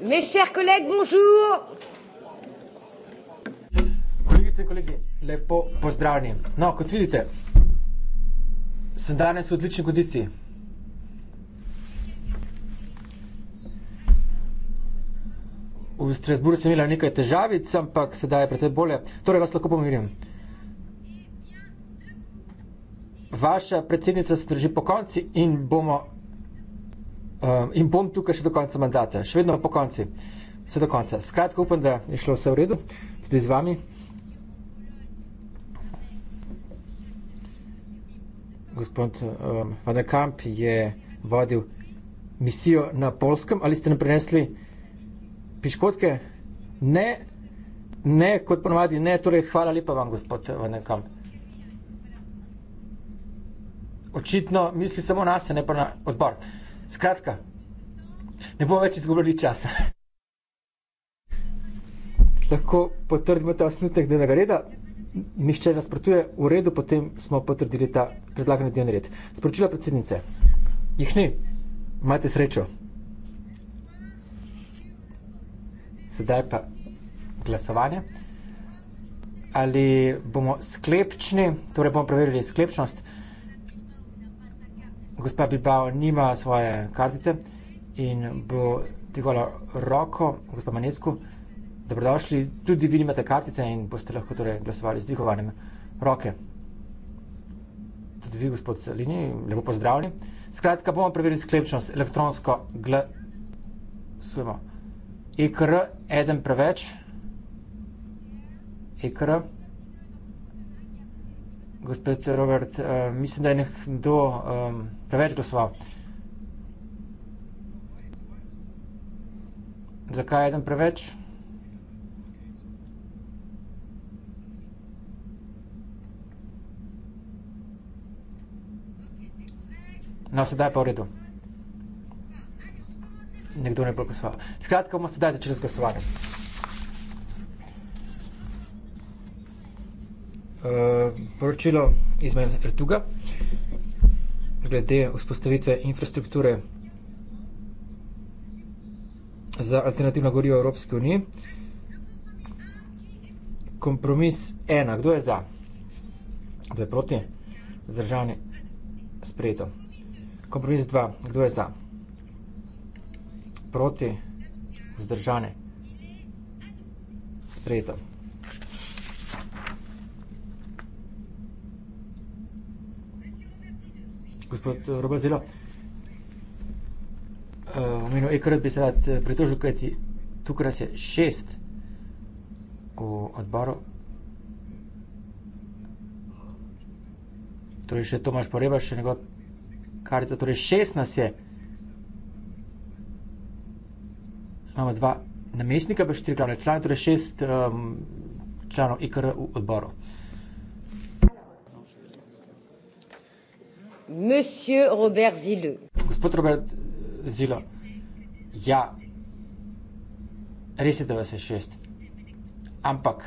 Mes chers collègues, bonjour. Kolegice in kolegi, lepo pozdravljeni. No, kot vidite, sem danes v odlični kondiciji. V Strasburu sem imel nekaj težavic, ampak sedaj je precej bolje. Torej vas lahko pomirim. Vaša predsednica se drži po konci in bomo Uh, in bom tukaj še do konca mandata, še vedno po konci, vse do konca. Skratka, upam, da je šlo vse v redu, tudi z vami. Gospod uh, Van Kamp je vodil misijo na Polskem, ali ste nam prinesli piškotke? Ne, ne, kot ponovadi ne, torej hvala lepa vam, gospod Van Kamp. Očitno misli samo nas, ne pa na odbor. Skratka, ne bomo več izgubljali časa. Lahko potrdimo ta osnutek dnevnega reda. Nihče nas protuje, v redu, potem smo potrdili ta predlagani dnevni red. Sporočila predsednice. Jih ni. Imate srečo. Sedaj pa glasovanje. Ali bomo sklepčni, torej bomo preverili sklepčnost, gospa Bilbao nima svoje kartice in bo tvegala roko gospa Manesku. Dobrodošli, tudi vi imate kartice in boste lahko torej glasovali z dvigovanjem roke. Tudi vi, gospod Salini, lepo pozdravljeni. Skratka, bomo preverili sklepčnost elektronsko glasujemo. EKR, eden preveč. EKR. Gospod Robert, uh, mislim, da je nekdo um, preveč glasoval. Zakaj je tam preveč? No, sedaj je pa v redu. Nekdo ne bo glasoval. Skratka, bomo sedaj začeli z glasovanjem. Uh, poročilo izmed Rtuga. Uh, glede vzpostavitve infrastrukture za alternativno gorivo Evropske unije. Kompromis ena. Kdo je za? Kdo je proti? Zdržanje sprejeto. Kompromis dva. Kdo je za? Proti? Zdržanje sprejeto. gospod eh, Robert Zelo. Uh, eh, omenil je, kar bi se rad eh, pritožil, kaj ti tukaj je šest v odboru. Torej, še Tomaš Poreba, še njegov karica, torej šest nas je. Imamo dva namestnika, pa štiri glavne člane, torej šest um, članov IKR e v odboru. Uh, Monsieur Robert Zileux. Gospod Robert Zilo, ja, res je, da vas je šest, ampak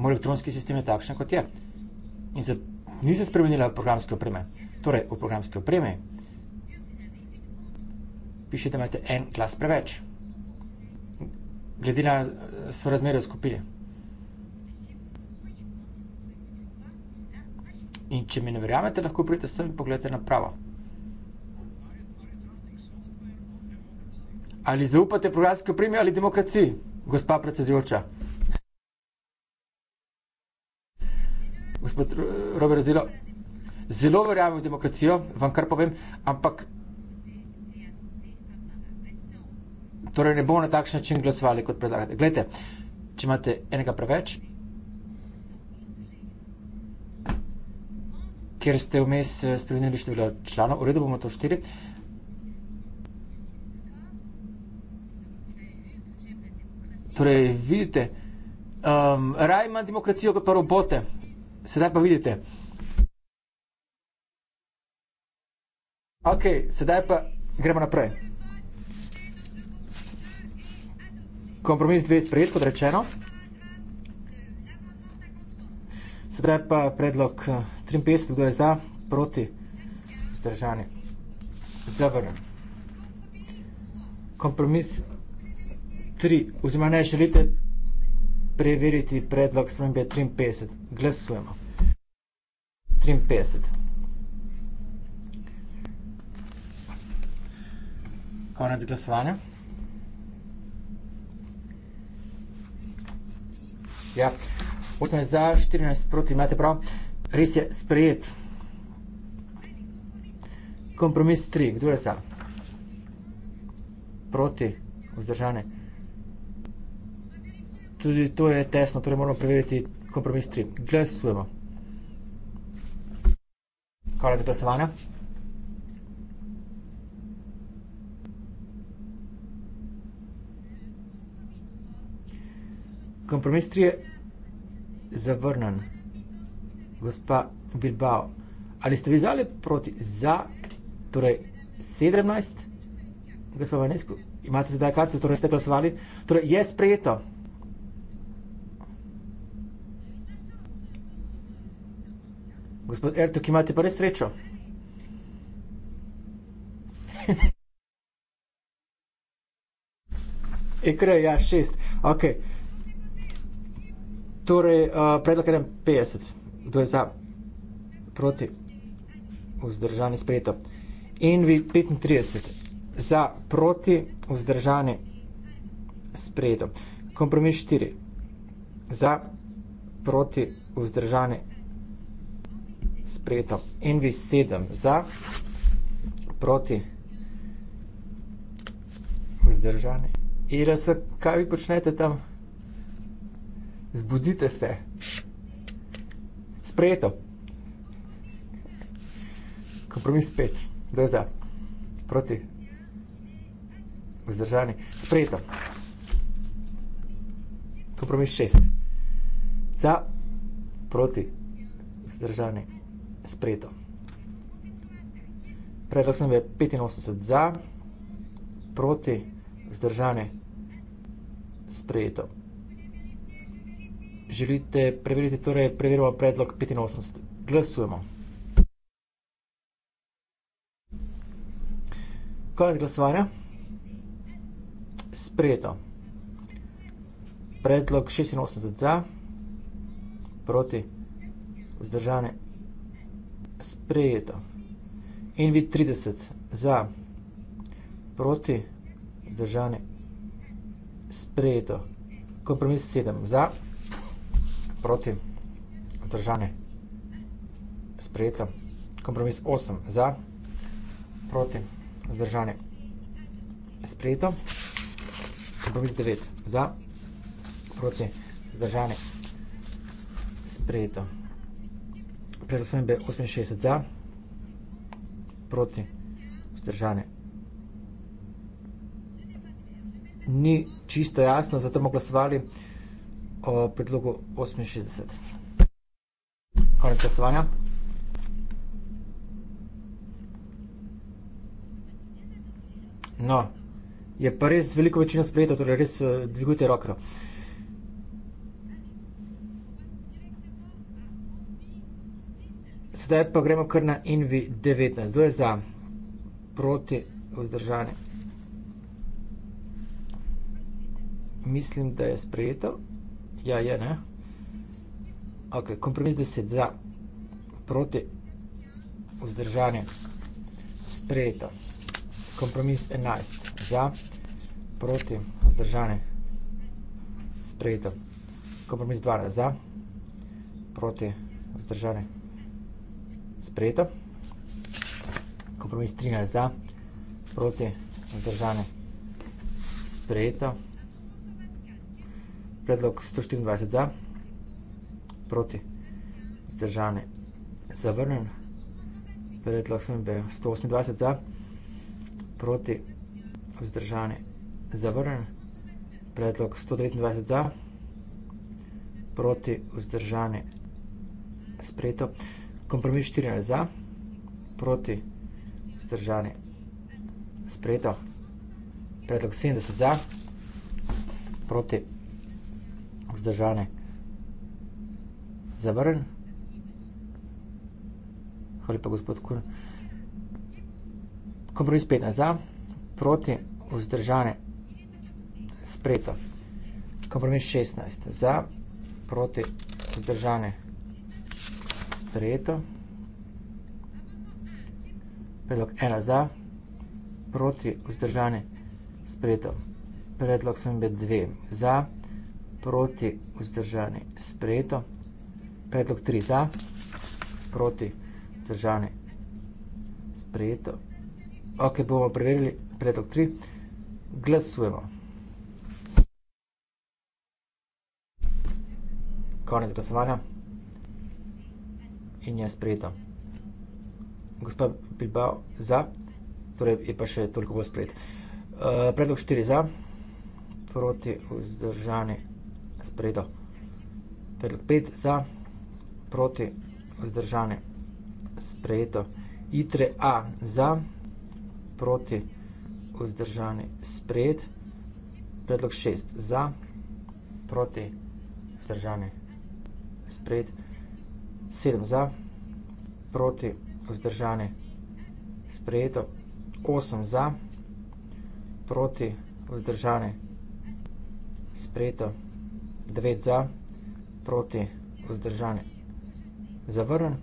moj elektronski sistem je takšen, kot je. In se nisem spremenila v programske opreme. Torej, v programske opreme piše, da imate en glas preveč. Glede na sorazmerje v skupini. In če mi ne verjamete, lahko pridete sem in pogledate napravo. Ali zaupate programski opremi ali demokraciji, gospa predsedujoča? Gospod Robert Zelo, zelo verjamem v demokracijo, vam kar povem, ampak torej ne bomo na takšen način glasovali, kot predlagate. Glejte, če imate enega preveč, ker ste vmes eh, spremenili število članov. V redu bomo to štiri. Torej, vidite, um, raj ima demokracijo kot pa robote. Sedaj pa vidite. Ok, sedaj pa gremo naprej. Kompromis dve sprejet, kot rečeno. Sedaj pa predlog eh, 53 je za, proti, vzdržani, zavrn. Kompromis 3, oziroma ne želite preveriti predlog spremembe 53, glasujemo. 53. Konec glasovanja. Ja, 18 za, 14 proti, imate prav res je sprejet. Kompromis 3. Kdo je za? Proti. Vzdržane. Tudi to je tesno, torej moramo preveriti kompromis 3. Glasujemo. Konec glasovanja. Kompromis 3 je zavrnen gospa Bilbao. Ali ste vi zali proti za, torej 17, gospa Vanesko, imate zdaj karte, torej ste glasovali, torej je sprejeto. Gospod Erto, ki imate pa res srečo. Ekr, ja, šest. Ok. Torej, uh, predlog 51. 2 za, proti, vzdržani, sprejeto. In 35 za, proti, vzdržani, sprejeto. Kompromis 4 za, proti, vzdržani, sprejeto. In 7 za, proti, vzdržani. Ile so, kaj vi počnete tam? Zbudite se. Zbudite se sprejeto. Kompromis pet. Kdo je za? Proti? Vzdržani. Sprejeto. Kompromis šest. Za? Proti? Vzdržani. Sprejeto. Predlog sem je 85 za, proti, vzdržane, sprejeto. Želite preveriti torej preverimo predlog 85. Glasujemo. Konec glasovanja. Sprejeto. Predlog 86 za. Proti. Vzdržane. Sprejeto. In vid 30 za. Proti. Vzdržane. Sprejeto. Kompromis 7 za. Sprejeto proti, vzdržane, sprejeta. Kompromis 8 za, proti, vzdržane, sprejeta. Kompromis 9 za, proti, vzdržane, sprejeta. Preza svojim B 68 za, proti, vzdržane. Ni čisto jasno, zato bomo glasovali vzdržane o predlogu 68. Konec glasovanja. No, je pa res veliko večino sprejeto, torej res eh, dvigujte roko. Sedaj pa gremo kar na INVI 19. Zdaj je za proti vzdržanje. Mislim, da je sprejeto. Ja, je, ne? Ok, kompromis 10 za proti vzdržanje sprejeto. Kompromis 11 za proti vzdržanje sprejeto. Kompromis 12 za proti vzdržanje sprejeto. Kompromis 13 za proti vzdržanje sprejeto. Sprejeto predlog 124 za, proti zdržane zavrnen, predlog 128 za, proti vzdržane zavrnen, predlog 129 za, proti vzdržane sprejeto, kompromis 14 za, proti vzdržane sprejeto, predlog 70 za, proti vzdržane sprejeto, vzdržane. Zavrn. Hvala pa gospod Kur. Kompromis spet nazaj. Proti vzdržane. Spreto. Kompromis 16. Za. Proti vzdržane. Spreto. Predlog 1 za. Proti vzdržane. Spreto. Predlog smo imeli 2 za. Spreto proti vzdržani sprejeto, predlog 3 za, proti vzdržani sprejeto, ok, bomo preverili predlog 3, glasujemo. Konec glasovanja in je sprejeto. Gospod Bilbao za, torej je pa še toliko bolj sprejeto. Eh, predlog 4 za, proti vzdržani sprejeto spredo. Per 5 za, proti, vzdržane, spredo. Itre A za, proti, vzdržane, spred. Predlog 6 za, proti, vzdržane, spred. 7 za, proti, vzdržane, spredo. 8 za, proti, vzdržane, spredo. Spredo. 9 za, proti, vzdržane. Zavrn.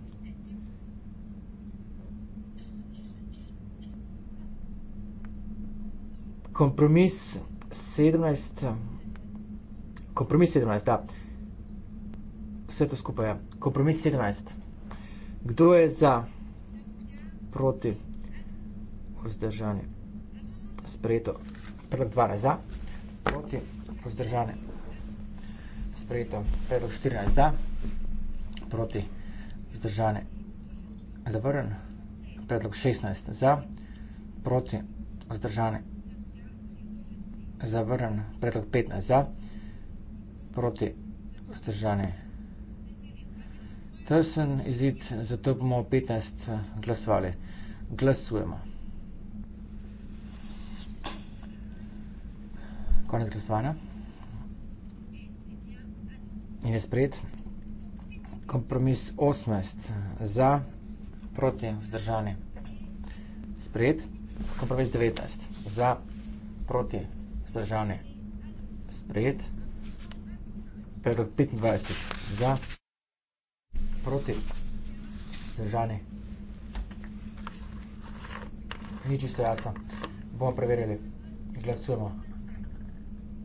Kompromis 17. Kompromis 17, da. Vse to skupaj je. Ja. Kompromis 17. Kdo je za, proti, vzdržane? Sprejeto. Predlog 12 za, proti, vzdržane. Vzdržane sprejeto predlog 14 za, proti vzdržane zavrn, predlog 16 za, proti vzdržane zavrn, predlog 15 za, proti vzdržane tesen izid, zato bomo 15 eh, glasovali. Glasujemo. Konec glasovanja je sprejet. Kompromis 18 eh, za, proti, vzdržanje. Sprejet. Kompromis 19 za, proti, vzdržanje. Sprejet. Predlog 25 za, proti, vzdržanje. Ni čisto jasno. Bomo preverili. Glasujemo.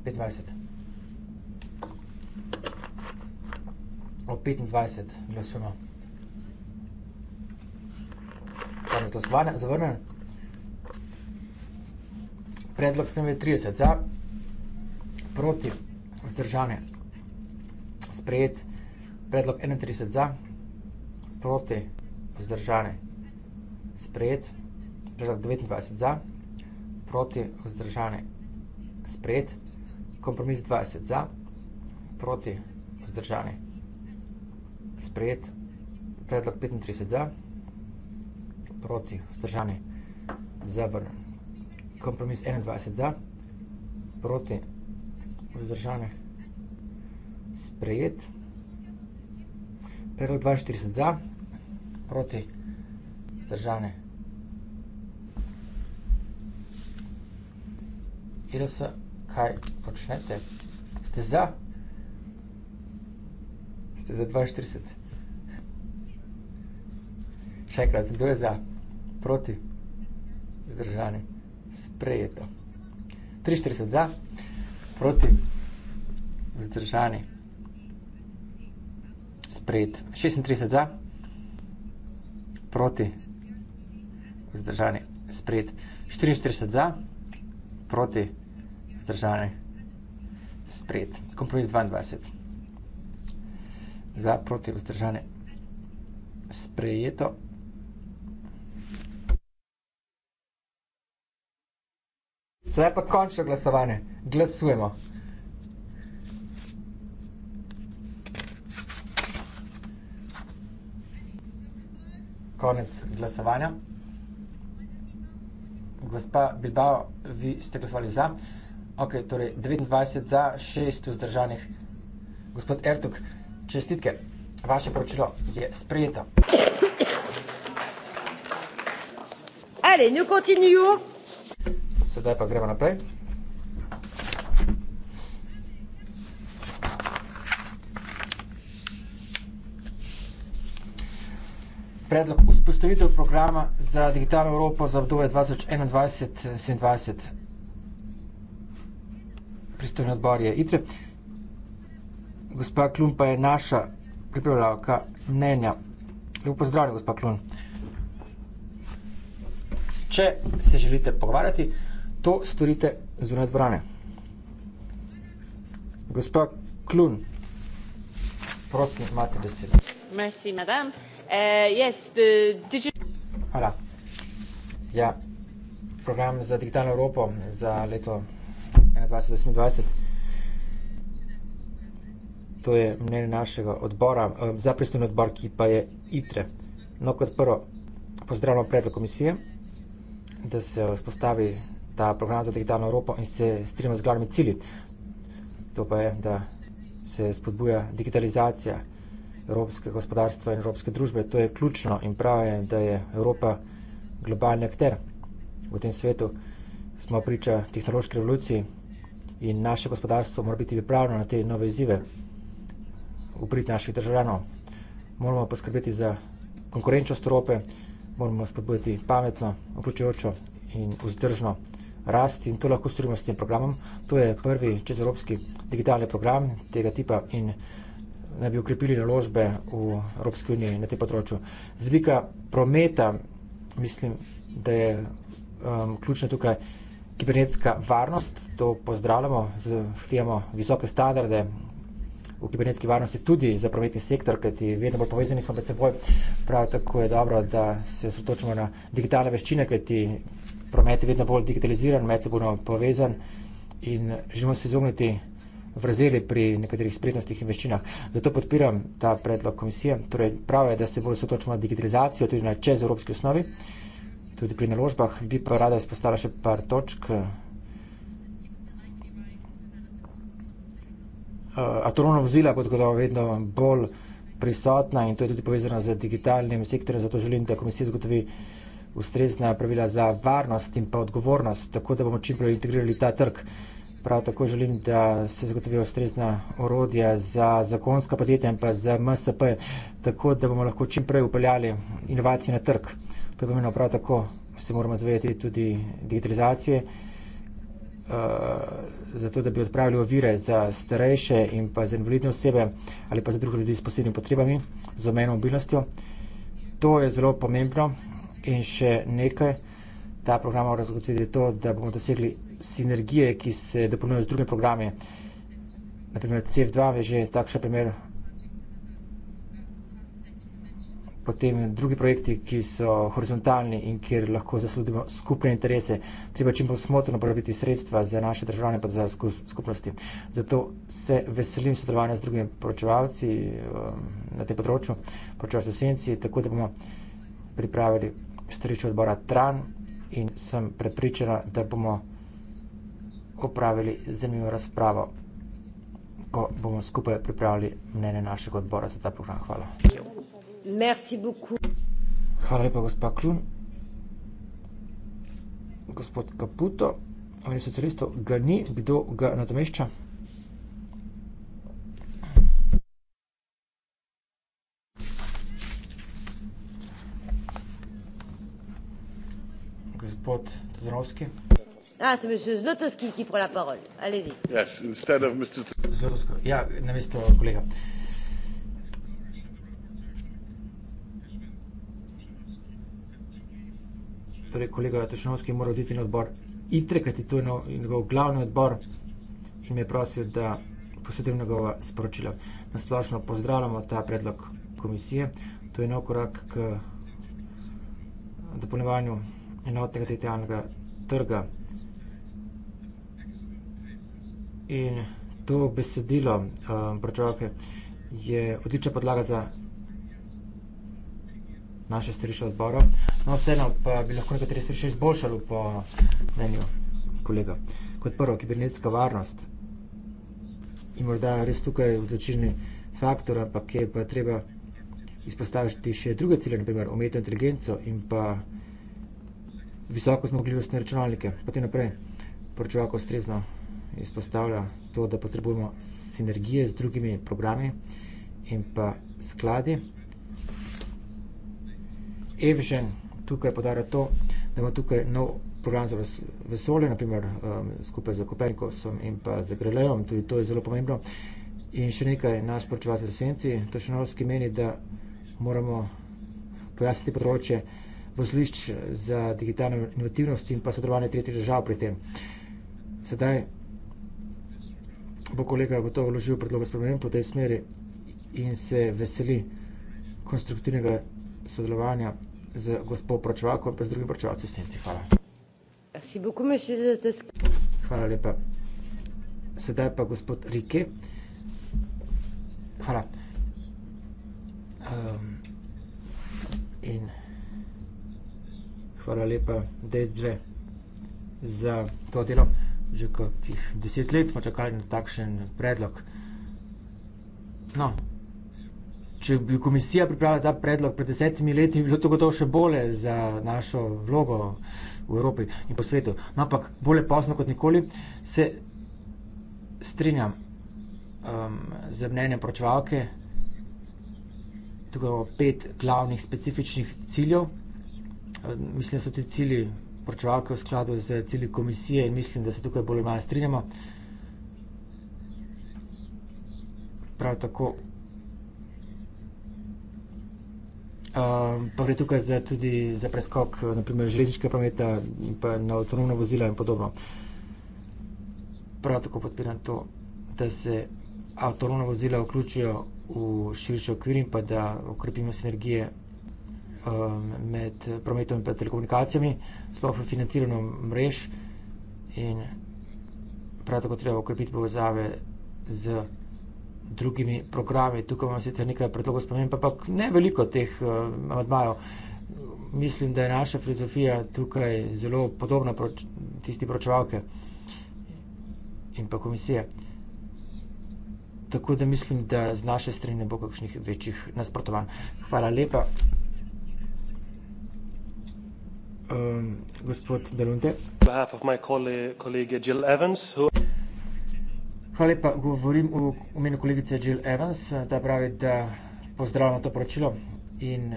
25. od 25 glasov. Razglasovanje zavrne. Predlog sklepa je 30 za, proti, vzdržanje. Sprejet predlog 31 za, proti, vzdržanje. Sprejet predlog 29 za, proti, vzdržanje. Sprejet kompromis 20 za, proti, vzdržanje sprejet predlog 35 za, proti vzdržani zavrnen. Kompromis 21 za, proti vzdržani sprejet, predlog 42 za, proti vzdržani Kaj počnete? Ste za? Kaj počnete? ste za 42. Še enkrat, kdo je za? Proti? Zdržani. Sprejeto. 43 za, proti, vzdržani, sprejet. 36 za, proti, vzdržani, sprejet. 44 za, proti, vzdržani, sprejet. Kompromis 22 za proti vzdržane sprejeto. Zdaj pa končno glasovanje. Glasujemo. Konec glasovanja. Gospa Bilbao, vi ste glasovali za. Ok, torej 29 za, 6 vzdržanih. Gospod Ertuk, Čestitke, vaše poročilo je sprejeto. Allez, nous continuons. Sedaj pa gremo naprej. Predlog vzpostavitev programa za digitalno Evropo za obdobje 2021-2027. Pristojni odbor je ITRE gospa Klun pa je naša pripravljavka mnenja. Lepo pozdravljen, gospa Klun. Če se želite pogovarjati, to storite zunaj dvorane. Gospa Klun, prosim, imate besedo. Merci, madame. Uh, yes, the, did you... Hvala. Ja, program za digitalno Evropo za leto 2021-2020 to je mnenje našega odbora, eh, za pristojni odbor, ki pa je ITRE. No, kot prvo, pozdravljamo predlog komisije, da se vzpostavi ta program za digitalno Evropo in se strima z glavnimi cilji. To pa je, da se spodbuja digitalizacija evropskega gospodarstva in evropske družbe. To je ključno in prav je, da je Evropa globalni akter v tem svetu. Smo priča tehnološki revoluciji in naše gospodarstvo mora biti pripravljeno na te nove izzive v prid naših državljanov. Moramo poskrbeti za konkurenčnost Evrope, moramo spodbujati pametno, vključujočo in vzdržno rast in to lahko storimo s tem programom. To je prvi čezevropski digitalni program tega tipa in naj bi ukrepili naložbe v Evropski uniji na tem področju. Z vidika prometa mislim, da je um, ključna tukaj kibernetska varnost, to pozdravljamo, zahtevamo visoke standarde v kibernetski varnosti tudi za prometni sektor, kajti vedno bolj povezani smo med seboj. Prav tako je dobro, da se osredotočimo na digitalne veščine, kajti promet je vedno bolj digitaliziran, med seboj povezan in želimo se izogniti vrzeli pri nekaterih spretnostih in veščinah. Zato podpiram ta predlog komisije. Torej, prav je, da se bolj osredotočimo na digitalizacijo tudi na čez evropski osnovi, tudi pri naložbah. Bi pa rada izpostavila še par točk. uh, eh, atomna vozila, kot da je vedno bolj prisotna in to je tudi povezano z digitalnim sektorjem. Zato želim, da komisija zagotovi ustrezna pravila za varnost in pa odgovornost, tako da bomo čim prej integrirali ta trg. Prav tako želim, da se zagotovijo ustrezna orodja za zakonska podjetja in pa za MSP, tako da bomo lahko čim prej upeljali inovacije na trg. To pomeni, prav tako se moramo zavedati tudi digitalizacije. Eh, zato da bi odpravili ovire za starejše in pa za invalidne osebe ali pa za druge ljudi s posebnimi potrebami, z omejeno mobilnostjo. To je zelo pomembno in še nekaj, ta program mora zagotoviti to, da bomo dosegli sinergije, ki se dopolnjujejo z drugimi programi. Naprimer, CF2 je že takšen primer potem drugi projekti, ki so horizontalni in kjer lahko zasledimo skupne interese, treba čim bolj smotrno porabiti sredstva za naše državljane pa za skupnosti. Zato se veselim sodelovanja z drugimi poročevalci um, na tem področju, poročevalci v senci, tako da bomo pripravili stričo odbora TRAN in sem prepričana, da bomo opravili zanimivo razpravo ko bomo skupaj pripravili mnenje našega odbora za ta program. Hvala. Hvala. Merci beaucoup. Hvala lepa, gospa Kljun. Gospod Kaputo, ali socialistov ga ni, kdo ga nadomešča? Gospod Tazrovski. Ah, c'est monsieur Zlotowski qui prend la parole. Allez-y. Yes, instead of Mr. Zlotowski. Ja, namesto kolega. Uh, torej kolega Tešnovski je moral oditi na odbor ITRE, kajti to je njegov glavni odbor in me je prosil, da posedim njegova sporočila. Nasplošno pozdravljamo ta predlog komisije. To je nov korak k dopolnevanju enotnega teritorijalnega trga. In to besedilo um, pročevalke je odlična podlaga za naše starišče odbora. No, vseeno pa bi lahko nekateri stvari še izboljšali po mnenju kolega. Kot prvo, kibernetska varnost je morda res tukaj odločilni faktor, ampak je pa treba izpostaviti še druge cilje, naprimer umetno inteligenco in pa visoko zmogljivost na računalnike. Potem naprej, poročevalk ustrezno izpostavlja to, da potrebujemo sinergije z drugimi programi in pa skladi. Evžen tukaj podarja to, da ima tukaj nov program za vesolje, naprimer um, skupaj z Kopernikovsom in pa z Grelejom, tudi to je zelo pomembno. In še nekaj, naš poročevalec Senci, Tošinovski, meni, da moramo pojasniti področje vozlišč za digitalno inovativnost in pa sodelovanje tretjih držav pri tem. Sedaj bo kolega gotovo vložil predlog spremenjen po tej smeri in se veseli konstruktivnega sodelovanja z gospod Pročvakom in pa z drugim Pročvacom v Senci. Hvala. Hvala lepa. Sedaj pa gospod Rike. Hvala. Um, in hvala lepa D2 za to delo. Že kakih deset let smo čakali na takšen predlog. No, Če bi komisija pripravila ta predlog pred desetimi leti, bi bilo to gotovo še bolje za našo vlogo v Evropi in po svetu. No, ampak bolje posno kot nikoli se strinjam um, z mnenjem pročvalke. Tukaj imamo pet glavnih specifičnih ciljev. Mislim, da so ti cilji pročvalke v skladu z cilji komisije in mislim, da se tukaj bolj ali manj strinjamo. Prav tako Um, pa gre tukaj za, tudi za preskok železniškega prometa, pa na avtonomna vozila in podobno. Prav tako podpiram to, da se avtonomna vozila vključijo v širši okvir in pa da ukrepimo sinergije um, med prometom in telekomunikacijami, sploh v financiranju mrež in prav tako treba ukrepiti povezave z drugimi programi. Tukaj imamo sicer nekaj predlogov spomenem, ampak ne veliko teh eh, amadmajev. Mislim, da je naša filozofija tukaj zelo podobna proč, tisti pročevalke in pa komisije. Tako da mislim, da z naše strani ne bo kakšnih večjih nasprotovanj. Hvala lepa. Um, gospod Delunte. Na behalf of my colleague, colleague Jill Evans, who... Hvala lepa. Govorim v imenu kolegice Jill Evans, da pravi, da pozdravljam to poročilo in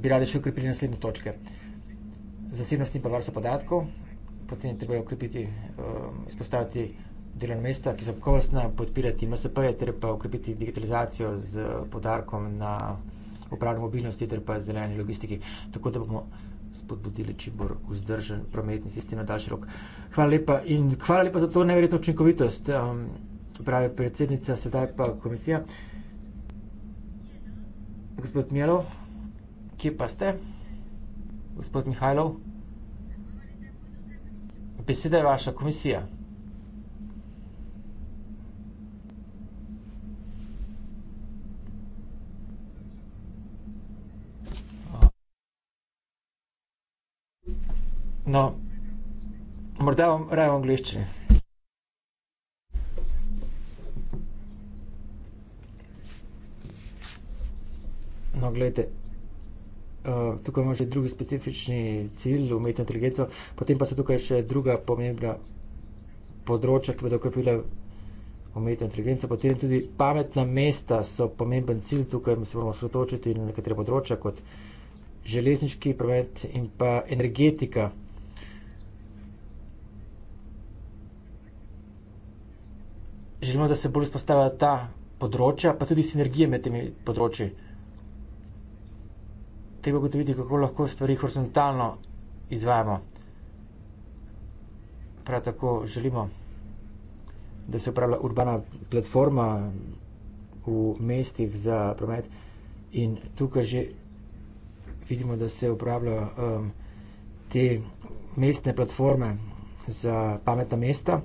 bi rada še ukrepili naslednje točke. Zasebnost in pa varstvo podatkov, potem treba je ukrepiti, um, izpostaviti delovna mesta, ki so kakovostna, podpirati MSP-je, ter pa ukrepiti digitalizacijo z podarkom na upravljanje mobilnosti ter pa zeleni logistiki. Tako da bomo spodbudili čim bolj vzdržen prometni sistem na daljši rok. Hvala lepa in hvala lepa za to neverjetno učinkovitost, um, pravi predsednica, sedaj pa komisija. Gospod Mielov, kje pa ste? Gospod Mihajlov, beseda je vaša komisija. No, morda vam raje v angliščini. No, gledajte, uh, eh, tukaj imamo že drugi specifični cilj, umetno inteligenco, potem pa so tukaj še druga pomembna področja, ki bodo okrepile umetno inteligenco, potem tudi pametna mesta so pomemben cilj, tukaj se moramo sotočiti na nekatere področja, kot železniški promet in pa energetika. želimo, da se bolj izpostavljajo ta področja, pa tudi sinergije med temi področji. Treba ugotoviti, kako lahko stvari horizontalno izvajamo. Prav tako želimo, da se upravlja urbana platforma v mestih za promet in tukaj že vidimo, da se upravljajo um, te mestne platforme za pametna mesta.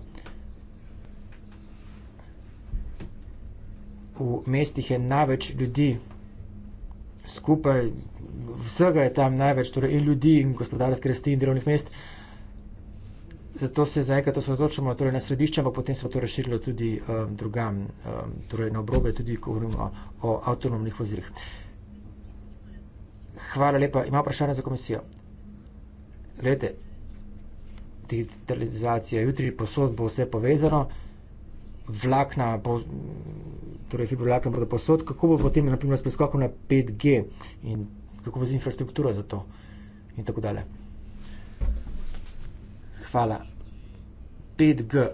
v mestih je največ ljudi, skupaj vsega je tam največ, torej in ljudi, in gospodarske rasti, in delovnih mest. Zato se zaenkrat osredotočamo torej, na središče, pa potem se bo to razširilo tudi um, drugam, um, torej na obrobe, tudi ko govorimo o, o avtonomnih vozilih. Hvala lepa. Ima vprašanje za komisijo? Glede, digitalizacija jutri posod bo vse povezano, vlakna bo torej fibrilarke bodo posod, kako bo potem naprimer s preskokom na 5G in kako bo z infrastrukturo za to in tako dalje. Hvala. 5G,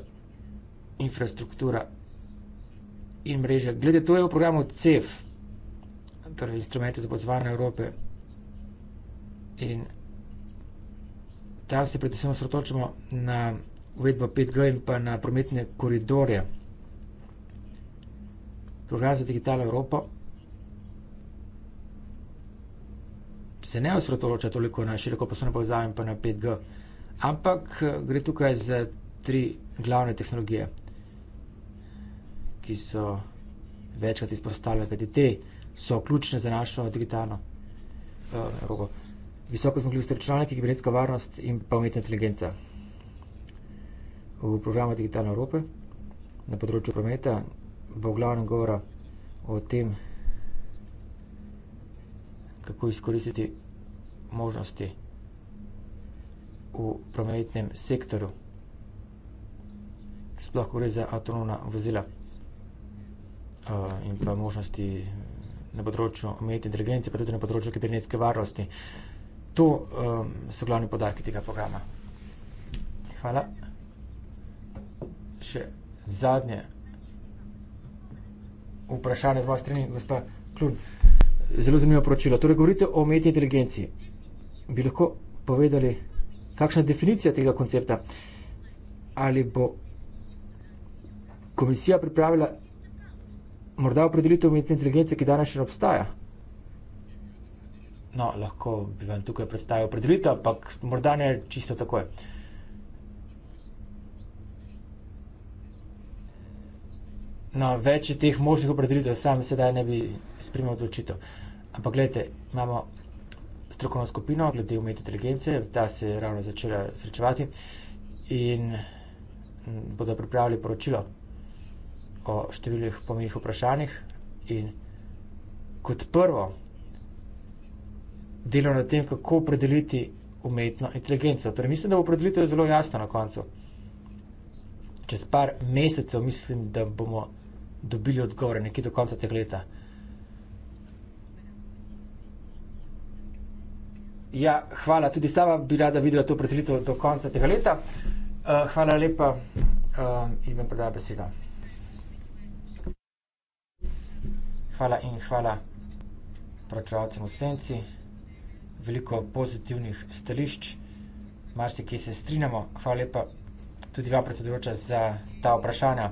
infrastruktura in mreža. Glede, to je v programu CEF, torej instrumente za pozvanje Evrope in tam se predvsem osrotočimo na uvedbo 5G in pa na prometne koridorje, Programa za digitalno Evropo se ne osredotoča toliko na široko poslovno povezavo in pa na 5G, ampak eh, gre tukaj za tri glavne tehnologije, ki so večkrat izpostavljene, kajti te so ključne za našo digitalno uh, Evropo. Visoko zmogljivosti računalnika, kibernetska varnost in pa umetna inteligenca. V programu digitalne Evrope na področju prometa bo glavno govora o tem, kako izkoristiti možnosti v prometnem sektorju, sploh gre za avtonomna vozila eh, in pa možnosti na področju umetne inteligence, pa tudi na področju kibernetske varnosti. To eh, so glavni podarki tega programa. Hvala. Še zadnje vprašanje vprašanje z moje strani, gospa Klun. Zelo zanimivo poročilo. Torej, govorite o umetni inteligenciji. Bi lahko povedali, kakšna je definicija tega koncepta? Ali bo komisija pripravila morda opredelitev umetne inteligence, ki danes še obstaja? No, lahko bi vam tukaj predstavil opredelitev, ampak morda ne čisto tako. Je. na več teh možnih opredelitev, sam sedaj ne bi sprejel odločitev. Ampak gledajte, imamo strokovno skupino glede umetne inteligence, ta se je ravno začela srečevati in bodo pripravili poročilo o številnih pomenih vprašanjih in kot prvo delo na tem, kako opredeliti umetno inteligenco. Torej, mislim, da bo opredelitev zelo jasna na koncu čez par mesecev, mislim, da bomo dobili odgovore, nekje do konca tega leta. Ja, hvala, tudi sama bi rada videla to predelitev do konca tega leta. Uh, hvala lepa uh, eh, in vam predajam besedo. Hvala in hvala pročevalcem v senci. Veliko pozitivnih stališč, marsikaj se strinjamo. Hvala lepa tudi vam, predsedujoča, za ta vprašanja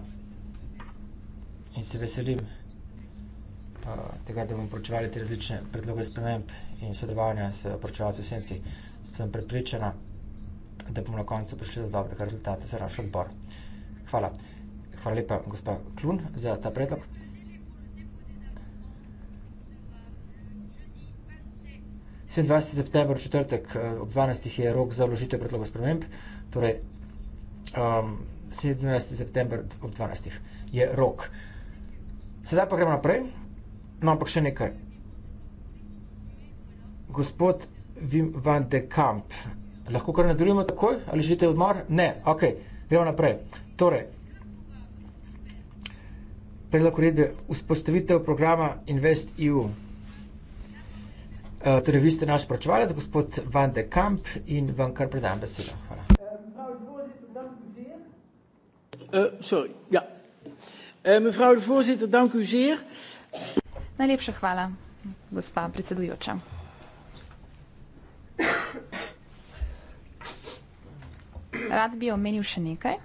in se veselim uh, tega, da bomo poročevali te različne predloge sprememb in sodelovanja s poročevalci v senci. Sem prepričana, da bomo na koncu prišli do dobrega rezultata za naš odbor. Hvala. Hvala lepa, gospa Klun, za ta predlog. Sedem dvajset september, četrtek, eh, ob dvanajstih je rok za vložitev predloga sprememb, torej um, 17. september ob 12. je rok. Sedaj pa gremo naprej, no ampak še nekaj. Gospod Vim van de Kamp, lahko kar nadaljujemo takoj ali želite odmor? Ne, ok, gremo naprej. Torej, predlog uredbe vzpostavitev programa Invest EU. Uh, torej, vi ste naš pročevalec, gospod Van de Kamp in vam kar predajam besedo. Uh, sorry, ja. Uh, mevrouw de voorzitter, dank u zeer. Najlepša hvala, gospa predsedujoča. Rad bi omenil še nekaj.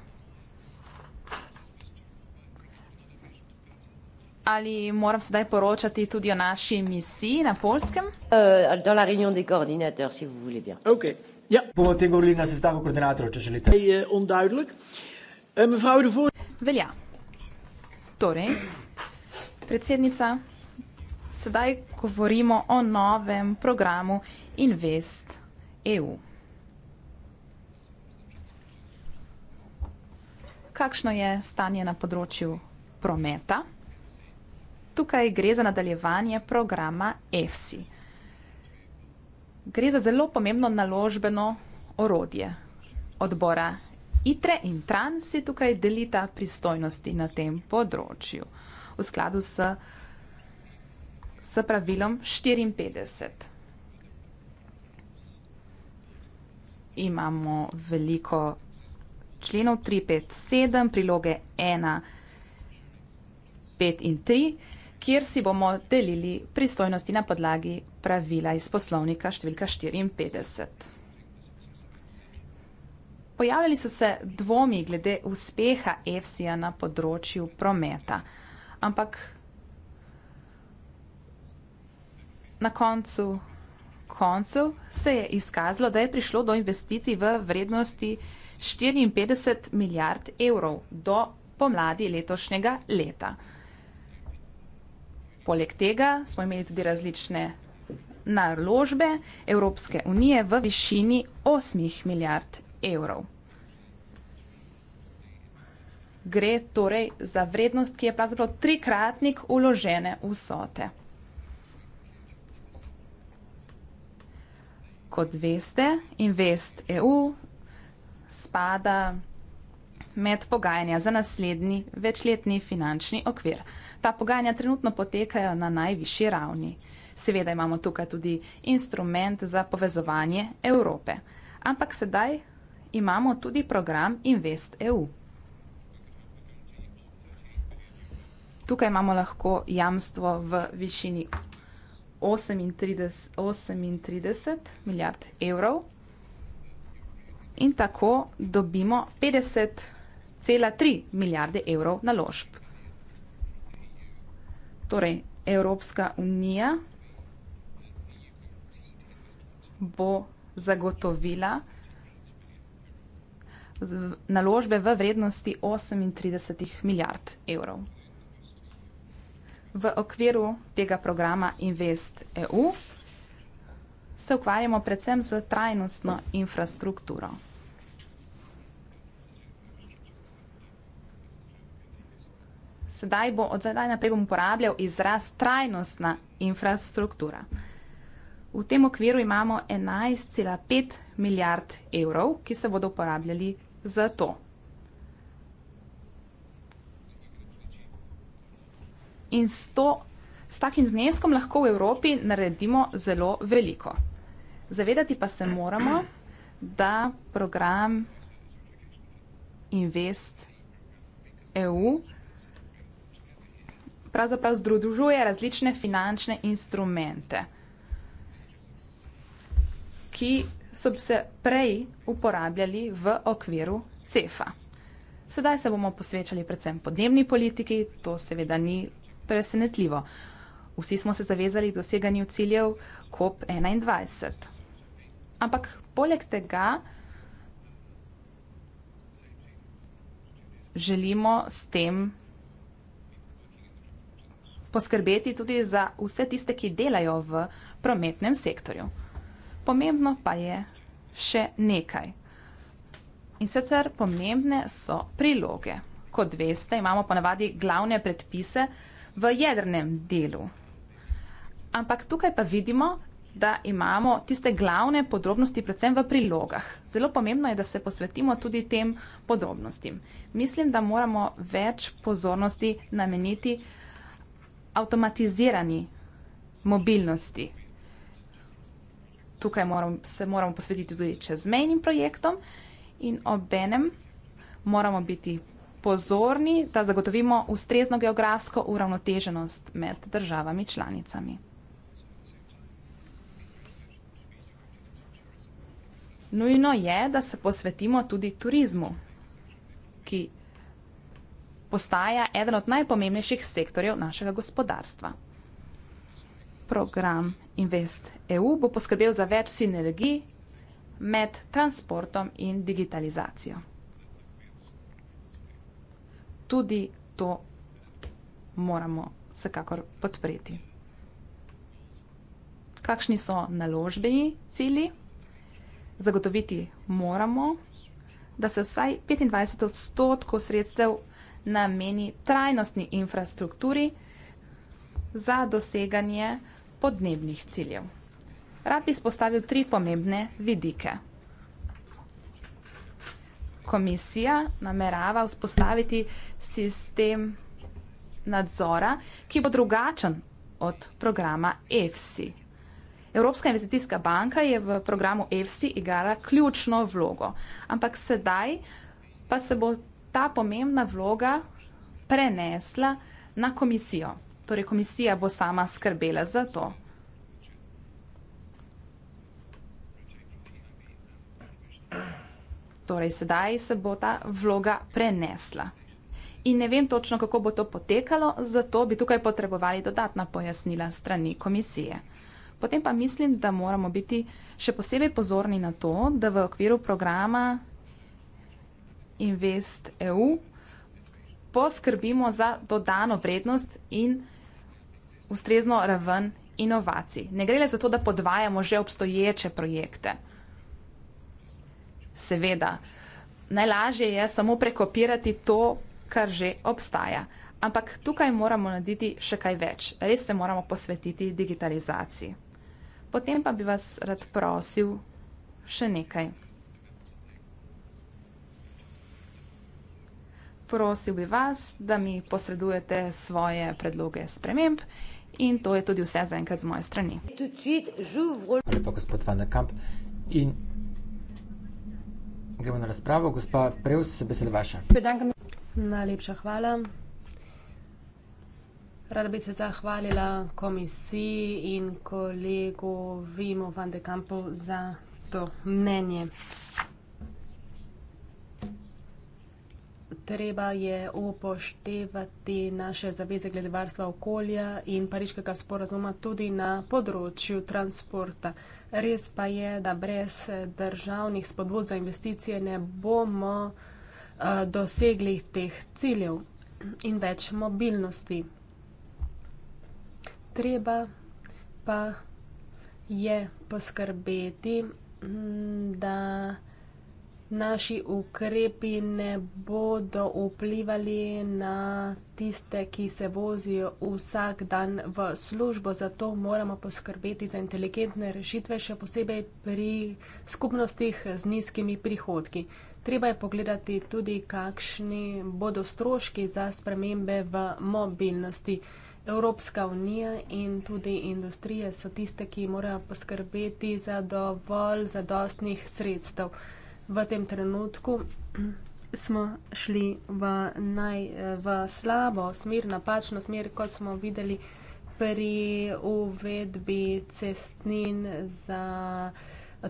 Ali moram sedaj poročati tudi o naši misiji na Polskem? Uh, eh, dans la réunion des coordinateurs, si vous voulez bien. Ok, ja. Bomo o tem govorili na sestavu koordinatorov, če želite. Je onduidelik. Uh, Uh, mevrouw de voorzitter. Velja. Torej, predsednica, sedaj govorimo o novem programu Invest EU. Kakšno je stanje na področju prometa? Tukaj gre za nadaljevanje programa EFSI. Gre za zelo pomembno naložbeno orodje odbora ITRE in TRANS si tukaj delita pristojnosti na tem področju v skladu s, s pravilom 54. Imamo veliko členov 3, 5, 7, priloge 1, 5 in 3, kjer si bomo delili pristojnosti na podlagi pravila iz poslovnika številka 54. Pojavljali so se dvomi glede uspeha EFSI-ja na področju prometa. Ampak na koncu, koncu se je izkazalo, da je prišlo do investicij v vrednosti 54 milijard evrov do pomladi letošnjega leta. Poleg tega smo imeli tudi različne naložbe Evropske unije v višini 8 milijard evrov. Gre torej za vrednost, ki je pravzaprav trikratnik uložene vsote. Kot veste, Invest EU spada med pogajanja za naslednji večletni finančni okvir. Ta pogajanja trenutno potekajo na najvišji ravni. Seveda imamo tukaj tudi instrument za povezovanje Evrope. Ampak sedaj imamo tudi program Invest EU. Tukaj imamo lahko jamstvo v višini osemintrideset milijard evrov. In tako dobimo petdeset cela tri milijarde evrov naložb. Torej Evropska unija bo zagotovila naložbe v vrednosti 38 milijard evrov. V okviru tega programa Invest EU se ukvarjamo predvsem z trajnostno infrastrukturo. Sedaj bo, od sedaj naprej bom uporabljal izraz trajnostna infrastruktura. V tem okviru imamo enajst cela pet milijard evrov, ki se bodo uporabljali za to. In s to, s takim zneskom lahko v Evropi naredimo zelo veliko. Zavedati pa se moramo, da program Invest EU pravzaprav združuje različne finančne instrumente, ki so se prej uporabljali v okviru CEFA. Sedaj se bomo posvečali predvsem podnebni politiki, to seveda ni presenetljivo. Vsi smo se zavezali k doseganju ciljev COP21. Ampak poleg tega želimo s tem poskrbeti tudi za vse tiste, ki delajo v prometnem sektorju pomembno pa je še nekaj. In sicer pomembne so priloge. Kot veste, imamo ponavadi glavne predpise v jedrnem delu. Ampak tukaj pa vidimo, da imamo tiste glavne podrobnosti predvsem v prilogah. Zelo pomembno je, da se posvetimo tudi tem podrobnostim. Mislim, da moramo več pozornosti nameniti avtomatizirani mobilnosti tukaj moram, se moramo posvetiti tudi čezmejnim projektom in obenem moramo biti pozorni, da zagotovimo ustrezno geografsko uravnoteženost med državami članicami. Nujno je, da se posvetimo tudi turizmu, ki postaja eden od najpomembnejših sektorjev našega gospodarstva program InvestEU bo poskrbel za več sinergij med transportom in digitalizacijo. Tudi to moramo vsekakor podpreti. Kakšni so naložbeni cilji? Zagotoviti moramo, da se vsaj 25 odstotkov sredstev nameni trajnostni infrastrukturi za doseganje podnebnih ciljev. Rad bi spostavil tri pomembne vidike. Komisija namerava vzpostaviti sistem nadzora, ki bo drugačen od programa EFSI. Evropska investicijska banka je v programu EFSI igrala ključno vlogo, ampak sedaj pa se bo ta pomembna vloga prenesla na komisijo torej komisija bo sama skrbela za to. Torej, sedaj se bo ta vloga prenesla. In ne vem točno, kako bo to potekalo, zato bi tukaj potrebovali dodatna pojasnila strani komisije. Potem pa mislim, da moramo biti še posebej pozorni na to, da v okviru programa Invest EU poskrbimo za dodano vrednost in vrednost ustrezno raven inovacij. Ne gre le za to, da podvajamo že obstoječe projekte. Seveda, najlažje je samo prekopirati to, kar že obstaja. Ampak tukaj moramo narediti še kaj več. Res se moramo posvetiti digitalizaciji. Potem pa bi vas rad prosil še nekaj. Prosil bi vas, da mi posredujete svoje predloge sprememb in to je tudi vse zaenkrat z moje strani. Lepo, gospod Van der Kamp. In gremo na razpravo, gospa Preus, se besede vaša. Najlepša hvala. Rada bi se zahvalila komisiji in kolegu Vimu Van der Kampu za to mnenje. treba je upoštevati naše zaveze glede varstva okolja in pariškega sporazuma tudi na področju transporta. Res pa je, da brez državnih spodbud za investicije ne bomo eh, dosegli teh ciljev in več mobilnosti. Treba pa je poskrbeti, da naši ukrepi ne bodo vplivali na tiste, ki se vozijo vsak dan v službo, zato moramo poskrbeti za inteligentne rešitve, še posebej pri skupnostih z nizkimi prihodki. Treba je pogledati tudi, kakšni bodo stroški za spremembe v mobilnosti. Evropska unija in tudi industrije so tiste, ki morajo poskrbeti za dovolj zadostnih sredstev v tem trenutku smo šli v, naj, v slabo smer, napačno smer, kot smo videli pri uvedbi cestnin za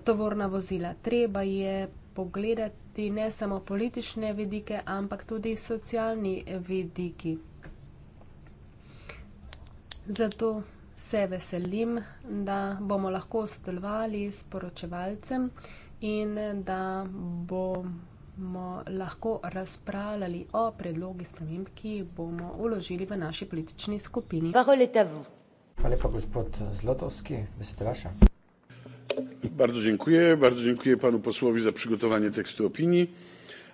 tovorna vozila. Treba je pogledati ne samo politične vidike, ampak tudi socialni vidiki. Zato se veselim, da bomo lahko sodelovali s poročevalcem, in da bomo lahko razpravljali o predlogi sprememb, ki jih bomo uložili v naši politični skupini. Hvala lepa, gospod Zlotovski, besede vaša. Bardzo dziękuję, bardzo dziękuję panu posłowi za przygotowanie tekstu opinii.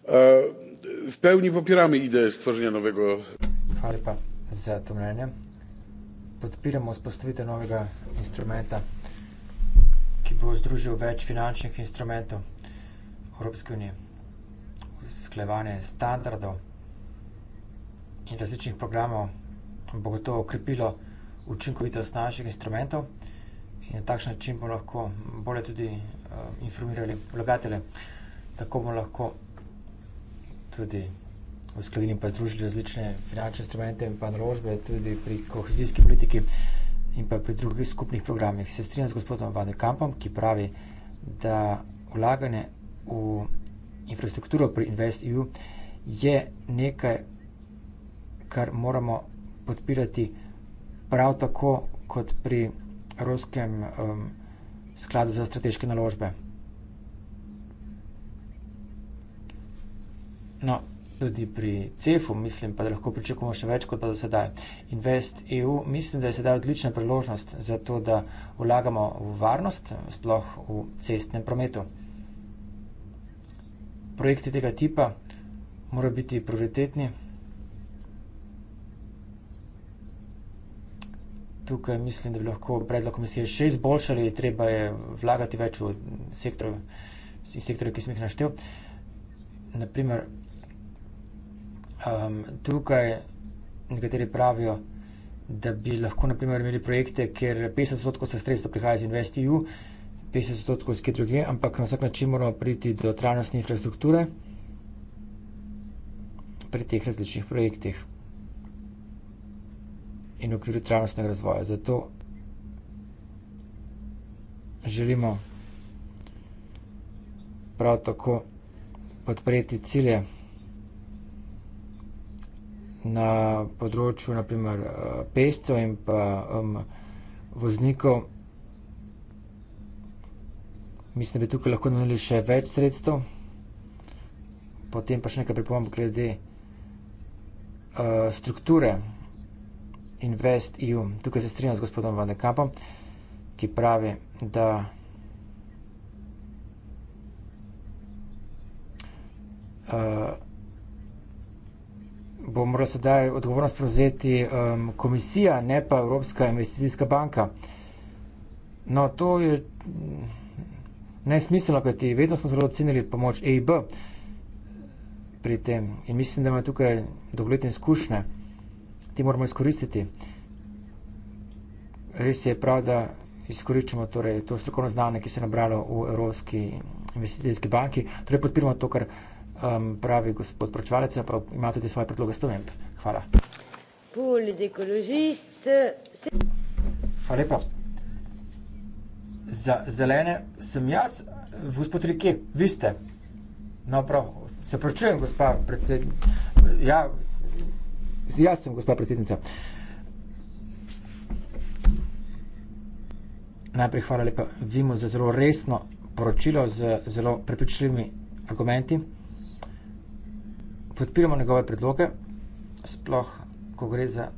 E, w pełni popieramy ideę stworzenia nowego. Dziękuję za to mnienie. Podpieramy postawienie nowego instrumenta ki bo združil več finančnih instrumentov Evropske unije. Usklajevanje standardov in različnih programov bo gotovo okrepilo učinkovitost naših instrumentov in na takšen način bomo lahko bolje tudi uh, informirali vlagatelje. Tako bomo lahko tudi uskladili in združili različne finančne instrumente in pa naložbe tudi pri kohezijski politiki in pa pri drugih skupnih programih. Se strinjam z gospodom Van de Kampom, ki pravi, da vlaganje v infrastrukturo pri InvestEU je nekaj, kar moramo podpirati prav tako kot pri Ruskem um, skladu za strateške naložbe. No, tudi pri CEF-u, mislim pa, da lahko pričakujemo še več kot pa do sedaj. Invest EU, mislim, da je sedaj odlična priložnost za to, da vlagamo v varnost, sploh v cestnem prometu. Projekti tega tipa morajo biti prioritetni. Tukaj mislim, da bi lahko predlog komisije še izboljšali, treba je vlagati več v sektorje, ki sem jih naštel. Naprimer, Um, tukaj nekateri pravijo, da bi lahko naprimer, imeli projekte, kjer 50% se sredstva prihaja iz InvestEU, 50% iz kje druge, ampak na vsak način moramo priti do trajnostne infrastrukture pri teh različnih projektih in v okviru trajnostnega razvoja. Zato želimo prav tako podpreti cilje na področju naprimer eh, pescev in pa um, voznikov. Mislim, da bi tukaj lahko nalili še več sredstev. Potem pa še nekaj pripomb glede uh, strukture Invest EU. Tukaj se strinjam z gospodom Van de Kampom, ki pravi, da uh, bo morala sedaj odgovornost prevzeti um, komisija, ne pa Evropska investicijska banka. No, to je mm, nesmiselno, kajti vedno smo zelo cenili pomoč EIB pri tem in mislim, da ima tukaj dolgoletne izkušnje, ti moramo izkoristiti. Res je prav, da izkoriščamo torej, to strokovno znanje, ki se je nabralo v Evropski investicijski banki, torej podpiramo to, kar um, pravi gospod Pročvalec, pa ja, ima tudi svoje predloge sprememb. Hvala. Hvala lepa. Za zelene sem jaz, gospod Rike, vi ste. No, prav, se pročujem, gospa predsednica. Ja, jaz sem, gospa predsednica. Najprej hvala lepa Vimo za zelo resno poročilo z zelo prepričljivimi argumenti podpiramo njegove predloge, sploh ko gre za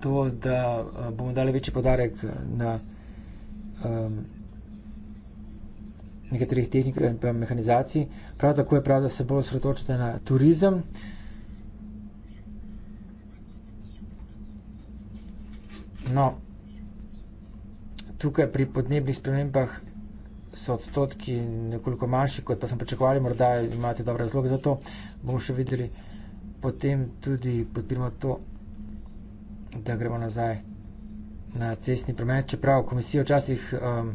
to, da eh, bomo dali večji podarek eh, na um, nekaterih tehnik in pa mehanizaciji. Prav tako je prav, da se bolj sredočite na turizem. No, tukaj pri podnebnih spremembah so odstotki nekoliko manjši, kot pa smo pričakovali, morda imate dobre razloge za to, bomo še videli. Potem tudi podpiramo to, da gremo nazaj na cestni promet. Čeprav komisija včasih um,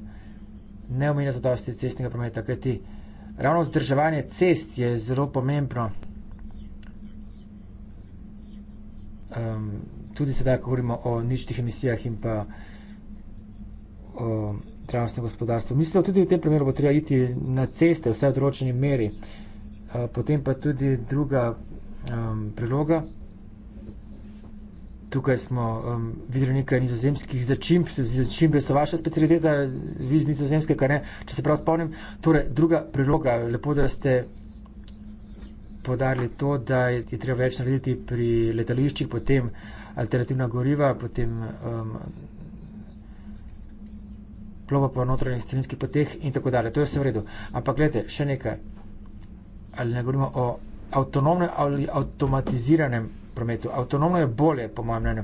ne omenja za dosti cestnega prometa, kajti ravno vzdrževanje cest je zelo pomembno. Um, tudi sedaj, ko govorimo o ničtih emisijah in pa o trajnostno gospodarstvo. Mislim, da tudi v tem primeru bo treba iti na ceste, vsaj v določeni meri. Eh, potem pa tudi druga um, priloga. Tukaj smo um, videli nekaj nizozemskih začimb, začimb so vaša specialiteta, vi iz nizozemske, kaj ne, če se prav spomnim. Torej, druga priloga, lepo, da ste podarili to, da je treba več narediti pri letališčih, potem alternativna goriva, potem um, ploba po notranjih strinskih poteh in tako dalje. To je vse v redu. Ampak gledajte, še nekaj. Ali ne govorimo o avtonomnem ali avtomatiziranem prometu. Avtonomno je bolje, po mojem mnenju.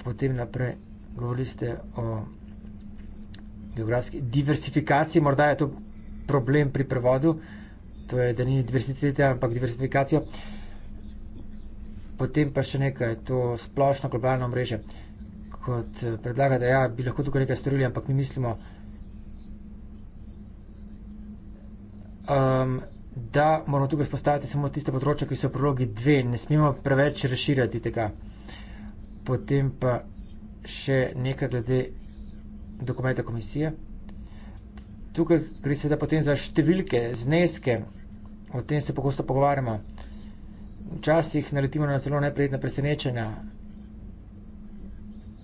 Potem naprej govorili ste o geografski diversifikaciji. Morda je to problem pri prevodu. To je, da ni diversificita, ampak diversifikacija. Potem pa še nekaj, to splošno globalno mreže kot eh, predlaga, da ja, bi lahko tukaj nekaj storili, ampak mi mislimo, um, da moramo tukaj spostaviti samo tiste področja, ki so v prologi dve, ne smemo preveč razširjati tega. Potem pa še nekaj glede dokumenta komisije. Tukaj gre seveda potem za številke, zneske, o tem se pogosto pogovarjamo. Včasih naletimo na zelo neprijetna presenečenja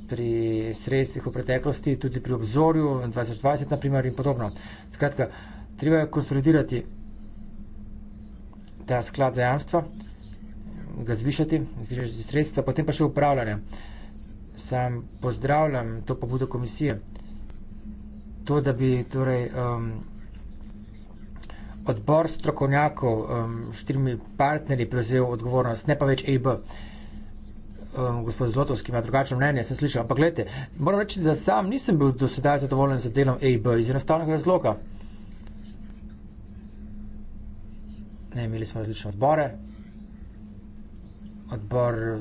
pri sredstvih v preteklosti, tudi pri obzorju 2020 naprimer in podobno. Skratka, treba je konsolidirati ta sklad za jamstva, ga zvišati, zvišati sredstva, potem pa še upravljanje. Sam pozdravljam to pobudo komisije, to, da bi torej um, odbor strokovnjakov um, s štirimi partnerji prevzel odgovornost, ne pa več EIB-a, um, gospod Zlotovski, ki ima drugačno mnenje, sem slišal. Ampak gledajte, moram reči, da sam nisem bil do sedaj zadovoljen z za delom AIB iz enostavnega razloga. Ne, imeli smo različne odbore. Odbor eh,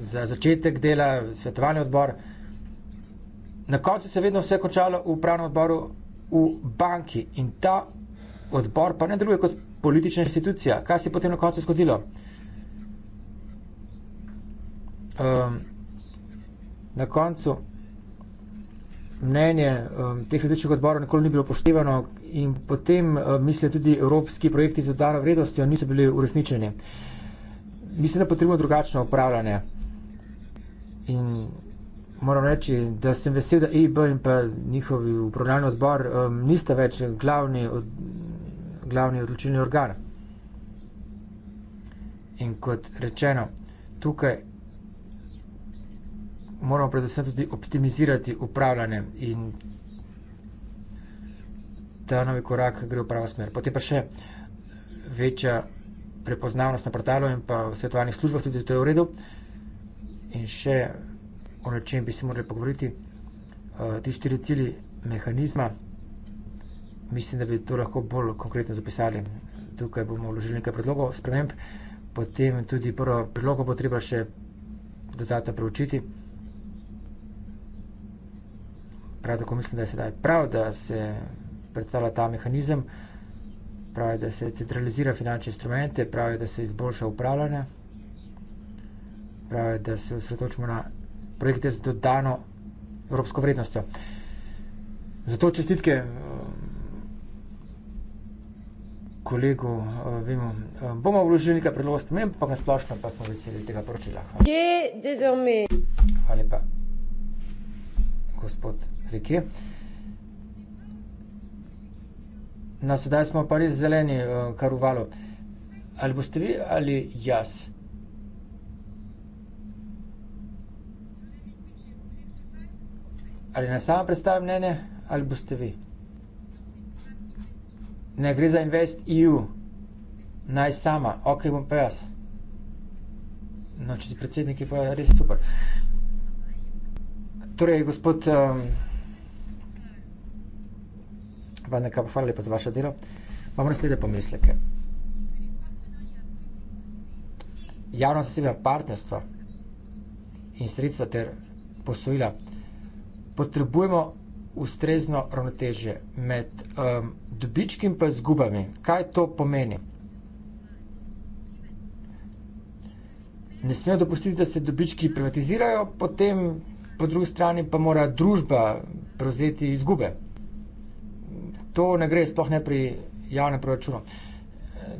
za začetek dela, svetovalni odbor. Na koncu se je vedno vse končalo v upravnem odboru v banki in ta odbor pa ne deluje kot politična institucija. Kaj se je potem na koncu zgodilo? um, na koncu mnenje um, teh različnih odborov nikoli ni bilo poštevano in potem um, uh, mislim, tudi evropski projekti z dodano vrednostjo niso bili uresničeni. Mislim, da potrebujemo drugačno upravljanje. In moram reči, da sem vesel, da EIB in pa njihov upravljalni odbor um, nista več glavni, od, glavni odločilni organ. In kot rečeno, tukaj moramo predvsem tudi optimizirati upravljanje in ta novi korak gre v pravo smer. Potem pa še večja prepoznavnost na portalu in pa v svetovalnih službah, tudi to je v redu. In še o čem bi se morali pogovoriti, eh, ti štiri cilji mehanizma, mislim, da bi to lahko bolj konkretno zapisali. Tukaj bomo vložili nekaj predlogov, sprememb, potem tudi prvo predlogo bo treba še dodatno preučiti. Prav tako mislim, da je sedaj prav, da se predstavlja ta mehanizem, pravi, da se centralizira finančne instrumente, pravi, da se izboljša upravljanje, pravi, da se osredotočimo na projekte z dodano evropsko vrednostjo. Zato čestitke um, kolegu, uh, vemo, um, bomo vložili nekaj predlogov sprememb, ampak na splošno pa smo veseli tega poročila. Hvala lepa, gospod reki. Na no, sedaj smo pa res zeleni, eh, kar uvalo. Ali boste vi ali jaz? Ali nas sama predstavim mnenje ali boste vi? Ne gre za invest EU. Naj sama, ok, bom pa jaz. No, če si predsednik, je pa res super. Torej, gospod. Um, Hvala lepa, hvala lepa za vaše delo. Imamo naslednje pomisleke. Javno zasebno partnerstvo in sredstva ter posojila potrebujemo ustrezno ravnotežje med um, dobički in pa izgubami. Kaj to pomeni? Ne smemo dopustiti, da se dobički privatizirajo, potem po drugi strani pa mora družba prevzeti izgube to ne gre, sploh ne pri javnem proračunu. E,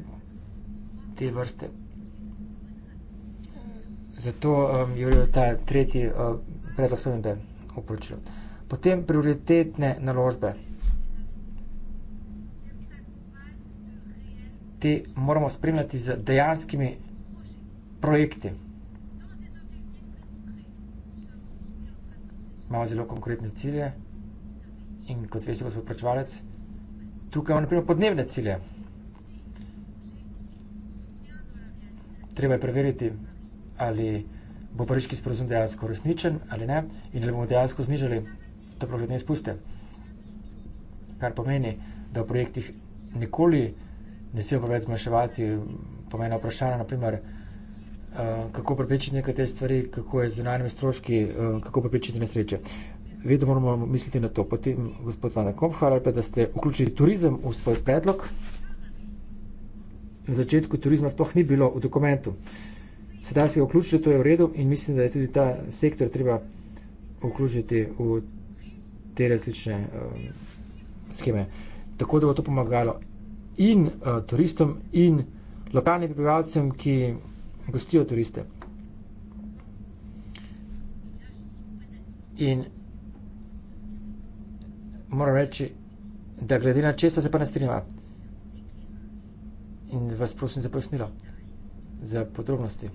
te vrste. Zato um, je bil ta tretji uh, predlog spremembe v poročilu. Potem prioritetne naložbe. Te moramo spremljati z dejanskimi projekti. Imamo zelo konkretne cilje in kot veste, gospod prečevalec, tukaj imamo naprimer podnebne cilje. Treba je preveriti, ali bo pariški sporozum dejansko resničen ali ne in ali bomo dejansko znižali to progledne izpuste. Kar pomeni, da v projektih nikoli ne se opravec zmanjševati pomena vprašanja, naprimer, eh, kako prepečiti nekaj te stvari, kako je z zunanjimi stroški, eh, kako prepečiti nesreče vedno moramo misliti na to. Potem, gospod Vana Kopp, hvala lepa, da ste vključili turizem v svoj predlog. Na začetku turizma sploh ni bilo v dokumentu. Sedaj ste ga vključili, to je v redu in mislim, da je tudi ta sektor treba vključiti v te različne uh, eh, scheme. Tako da bo to pomagalo in uh, turistom, in lokalnim prebivalcem, ki gostijo turiste. In moram reči, da glede na česa se pa ne strinjava. In vas prosim za pojasnilo, za podrobnosti.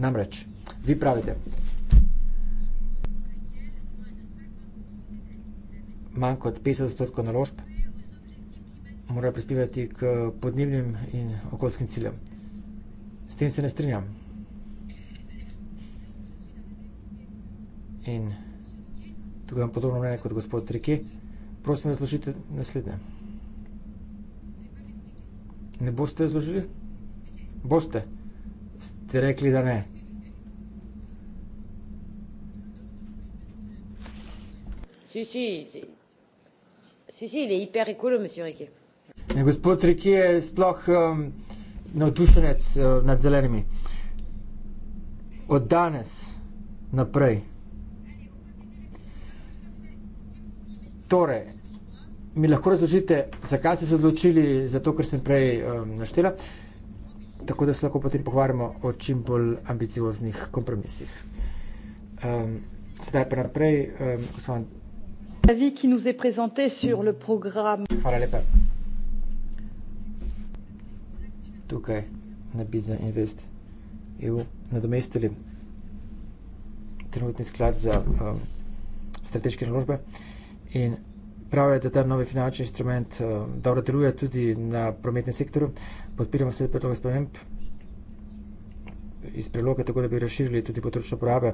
Namreč, vi pravite, manj kot 50% naložb mora prispevati k podnebnim in okoljskim ciljem. S tem se ne strinjam. In tukaj imam podobno mnenje kot gospod Trike. Prosim, razložite naslednje. Ne boste razložili? Boste. Ste rekli, da ne. Si, si, si. Si, si, je hiper ekolo, monsieur Rike. Ne, gospod Rike je sploh um, navdušenec uh, nad zelenimi. Od danes naprej Torej, mi lahko razložite, zakaj ste se odločili za to, kar sem prej um, naštela, tako da se lahko potem pogovarjamo o čim bolj ambicioznih kompromisih. Um, sedaj pa naprej, gospodin. Um, Hvala lepa. Tukaj na Biza Invest EU nadomestili trenutni sklad za um, strateške naložbe. Uh, in pravijo, da ta novi finančni instrument uh, dobro deluje tudi na prometnem sektoru. Podpiramo sedaj predlog sprememb iz preloge, tako da bi razširili tudi potrošno porabe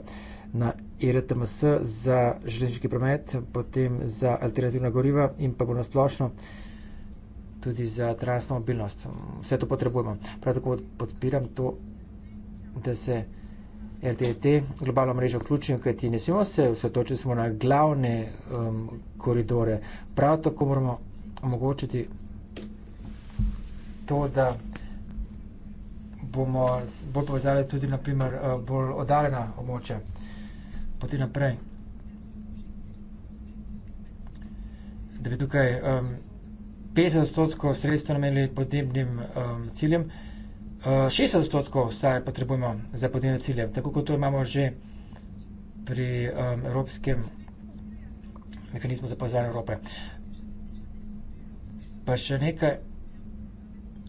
na IRTMS e za železniški promet, potem za alternativna goriva in pa bolj nasplošno tudi za transmobilnost. Vse to potrebujemo. Prav tako podpiram to, da se LTT, globalno mrežo vključim, kaj ti ne smemo se osvetočiti samo na glavne um, koridore. Prav tako moramo omogočiti to, da bomo uh, bolj povezali tudi naprimer bolj odaljena območja. Poti naprej. Da bi tukaj um, 50 odstotkov sredstva namenili podnebnim um, ciljem. 60 eh, odstotkov vsaj potrebujemo za podnebne cilje, tako kot to imamo že pri um, evropskem mehanizmu za povezovanje Evrope. Pa še nekaj,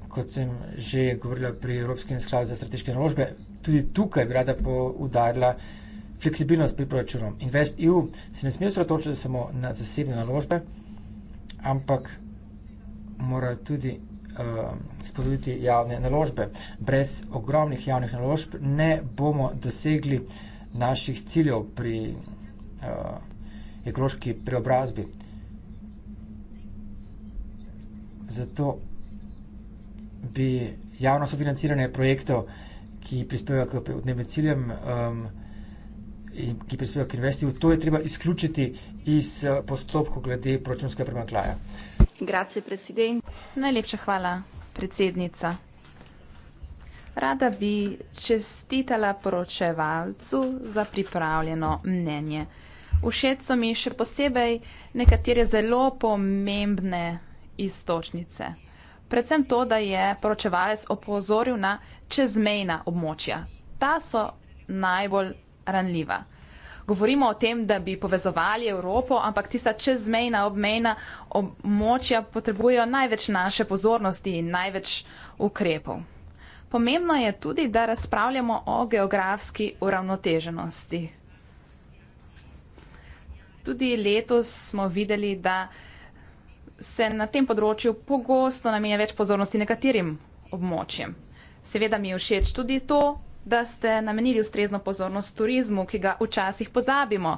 kot sem že govorila pri Evropskem skladu za strateške naložbe, tudi tukaj bi rada poudarila fleksibilnost pri proračunu. Invest EU se ne smejo sredotočiti samo na zasebne naložbe, ampak morajo tudi uh, spodbuditi javne naložbe. Brez ogromnih javnih naložb ne bomo dosegli naših ciljev pri uh, ekološki preobrazbi. Zato bi javno sofinanciranje projektov, ki prispevajo k podnebnim ciljem um, in ki prispevajo k investiju, to je treba izključiti iz uh, postopkov glede proračunskega premaklaja. Uh, Grazie, predsednik. Najlepša hvala, predsednica. Rada bi čestitala poročevalcu za pripravljeno mnenje. Všeč so mi še posebej nekatere zelo pomembne istočnice. Predvsem to, da je poročevalec opozoril na čezmejna območja. Ta so najbolj ranljiva govorimo o tem, da bi povezovali Evropo, ampak tista čezmejna obmejna območja potrebujejo največ naše pozornosti in največ ukrepov. Pomembno je tudi, da razpravljamo o geografski uravnoteženosti. Tudi letos smo videli, da se na tem področju pogosto namenja več pozornosti nekaterim območjem. Seveda mi je všeč tudi to, da ste namenili ustrezno pozornost turizmu, ki ga včasih pozabimo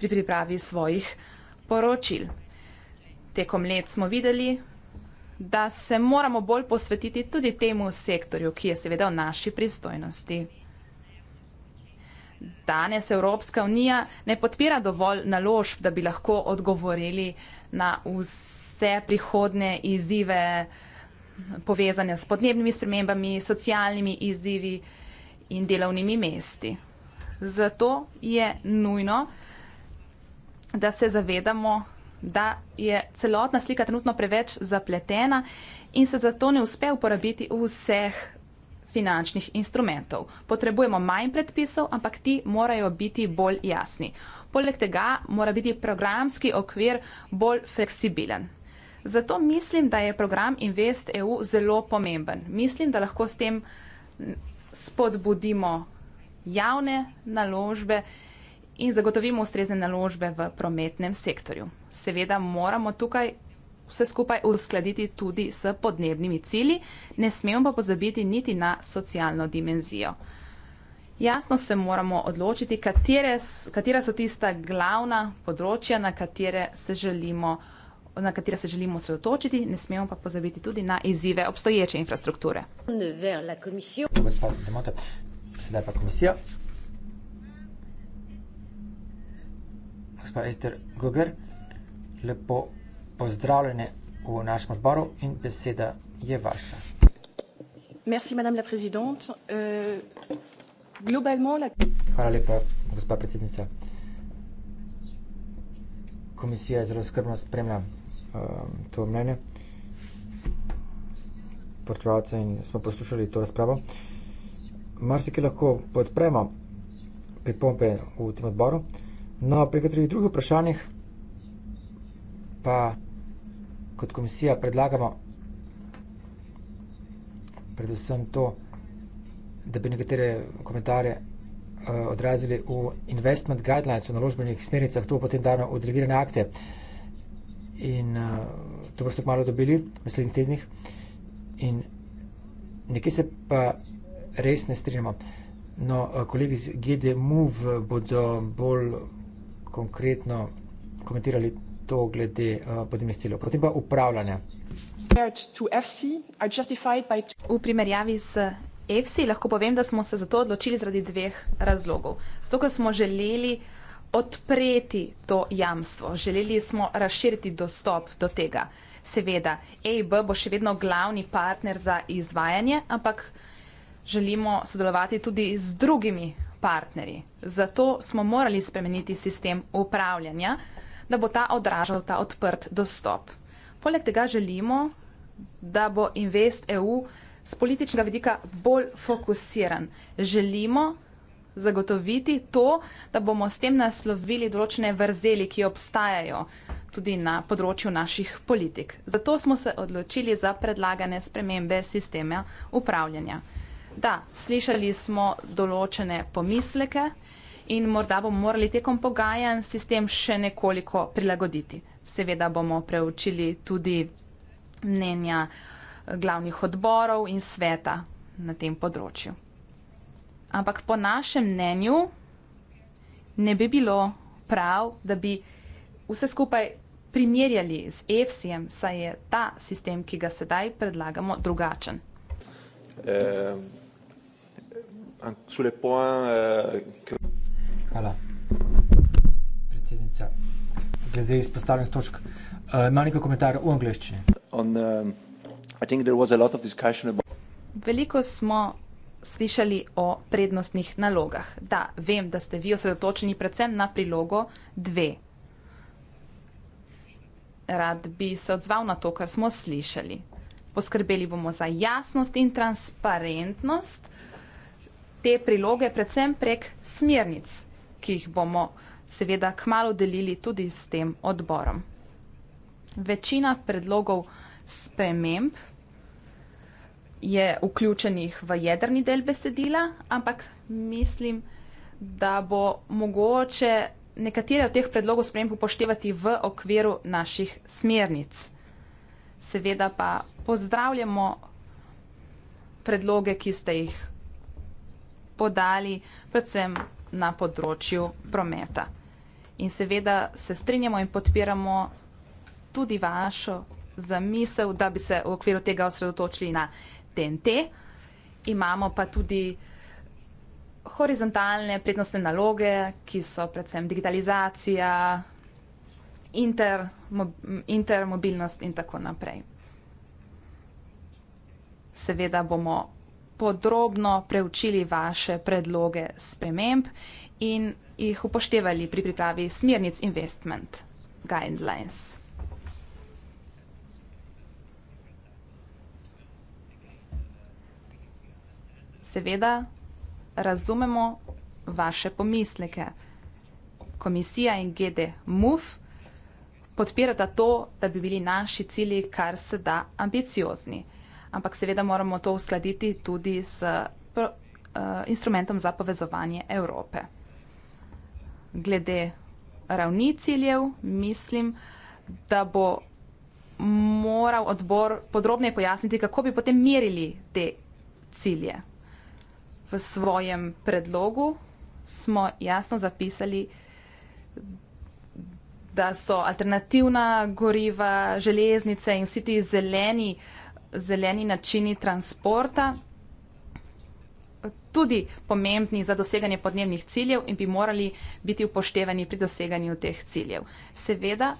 pri pripravi svojih poročil. Tekom let smo videli, da se moramo bolj posvetiti tudi temu sektorju, ki je seveda v naši pristojnosti. Danes Evropska unija ne podpira dovolj naložb, da bi lahko odgovorili na vse prihodne izzive povezane s podnebnimi spremembami, socialnimi izzivi in delovnimi mesti. Zato je nujno, da se zavedamo, da je celotna slika trenutno preveč zapletena in se zato ne uspe uporabiti vseh finančnih instrumentov. Potrebujemo manj predpisov, ampak ti morajo biti bolj jasni. Poleg tega mora biti programski okvir bolj fleksibilen. Zato mislim, da je program Invest EU zelo pomemben. Mislim, da lahko s tem spodbudimo javne naložbe in zagotovimo ustrezne naložbe v prometnem sektorju. Seveda moramo tukaj vse skupaj uskladiti tudi s podnebnimi cili, ne smemo pa pozabiti niti na socialno dimenzijo. Jasno se moramo odločiti, katere, katera so tista glavna področja, na katere se želimo odločiti na katere se želimo sredotočiti, ne smemo pa pozabiti tudi na izzive obstoječe infrastrukture. Sedaj pa komisija. Gospa Ester Goger, lepo pozdravljene v našem odboru in beseda je vaša. Merci, madame la présidente. Euh, globalement, la... Hvala lepa, gospa predsednica. Uh, komisija zelo skrbno spremlja um, to mnenje poročevalca in smo poslušali to razpravo. Mar se ki lahko podpremo pripombe v tem odboru, no pri katerih drugih vprašanjih pa kot komisija predlagamo predvsem to, da bi nekatere komentarje Eh, odrazili v investment guidelines, v naložbenih smernicah, to potem dano v delegirane akte. In uh, to boste malo dobili v naslednjih tednih. In nekje se pa res ne strinjamo. No, eh, kolegi iz GD Move bodo bolj konkretno komentirali to glede uh, podnebnih ciljev. Potem pa upravljanje. V primerjavi s EFSI, lahko povem, da smo se za to odločili zaradi dveh razlogov. Zato, ker smo želeli odpreti to jamstvo, želeli smo razširiti dostop do tega. Seveda, EIB bo še vedno glavni partner za izvajanje, ampak želimo sodelovati tudi z drugimi partnerji. Zato smo morali spremeniti sistem upravljanja, da bo ta odražal ta odprt dostop. Poleg tega želimo, da bo Invest EU z političnega vidika bolj fokusiran. Želimo zagotoviti to, da bomo s tem naslovili določene vrzeli, ki obstajajo tudi na področju naših politik. Zato smo se odločili za predlagane spremembe sistema upravljanja. Da, slišali smo določene pomisleke in morda bomo morali tekom pogajan sistem še nekoliko prilagoditi. Seveda bomo preučili tudi mnenja glavnih odborov in sveta na tem področju. Ampak po našem mnenju ne bi bilo prav, da bi vse skupaj primerjali z EFSI-jem, saj je ta sistem, ki ga sedaj predlagamo, drugačen. Eh, eh, Hvala. Predsednica, glede izpostavljenih točk, eh, ima nekaj komentarjev v angleščini. On, uh, Veliko smo slišali o prednostnih nalogah. Da, vem, da ste vi osredotočeni predvsem na prilogo dve. Rad bi se odzval na to, kar smo slišali. Poskrbeli bomo za jasnost in transparentnost te priloge, predvsem prek smernic, ki jih bomo seveda kmalo delili tudi s tem odborom. Večina predlogov sprememb je vključenih v jedrni del besedila, ampak mislim, da bo mogoče nekatere od teh predlogov sprememb upoštevati v okviru naših smernic. Seveda pa pozdravljamo predloge, ki ste jih podali, predvsem na področju prometa. In seveda se strinjamo in podpiramo tudi vašo zamisel, da bi se v okviru tega osredotočili na TNT. Imamo pa tudi horizontalne prednostne naloge, ki so predvsem digitalizacija, intermobilnost inter in tako naprej. Seveda bomo podrobno preučili vaše predloge sprememb in jih upoštevali pri pripravi smernic Investment Guidelines. Seveda razumemo vaše pomisleke. Komisija in GD MUF podpirata to, da bi bili naši cilji kar se da ambiciozni. Ampak seveda moramo to uskladiti tudi s pro, uh, instrumentom za povezovanje Evrope. Glede ravni ciljev mislim, da bo moral odbor podrobneje pojasniti, kako bi potem merili te cilje v svojem predlogu smo jasno zapisali, da so alternativna goriva, železnice in vsi ti zeleni, zeleni načini transporta tudi pomembni za doseganje podnebnih ciljev in bi morali biti upoštevani pri doseganju teh ciljev. Seveda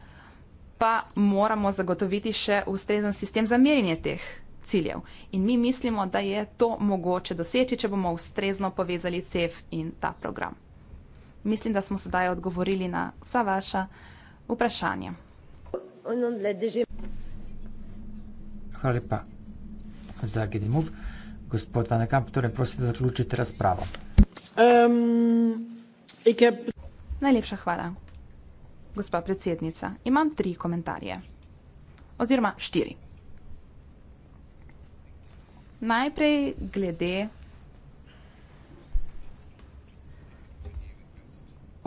pa moramo zagotoviti še ustrezen sistem za merjenje teh ciljev. In mi mislimo, da je to mogoče doseči, če bomo ustrezno povezali CEF in ta program. Mislim, da smo sedaj odgovorili na vsa vaša vprašanja. Hvala lepa za Gedimov. Gospod Vanekamp, torej prosim, zaključite razpravo. Um, ikep... Najlepša hvala, gospa predsednica. Imam tri komentarje. Oziroma štiri. Najprej glede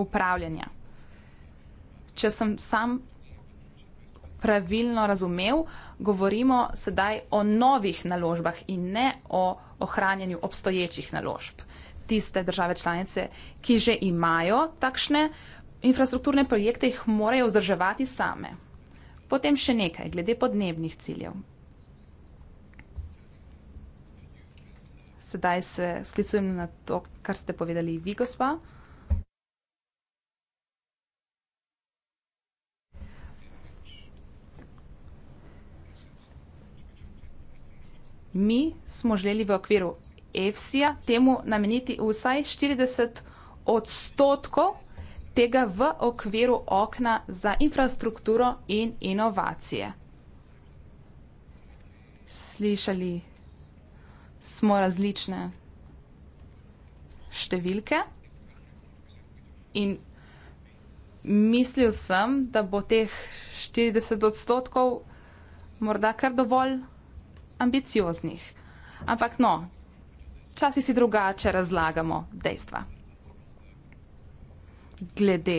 upravljanja. Če sem sam pravilno razumel, govorimo sedaj o novih naložbah in ne o ohranjanju obstoječih naložb. Tiste države članice, ki že imajo takšne infrastrukturne projekte, jih morajo vzdrževati same. Potem še nekaj, glede podnebnih ciljev. sedaj se sklicujem na to, kar ste povedali vi, gospa. Mi smo želeli v okviru EFSI-ja temu nameniti vsaj 40 odstotkov tega v okviru okna za infrastrukturo in inovacije. Slišali smo različne številke. In mislil sem, da bo teh 40 odstotkov morda kar dovolj ambicioznih. Ampak no, časi si drugače razlagamo dejstva. Glede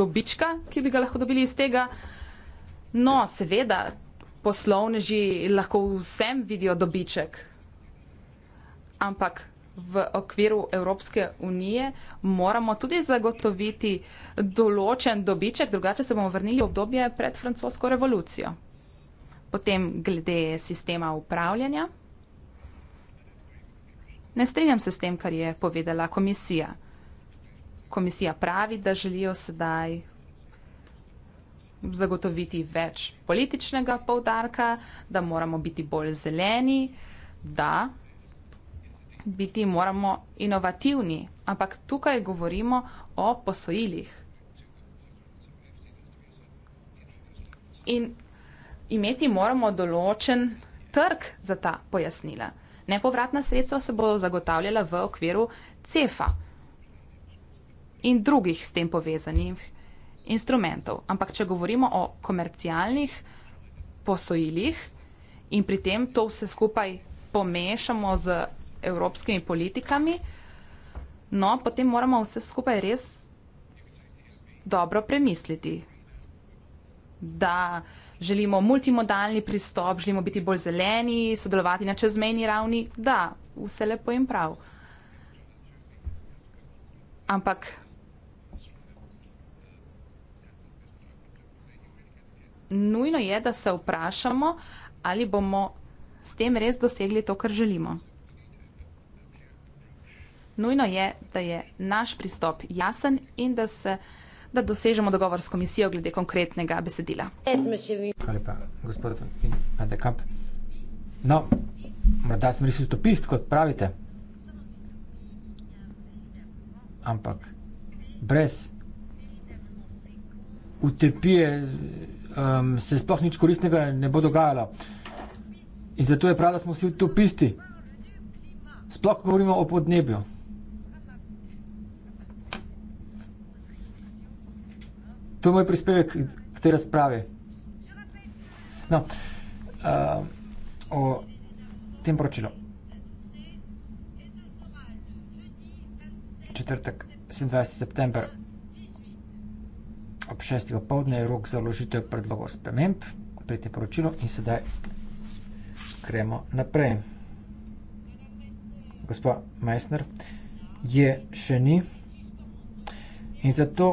dobička, ki bi ga lahko dobili iz tega, no, seveda, poslovneži lahko vsem vidijo dobiček ampak v okviru Evropske unije moramo tudi zagotoviti določen dobiček, drugače se bomo vrnili v obdobje pred francosko revolucijo. Potem glede sistema upravljanja. Ne strinjam se s tem, kar je povedala komisija. Komisija pravi, da želijo sedaj zagotoviti več političnega povdarka, da moramo biti bolj zeleni, da biti moramo inovativni, ampak tukaj govorimo o posojilih. In imeti moramo določen trg za ta pojasnila. Nepovratna sredstva se bodo zagotavljala v okviru CEFA in drugih s tem povezanih instrumentov. Ampak če govorimo o komercialnih posojilih in pri tem to vse skupaj pomešamo z evropskimi politikami. No, potem moramo vse skupaj res dobro premisliti, da želimo multimodalni pristop, želimo biti bolj zeleni, sodelovati na čezmejni ravni. Da, vse lepo in prav. Ampak. Nujno je, da se vprašamo, ali bomo s tem res dosegli to, kar želimo. Nujno je, da je naš pristop jasen in da se da dosežemo dogovor s komisijo glede konkretnega besedila. Hvala lepa, gospod Adekamp. No, morda sem res utopist, kot pravite. Ampak brez utepije um, se sploh nič koristnega ne bo dogajalo. In zato je prav, da smo vsi utopisti. Sploh, ko govorimo o podnebju. To je moj prispevek k tej razpravi. No, uh, o tem poročilu. Četrtek, 27. september ob 6. popoldne je rok za vložitev predlogov sprememb. Prijete poročilo in sedaj gremo naprej. Gospa Meissner je še ni in zato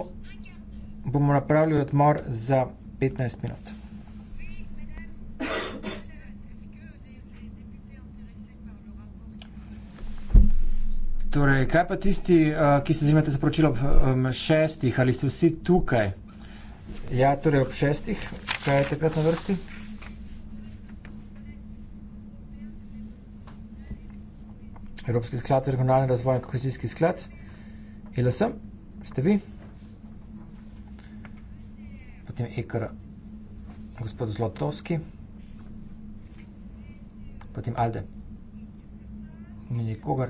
bomo napravili odmor za 15 minut. Torej, kaj pa tisti, eh, ki se zanimate za poročilo ob šestih, ali ste vsi tukaj? Ja, torej ob šestih, kaj je takrat na vrsti? Evropski sklad, regionalni razvoj in kohezijski sklad. Ila sem, ste vi? potem Ekr, gospod Zlotovski, potem Alde, nikogar.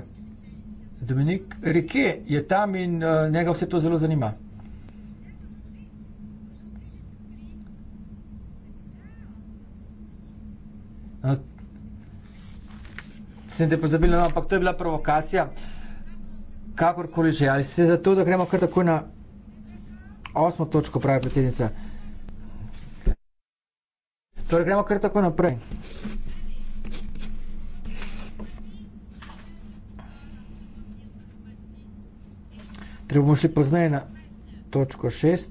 Dominik Rike je tam in uh, njega vse to zelo zanima. No, sem te pozabil, no, ampak to je bila provokacija. Kakorkoli že, ali ste za to, da gremo kar tako na osmo točko, pravi predsednica. Torej, gremo kar tako naprej. Treba bomo šli poznaje na točko 6.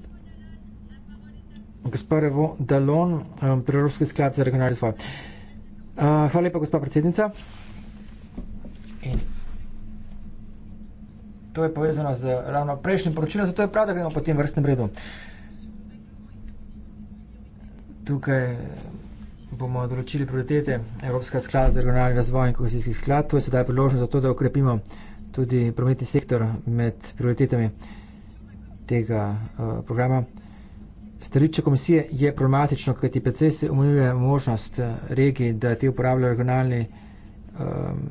Gospod Evo Dalon, um, Trojevropski sklad za regionalni razvoj. Uh, hvala lepa, gospod predsednica. In to je povezano z ravno prejšnjim poročilom, zato je prav, da gremo po tem vrstnem redu. Uh, tukaj bomo določili prioritete Evropska sklada za regionalni razvoj in kohezijski sklad. To je sedaj priložnost za to, da okrepimo tudi prometni sektor med prioritetami tega uh, programa. Stališče komisije je problematično, kajti precej se omejuje možnost eh, regij, da ti uporabljajo regionalni um,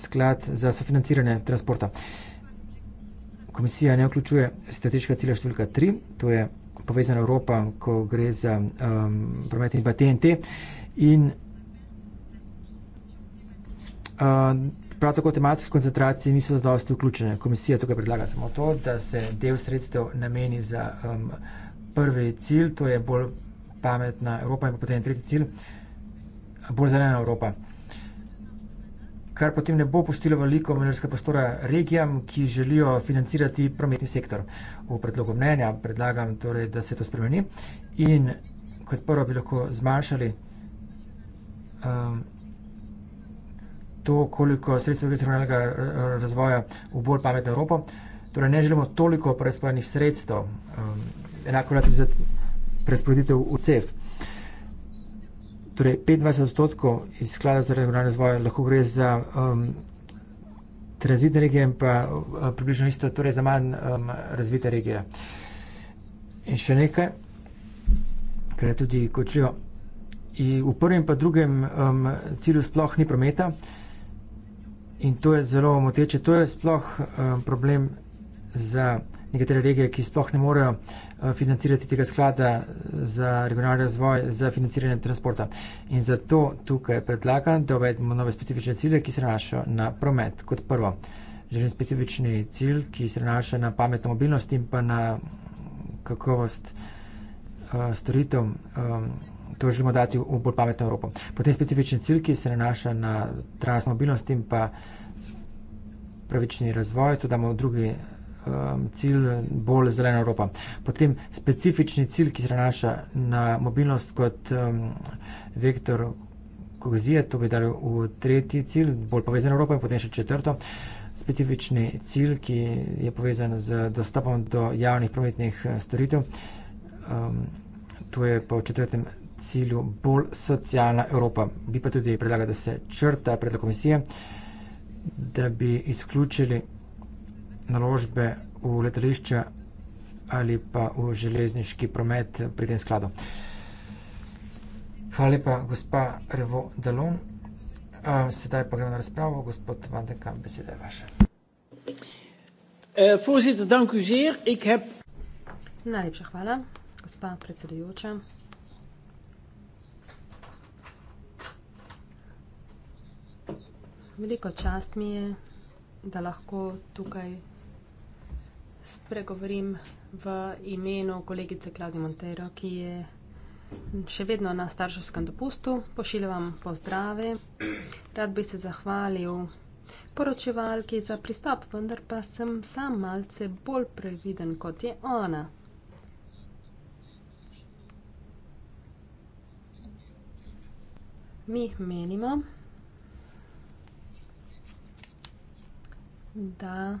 sklad za sofinanciranje transporta. Komisija ne vključuje strateškega cilja številka 3, to je povezana Evropa, ko gre za um, promet in patente. In uh, prav tako tematske koncentracije niso zadosti vključene. Komisija tukaj predlaga samo to, da se del sredstev nameni za um, prvi cilj, to je bolj pametna Evropa in pa potem tretji cilj, bolj zelena Evropa kar potem ne bo pustilo veliko manjerske prostora regijam, ki želijo financirati prometni sektor. V predlogu mnenja predlagam torej, da se to spremeni in kot prvo bi lahko zmanjšali um, to, koliko sredstev iz regionalnega razvoja v bolj pametno Evropo. Torej ne želimo toliko prerazporednih sredstev, um, enako tudi za prerazporeditev v CEF. Torej, 25 odstotkov iz sklada za regionalni razvoj lahko gre za um, tranzitne regije, pa um, približno isto, torej za manj um, razvite regije. In še nekaj, kar je tudi kočljivo. V prvem in drugem um, cilju sploh ni prometa in to je zelo moteče. To je sploh um, problem za nekatere regije, ki sploh ne morejo eh, financirati tega sklada eh, za regionalni razvoj, za financiranje transporta. In zato tukaj predlagam, da uvedemo nove specifične cilje, ki se nanašajo na promet. Kot prvo, želim specifični cilj, ki se nanaša na pametno mobilnost in pa na kakovost eh, storitev. To želimo dati v bolj pametno Evropo. Potem specifični cilj, ki se nanaša na trajnostno mobilnost in pa pravični razvoj, to damo v drugi um, cilj bolj zelena Evropa. Potem specifični cilj, ki se nanaša na mobilnost kot um, vektor kohezije, to bi dal v tretji cilj, bolj povezana Evropa in potem še četrto. Specifični cilj, ki je povezan z dostopom do javnih prometnih eh, storitev, um, to je pa v četrtem cilju bolj socialna Evropa. Bi pa tudi predlagal, da se črta predlog komisije, da bi izključili naložbe v letališča ali pa v železniški promet pri tem skladu. Hvala lepa, gospa Revo Dalon. Sedaj pa gremo na razpravo. Gospod Vandekam, beseda je vaša. Eh, Najlepša hvala, gospa predsedujoča. Veliko čast mi je, da lahko tukaj spregovorim v imenu kolegice Klaudi Montero, ki je še vedno na starševskem dopustu. Pošiljam vam pozdrave. Rad bi se zahvalil poročevalki za pristop, vendar pa sem sam malce bolj previden, kot je ona. Mi menimo, da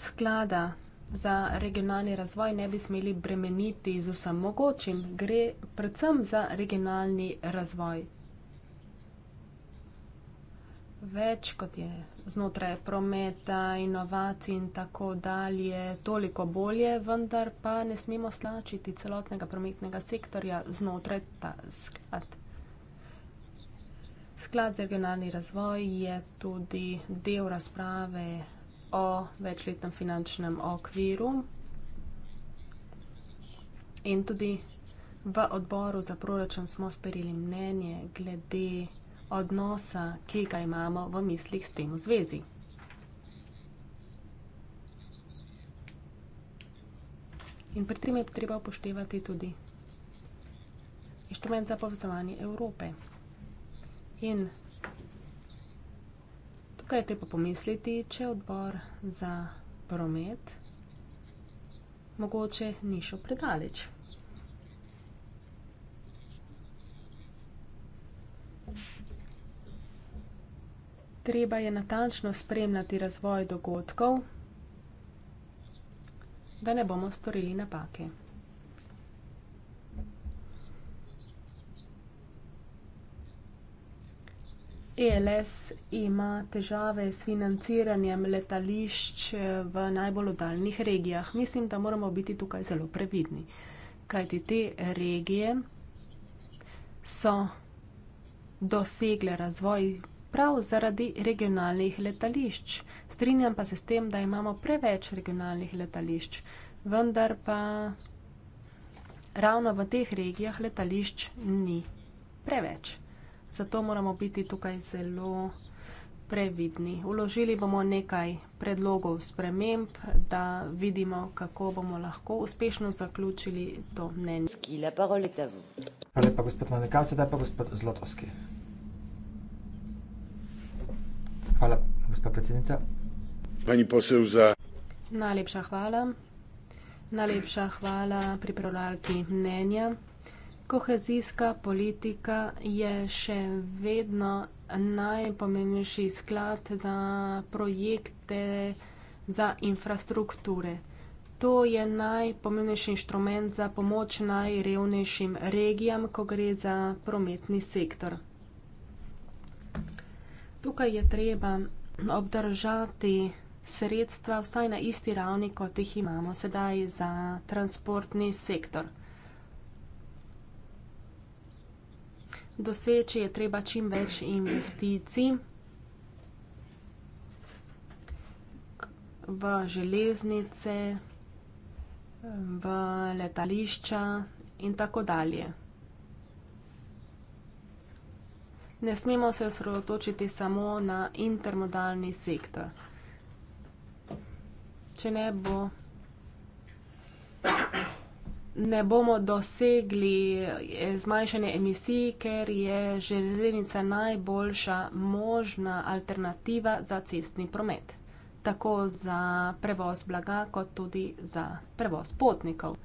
sklada za regionalni razvoj ne bi smeli bremeniti z vsem mogočim, gre predvsem za regionalni razvoj. Več kot je znotraj prometa, inovacij in tako dalje, toliko bolje, vendar pa ne smemo slačiti celotnega prometnega sektorja znotraj ta sklad. Sklad za regionalni razvoj je tudi del razprave o večletnem finančnem okviru in tudi v odboru za proračun smo sprejeli mnenje glede odnosa, ki ga imamo v mislih s tem v zvezi. In pri tem je treba upoštevati tudi inštrument za povezovanje Evrope. In Kaj je treba pomisliti, če odbor za promet mogoče ni šel predaleč? Treba je natančno spremljati razvoj dogodkov, da ne bomo storili napake. ELS ima težave s financiranjem letališč v najbolj oddaljnih regijah. Mislim, da moramo biti tukaj zelo previdni, kajti te regije so dosegle razvoj prav zaradi regionalnih letališč. Strinjam pa se s tem, da imamo preveč regionalnih letališč, vendar pa ravno v teh regijah letališč ni preveč. Zato moramo biti tukaj zelo previdni. Uložili bomo nekaj predlogov sprememb, da vidimo, kako bomo lahko uspešno zaključili to mnenje. Hvala lepa, gospod Vanekam, sedaj pa gospod Zlotovski. Hvala, gospod predsednica. Pani posel za. Najlepša hvala. Najlepša hvala pripravljalki mnenja. Kohezijska politika je še vedno najpomembnejši sklad za projekte, za infrastrukture. To je najpomembnejši inštrument za pomoč najrevnejšim regijam, ko gre za prometni sektor. Tukaj je treba obdržati sredstva vsaj na isti ravni, kot jih imamo sedaj za transportni sektor. doseči je treba čim več investicij v železnice, v letališča in tako dalje. Ne smemo se osredotočiti samo na intermodalni sektor. Če ne bo ne bomo dosegli eh, zmanjšanje emisij, ker je železnica najboljša možna alternativa za cestni promet. Tako za prevoz blaga, kot tudi za prevoz potnikov.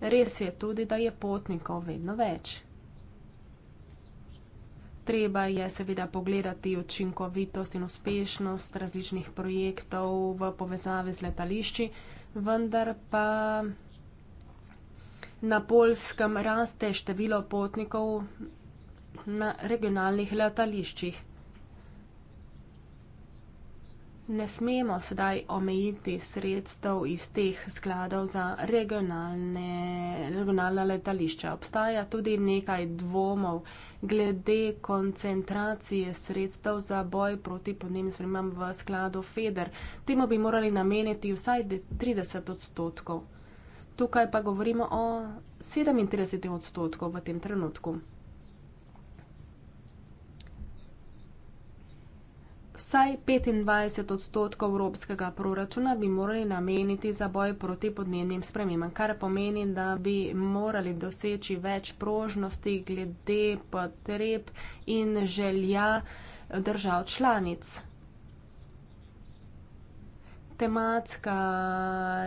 Res je tudi, da je potnikov vedno več. Treba je seveda pogledati učinkovitost in uspešnost različnih projektov v povezavi z letališči, vendar pa Na Polskem raste število potnikov na regionalnih letališčih. Ne smemo sedaj omejiti sredstev iz teh skladov za regionalne, regionalna letališča. Obstaja tudi nekaj dvomov glede koncentracije sredstev za boj proti podnebnim spremembam v skladu FEDER. Temu bi morali nameniti vsaj 30 odstotkov tukaj pa govorimo o 37 odstotkov v tem trenutku. Vsaj 25 odstotkov evropskega proračuna bi morali nameniti za boj proti podnebnim spremembam, kar pomeni, da bi morali doseči več prožnosti glede potreb in želja držav članic tematska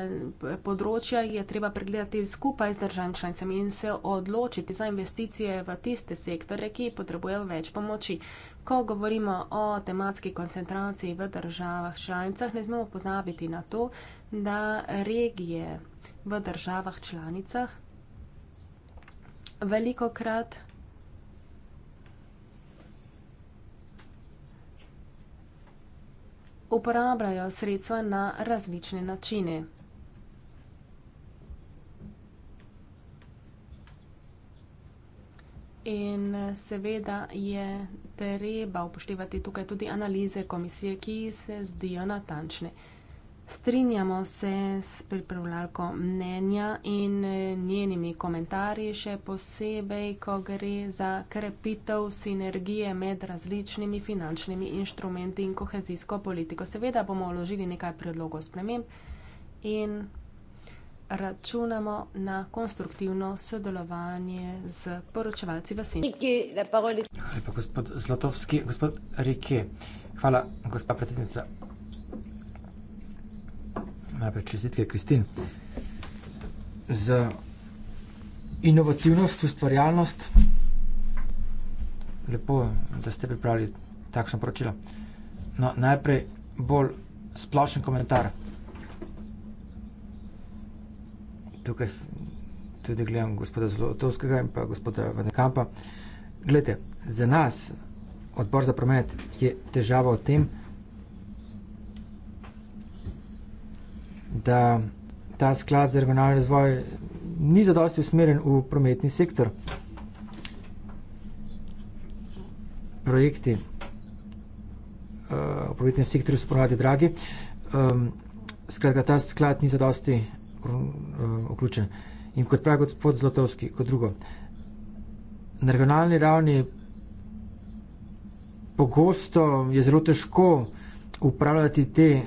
eh, področja je treba pregledati skupaj z državami članicami in se odločiti za investicije v tiste sektore, ki potrebujejo več pomoči. Ko govorimo o tematski koncentraciji v državah članicah, ne smemo pozabiti na to, da regije v državah članicah veliko krat uporabljajo sredstva na različne načine. In seveda je treba upoštevati tukaj tudi analize komisije, ki se zdijo natančne. Strinjamo se s pripravljalko mnenja in eh, njenimi komentarji, še posebej, ko gre za krepitev sinergije med različnimi finančnimi inštrumenti in kohezijsko politiko. Seveda bomo vložili nekaj predlogov sprememb in računamo na konstruktivno sodelovanje z poročevalci v Sinti. Hvala, gospod Zlatovski, gospod Rike. Hvala, gospod predsednica najprej čestitke Kristin. Za inovativnost, ustvarjalnost, lepo, da ste pripravili takšno poročilo. No, najprej bolj splošen komentar. Tukaj tudi gledam gospoda Zlotovskega in pa gospoda Vanekampa. Glede, za nas, odbor za promet, je težava v tem, da da ta sklad za regionalni razvoj ni zadosti usmerjen v prometni sektor. Projekti uh, v prometnem sektorju so ponovadi dragi. Um, skratka, ta sklad ni zadosti eh, vključen. In kot pravi gospod Zlotovski, kot drugo, na regionalni ravni pogosto je zelo težko upravljati te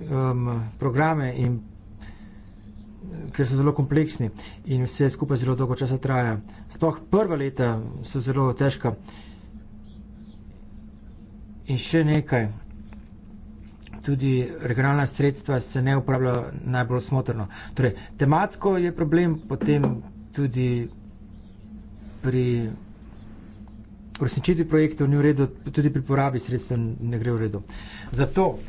um, programe, in, ker so zelo kompleksni in vse skupaj zelo dolgo časa traja. Sploh prva leta so zelo težka. In še nekaj, tudi regionalna sredstva se ne upravljajo najbolj smotrno. Torej, tematsko je problem, potem tudi pri uresničitvi projektov ni v redu, tudi pri porabi sredstev ne gre v redu. Zato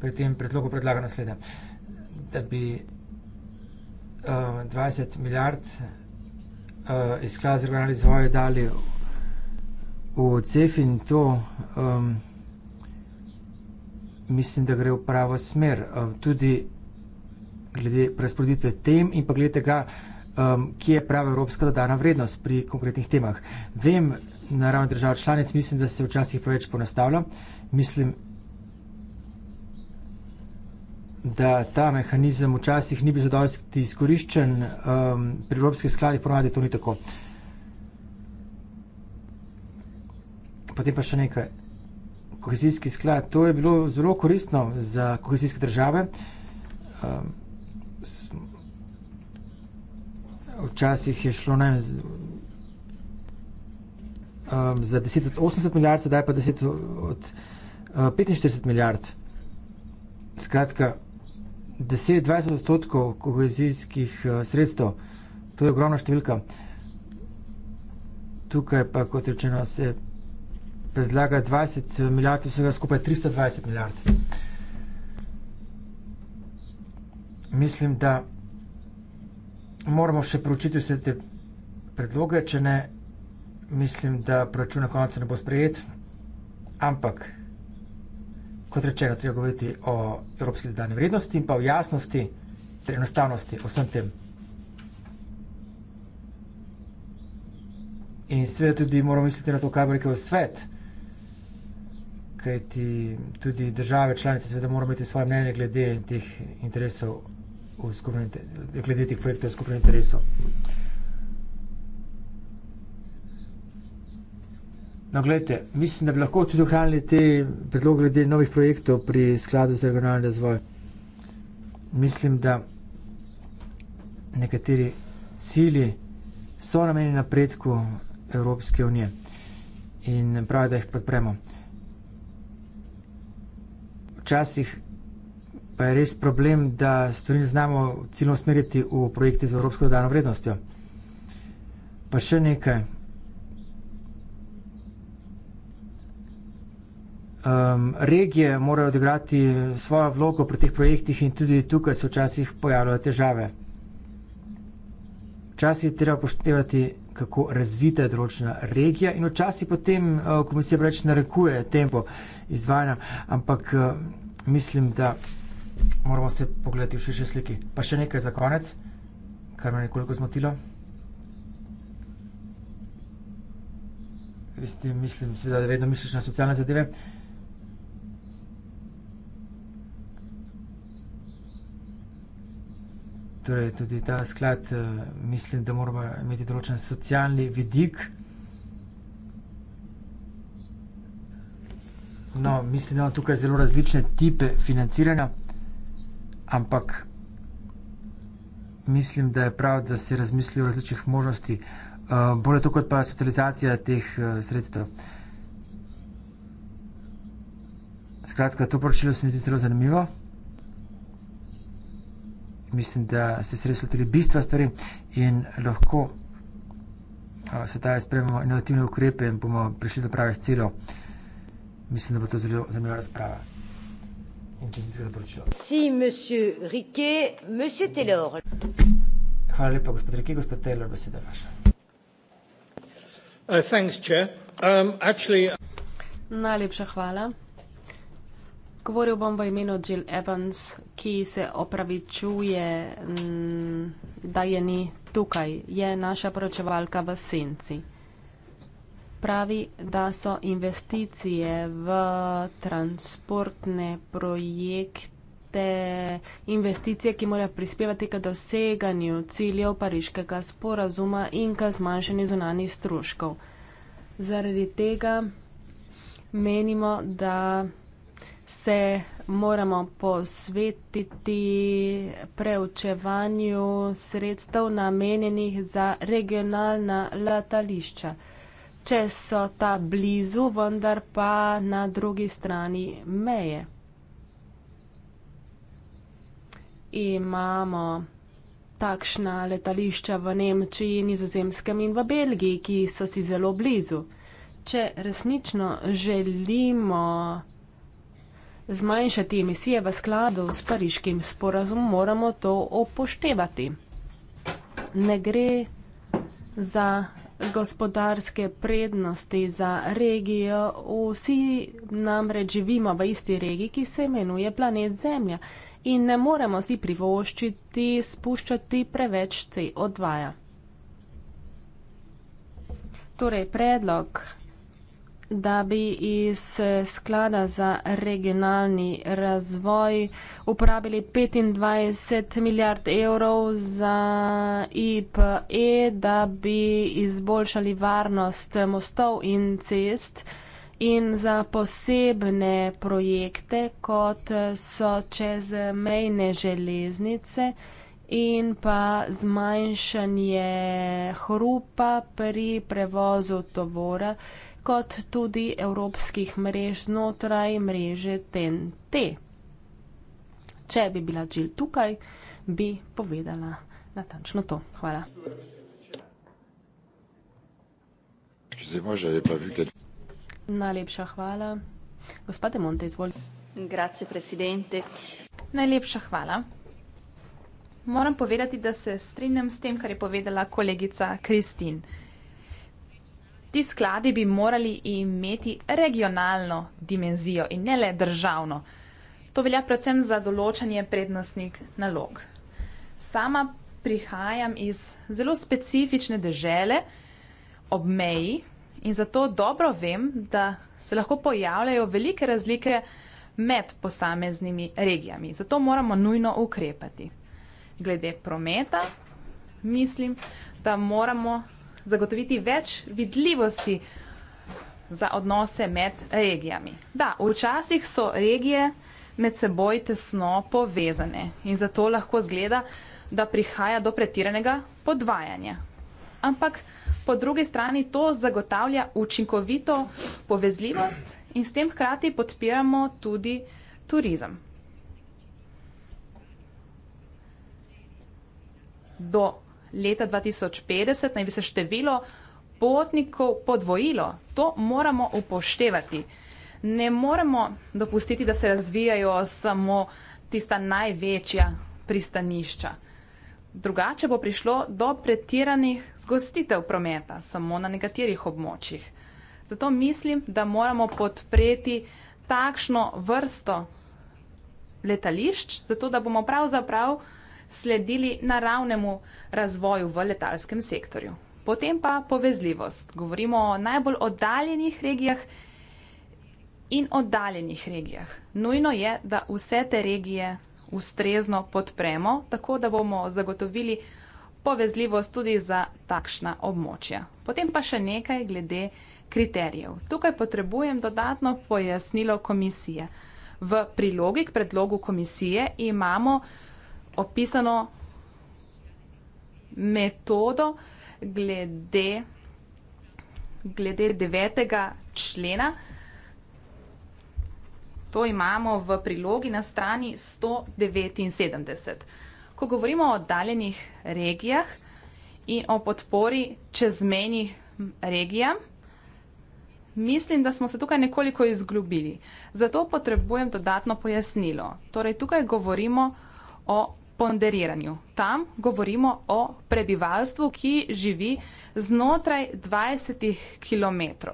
pri tem predlogu predlaga naslednje, da bi uh, eh, 20 milijard uh, iz sklada za regionalni razvoj dali v CEF in to. Um, Mislim, da gre v pravo smer. Tudi glede prerasporeditve tem in pa glede tega, um, kje je prava evropska dodana vrednost pri konkretnih temah. Vem, na ravni držav članic, mislim, da se včasih preveč ponastavlja. Mislim, da ta mehanizem včasih ni bil zadovoljski izkoriščen, um, pri evropskih skladih ponavadi to ni tako. Potem pa še nekaj. Kohezijski sklad, to je bilo zelo koristno za kohezijske države. Um, včasih je šlo ne, z, um, za 10 od 80 milijard, zdaj pa 10 od uh, 45 milijard. Skratka, 10-20 odstotkov kohezijskih uh, sredstev, to je ogromna številka. Tukaj pa, kot rečeno, se predlaga 20 milijard, vsega skupaj 320 milijard. mislim, da moramo še pročiti vse te predloge, če ne, mislim, da proračun na koncu ne bo sprejet, ampak kot rečeno, treba govoriti o evropski dodani vrednosti in pa o jasnosti, enostavnosti, vsem tem. In seveda tudi moramo misliti na to, kaj bo rekel svet, kajti tudi države članice seveda morajo imeti svoje mnenje glede teh interesov glede teh projektov skupnega interesa. No, gledajte, mislim, da bi lahko tudi ohranili te predloge glede novih projektov pri skladu za regionalni razvoj. Mislim, da nekateri cilji so namenjeni napredku Evropske unije in pravi, da jih podpremo. Včasih pa je res problem, da stvari ne znamo ciljno usmeriti v projekte z evropsko dodano vrednostjo. Pa še nekaj. Um, regije morajo odigrati svojo vlogo pri teh projektih in tudi tukaj se včasih pojavljajo težave. Včasih je treba poštevati, kako razvita je določena regija in včasih potem uh, komisija preveč narekuje tempo izvajanja, ampak uh, mislim, da moramo se pogledati v širši sliki. Pa še nekaj za konec, kar me je nekoliko zmotilo. Veste, mislim, seveda, da vedno misliš na socialne zadeve. Torej, tudi ta sklad, eh, mislim, da moramo imeti določen socialni vidik. No, mislim, da imamo tukaj zelo različne tipe financiranja ampak mislim, da je prav, da se razmisli o različnih možnosti, eh, bolje to kot pa socializacija teh eh, sredstev. Skratka, to poročilo se mi zdi zelo zanimivo. Mislim, da se sredstvo tudi bistva stvari in lahko eh, se taj spremimo inovativne ukrepe in bomo prišli do pravih celov. Mislim, da bo to zelo zanimiva razprava. Si, monsieur Riquet, monsieur Taylor. Hvala lepa, gospod Riquet. Gospod Taylor, beseda je vaša. Uh, thanks, chair. Um, actually... Najlepša hvala. Govoril bom v imenu Jill Evans, ki se opravičuje, mm, da je ni tukaj. Je naša poročevalka v senci pravi, da so investicije v transportne projekte, investicije, ki morajo prispevati k doseganju ciljev pariškega sporazuma in k zmanjšanju zunanih stroškov. Zaradi tega menimo, da se moramo posvetiti preučevanju sredstev namenjenih za regionalna letališča če so ta blizu, vendar pa na drugi strani meje. Imamo takšna letališča v Nemčiji, Nizozemskem in v Belgiji, ki so si zelo blizu. Če resnično želimo zmanjšati emisije v skladu s pariškim sporazumom, moramo to upoštevati. Ne gre za gospodarske prednosti za regijo. Vsi namreč živimo v isti regiji, ki se imenuje planet Zemlja in ne moremo si privoščiti spuščati preveč CO2. Torej, predlog da bi iz eh, sklada za regionalni razvoj uporabili 25 milijard evrov za IPE, da bi izboljšali varnost mostov in cest in za posebne projekte, kot so čezmejne železnice in pa zmanjšanje hrupa pri prevozu tovora, kot tudi evropskih mrež znotraj mreže TNT. Če bi bila Džil tukaj, bi povedala natančno to. Hvala. Najlepša hvala. Gospode Monte, izvolite. Grazie, presidente. Najlepša hvala. Moram povedati, da se strinjam s tem, kar je povedala kolegica Kristin ti skladi bi morali imeti regionalno dimenzijo in ne le državno. To velja predvsem za določanje prednostnih nalog. Sama prihajam iz zelo specifične dežele ob meji in zato dobro vem, da se lahko pojavljajo velike razlike med posameznimi regijami. Zato moramo nujno ukrepati. Glede prometa, mislim, da moramo zagotoviti več vidljivosti za odnose med regijami. Da, včasih so regije med seboj tesno povezane in zato lahko zgleda, da prihaja do pretiranega podvajanja. Ampak po drugi strani to zagotavlja učinkovito povezljivost in s tem hkrati podpiramo tudi turizem. Do leta 2050 naj bi se število potnikov podvojilo. To moramo upoštevati. Ne moremo dopustiti, da se razvijajo samo tista največja pristanišča. Drugače bo prišlo do pretiranih zgostitev prometa samo na nekaterih območjih. Zato mislim, da moramo podpreti takšno vrsto letališč, zato da bomo pravzaprav prav sledili naravnemu razvoju v letalskem sektorju. Potem pa povezljivost. Govorimo o najbolj oddaljenih regijah in oddaljenih regijah. Nujno je, da vse te regije ustrezno podpremo, tako da bomo zagotovili povezljivost tudi za takšna območja. Potem pa še nekaj glede kriterijev. Tukaj potrebujem dodatno pojasnilo komisije. V prilogi k predlogu komisije imamo opisano metodo glede, glede devetega člena. To imamo v prilogi na strani 179. Ko govorimo o daljenih regijah in o podpori čezmenih regijam, mislim, da smo se tukaj nekoliko izglobili. Zato potrebujem dodatno pojasnilo. Torej, tukaj govorimo o ponderiranju. Tam govorimo o prebivalstvu, ki živi znotraj 20 km.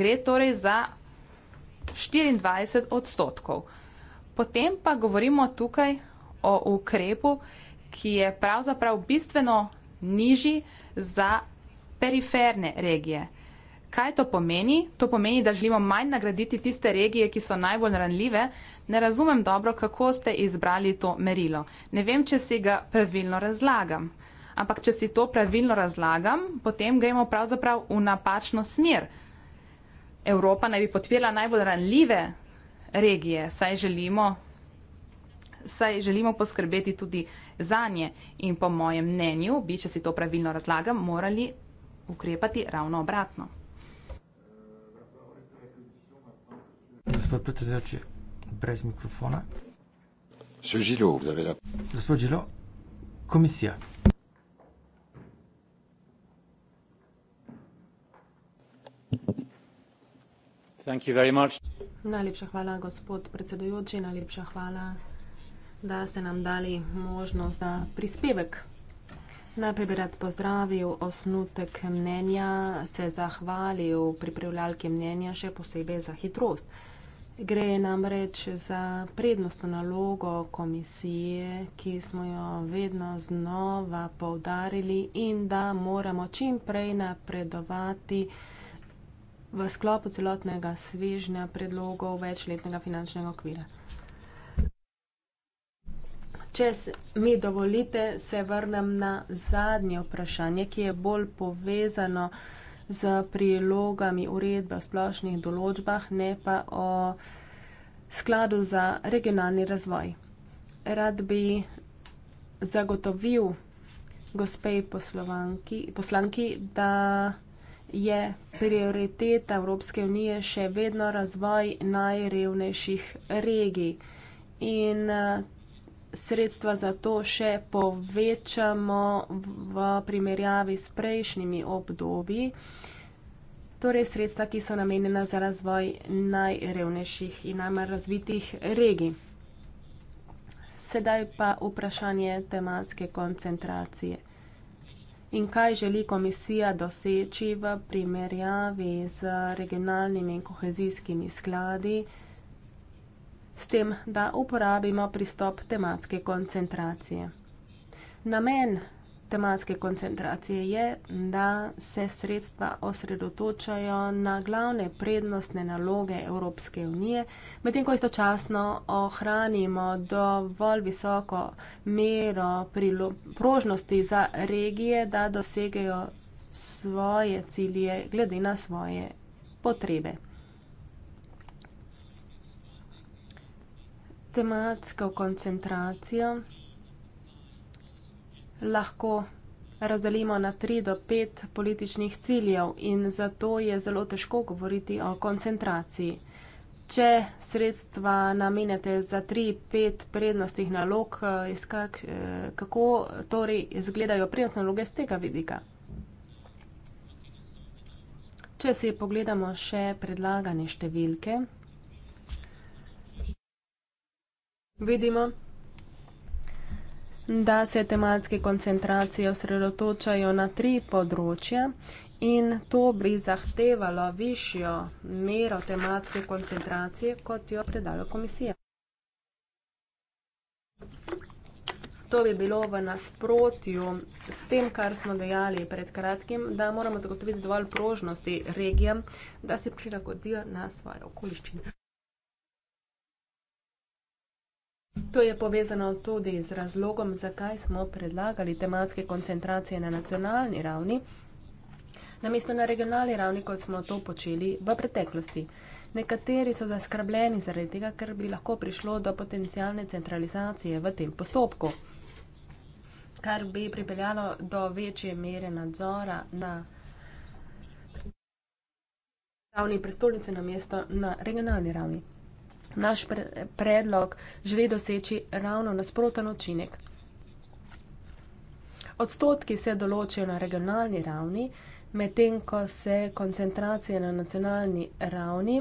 Gre torej za 24 odstotkov. Potem pa govorimo tukaj o ukrepu, ki je pravzaprav bistveno nižji za periferne regije. Kaj to pomeni? To pomeni, da želimo manj nagraditi tiste regije, ki so najbolj ranljive. Ne razumem dobro, kako ste izbrali to merilo. Ne vem, če si ga pravilno razlagam. Ampak, če si to pravilno razlagam, potem gremo pravzaprav v napačno smer. Evropa naj bi podpirala najbolj ranljive regije, saj želimo, saj želimo poskrbeti tudi za nje. In po mojem mnenju, bi, če si to pravilno razlagam, morali ukrepati ravno obratno. Gospod predsedujoči, brez mikrofona. Monsieur Gillot, vous avez la... Gospod Gillot, komisija. Thank you very much. Najlepša hvala, gospod predsedujoči, najlepša hvala, da ste nam dali možnost za prispevek. Najprej bi rad pozdravil osnutek mnenja, se zahvalil pripravljalke mnenja, še posebej za hitrost. Gre namreč za prednostno nalogo komisije, ki smo jo vedno znova povdarili in da moramo čim prej napredovati v sklopu celotnega svežnja predlogov večletnega finančnega okvira. Če mi dovolite, se vrnem na zadnje vprašanje, ki je bolj povezano z prilogami uredbe o splošnih določbah, ne pa o skladu za regionalni razvoj. Rad bi zagotovil gospej poslanki, da je prioriteta Evropske unije še vedno razvoj najrevnejših regij. In sredstva za to še povečamo v primerjavi s prejšnjimi obdobji, torej sredstva, ki so namenjena za razvoj najrevnejših in najmanj razvitih regij. Sedaj pa vprašanje tematske koncentracije. In kaj želi komisija doseči v primerjavi z regionalnimi in kohezijskimi skladi? s tem, da uporabimo pristop tematske koncentracije. Namen tematske koncentracije je, da se sredstva osredotočajo na glavne prednostne naloge Evropske unije, medtem ko istočasno ohranimo dovolj visoko mero prožnosti za regije, da dosegejo svoje cilje glede na svoje potrebe. tematsko koncentracijo lahko razdelimo na tri do pet političnih ciljev in zato je zelo težko govoriti o koncentraciji. Če sredstva namenjate za tri, pet prednostnih nalog, eh, kak, eh, kako torej izgledajo prednostne naloge z tega vidika? Če si pogledamo še predlagane številke. vidimo, da se tematske koncentracije osredotočajo na tri področja in to bi zahtevalo višjo mero tematske koncentracije, kot jo predala komisija. To bi bilo v nasprotju s tem, kar smo dejali pred kratkim, da moramo zagotoviti dovolj prožnosti regijam, da se prilagodijo na svoje okoliščine. To je povezano tudi z razlogom, zakaj smo predlagali tematske koncentracije na nacionalni ravni, namesto na regionalni ravni, kot smo to počeli v preteklosti. Nekateri so zaskrbljeni zaradi tega, ker bi lahko prišlo do potencijalne centralizacije v tem postopku, kar bi pripeljalo do večje mere nadzora na ravni prestolnice na mesto na regionalni ravni naš pre predlog želi doseči ravno nasproten učinek. Odstotki se določijo na regionalni ravni, medtem ko se koncentracije na nacionalni ravni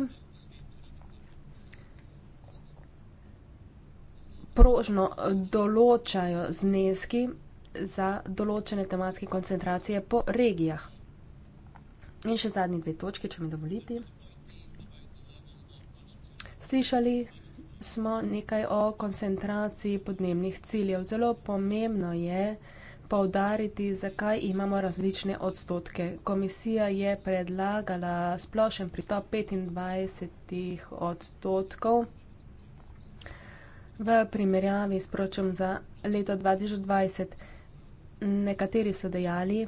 prožno določajo zneski za določene tematske koncentracije po regijah. In še zadnji dve točki, če mi dovolite. Slišali smo nekaj o koncentraciji podnebnih ciljev. Zelo pomembno je poudariti, zakaj imamo različne odstotke. Komisija je predlagala splošen pristop 25 odstotkov v primerjavi s pročem za leto 2020. Nekateri so dejali,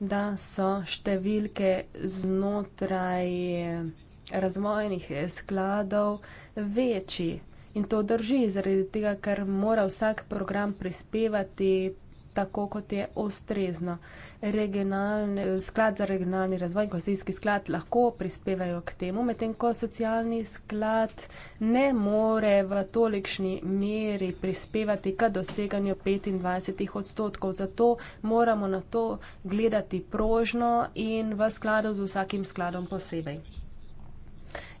da so številke znotraj razvojnih eh, skladov večji. In to drži, zaradi tega, ker mora vsak program prispevati tako, kot je ustrezno. Sklad za regionalni razvoj in kozijski sklad lahko prispevajo k temu, medtem ko socialni sklad ne more v tolikšni meri prispevati k doseganju 25 odstotkov. Zato moramo na to gledati prožno in v skladu z vsakim skladom posebej.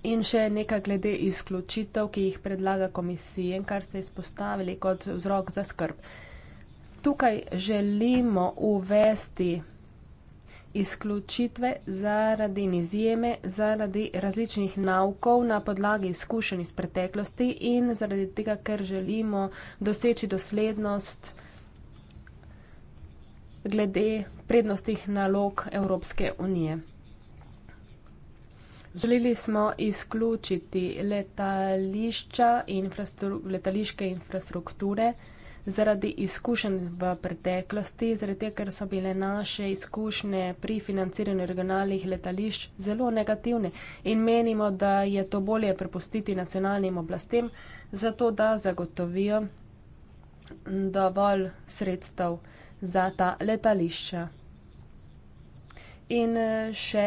In še nekaj glede izključitev, ki jih predlaga komisija in kar ste izpostavili kot vzrok za skrb. Tukaj želimo uvesti izključitve zaradi nizijeme, zaradi različnih naukov na podlagi izkušenj iz preteklosti in zaradi tega, ker želimo doseči doslednost glede prednostih nalog Evropske unije. Želeli smo izključiti letališča, infrastru, letališke infrastrukture zaradi izkušenj v preteklosti, zaradi tega, ker so bile naše izkušnje pri financiranju regionalnih letališč zelo negativne in menimo, da je to bolje prepustiti nacionalnim oblastem, zato da zagotovijo dovolj sredstev za ta letališča. In še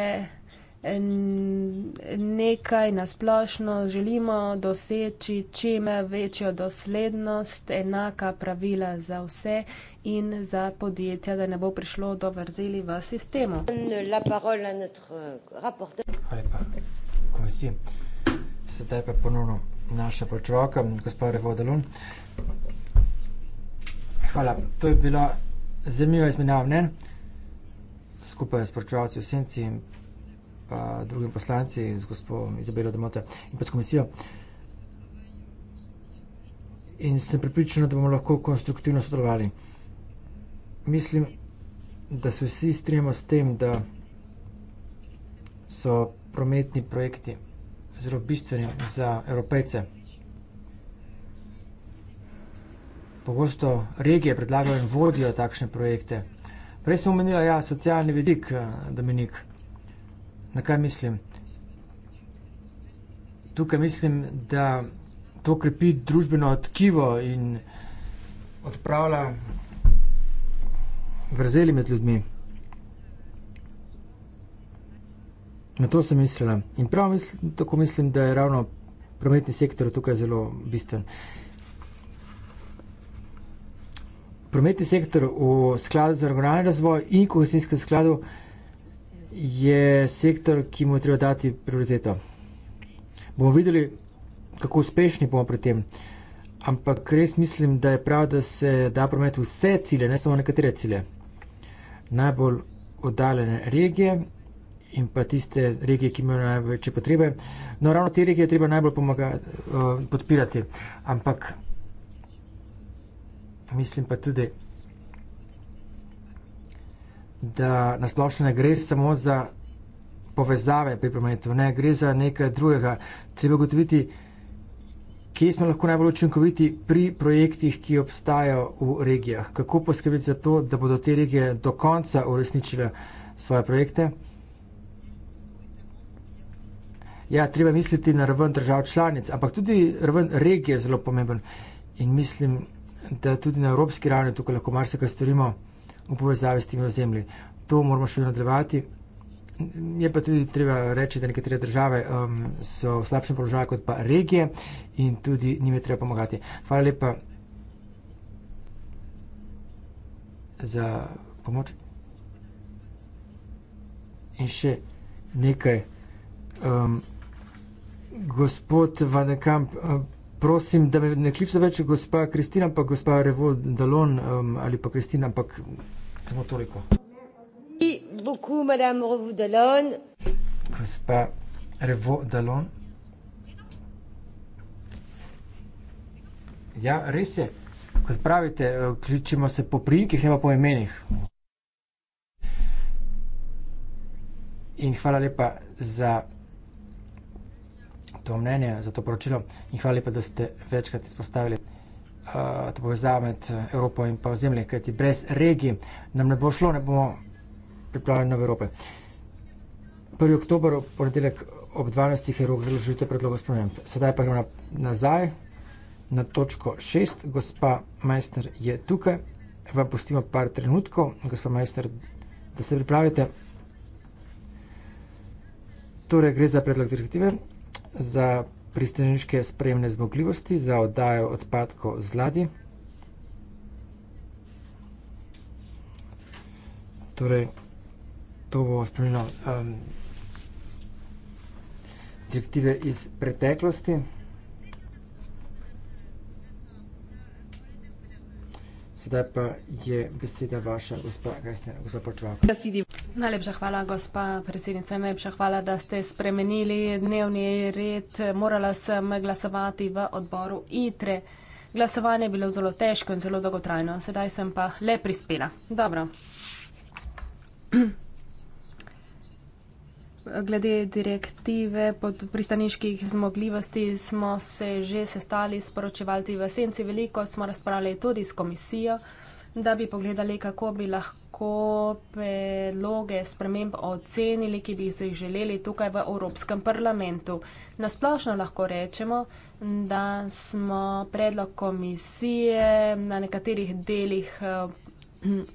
nekaj nasplošno želimo doseči, čim večjo doslednost, enaka pravila za vse in za podjetja, da ne bo prišlo do vrzeli v sistemu. Euh, Hvala lepa, komisija. Sedaj pa ponovno naša počroka, gospod Revodalun. Hvala, to je bila zanimiva izmenjava mnen, skupaj s počrovci v senci in pa drugim poslanci in z gospodom Izabelo Demote in pa s komisijo. In sem pripričana, da bomo lahko konstruktivno sodelovali. Mislim, da se vsi strinjamo s tem, da so prometni projekti zelo bistveni za evropejce. Pogosto regije predlagajo in vodijo takšne projekte. Prej sem omenila, ja, socialni vidik, eh, Dominik. Na kaj mislim? Tukaj mislim, da to krepi družbeno tkivo in odpravlja vrzeli med ljudmi. Na to sem mislila. In prav mislim, tako mislim, da je ravno prometni sektor tukaj zelo bistven. Prometni sektor v skladu za regionalni razvoj in kohezijskem skladu je sektor, ki mu je treba dati prioriteto. Bomo videli, kako uspešni bomo pri tem. Ampak res mislim, da je prav, da se da promet vse cilje, ne samo nekatere cilje. Najbolj oddaljene regije in pa tiste regije, ki imajo največje potrebe. No, ravno te regije je treba najbolj pomaga, uh, podpirati. Ampak mislim pa tudi, da nasplošno ne gre samo za povezave pri prometu, ne gre za nekaj drugega. Treba gotoviti, kje smo lahko najbolj učinkoviti pri projektih, ki obstajajo v regijah. Kako poskrbeti za to, da bodo te regije do konca uresničile svoje projekte? Ja, treba misliti na raven držav članic, ampak tudi raven regije je zelo pomemben. In mislim, da tudi na evropski ravni tukaj lahko marsikaj storimo v povezavi s temi ozemlji. To moramo še nadaljevati. Je pa tudi treba reči, da nekatere države um, so v slabšem položaju kot pa regije in tudi njime treba pomagati. Hvala lepa za pomoč. In še nekaj. Um, gospod Van de Kamp, um, prosim, da me ne kličete več gospa Kristina, pa gospa Revo Dalon um, ali pa Kristina, ampak. Pa... C'est bon, tourner quoi. Merci beaucoup, madame Revaudalon. C'est pas Revaudalon. Ja, res je, kot pravite, eh, ključimo se po primkih, ne pa po imenih. In hvala lepa za to mnenje, za to poročilo. In hvala lepa, da ste večkrat izpostavili uh, povezave med eh, Evropo in pa ozemlje, kajti brez regij nam ne bo šlo, ne bomo pripravljeni nove Evrope. 1. oktober, ponedeljek ob 12. je rok za ložitev predloga sprememb. Sedaj pa gremo na, nazaj na točko 6. Gospa Majster je tukaj. Vam pustimo par trenutkov, gospa Majster, da se pripravite. Torej, gre za predlog direktive, za pristaniške spremne zmogljivosti za oddajo odpadkov z ladi. Torej, to bo spremljeno um, direktive iz preteklosti. Sedaj pa je beseda vaša, gospa Resne, gospa Počvalka. Najlepša hvala, gospa predsednica. Najlepša hvala, da ste spremenili dnevni red. Morala sem glasovati v odboru ITRE. Glasovanje je bilo zelo težko in zelo dolgotrajno. Sedaj sem pa le prispela. Dobro glede direktive pod pristaniških zmogljivosti smo se že sestali s poročevalci v senci. Veliko smo razpravljali tudi s komisijo, da bi pogledali, kako bi lahko predloge sprememb ocenili, ki bi se jih želeli tukaj v Evropskem parlamentu. Nasplošno lahko rečemo, da smo predlog komisije na nekaterih delih eh,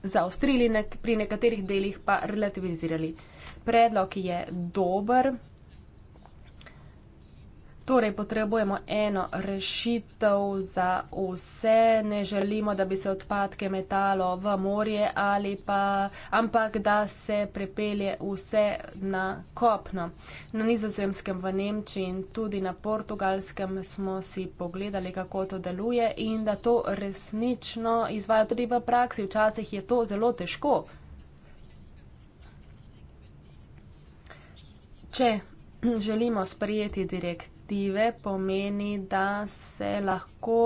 zaostrili, pri nekaterih delih pa relativizirali predlog je dober. Torej, potrebujemo eno rešitev za vse. Ne želimo, da bi se odpadke metalo v morje ali pa, ampak da se prepelje vse na kopno. Na nizozemskem, v Nemčiji in tudi na portugalskem smo si pogledali, kako to deluje in da to resnično izvaja tudi v praksi. Včasih je to zelo težko. Če želimo sprejeti direktive, pomeni, da se lahko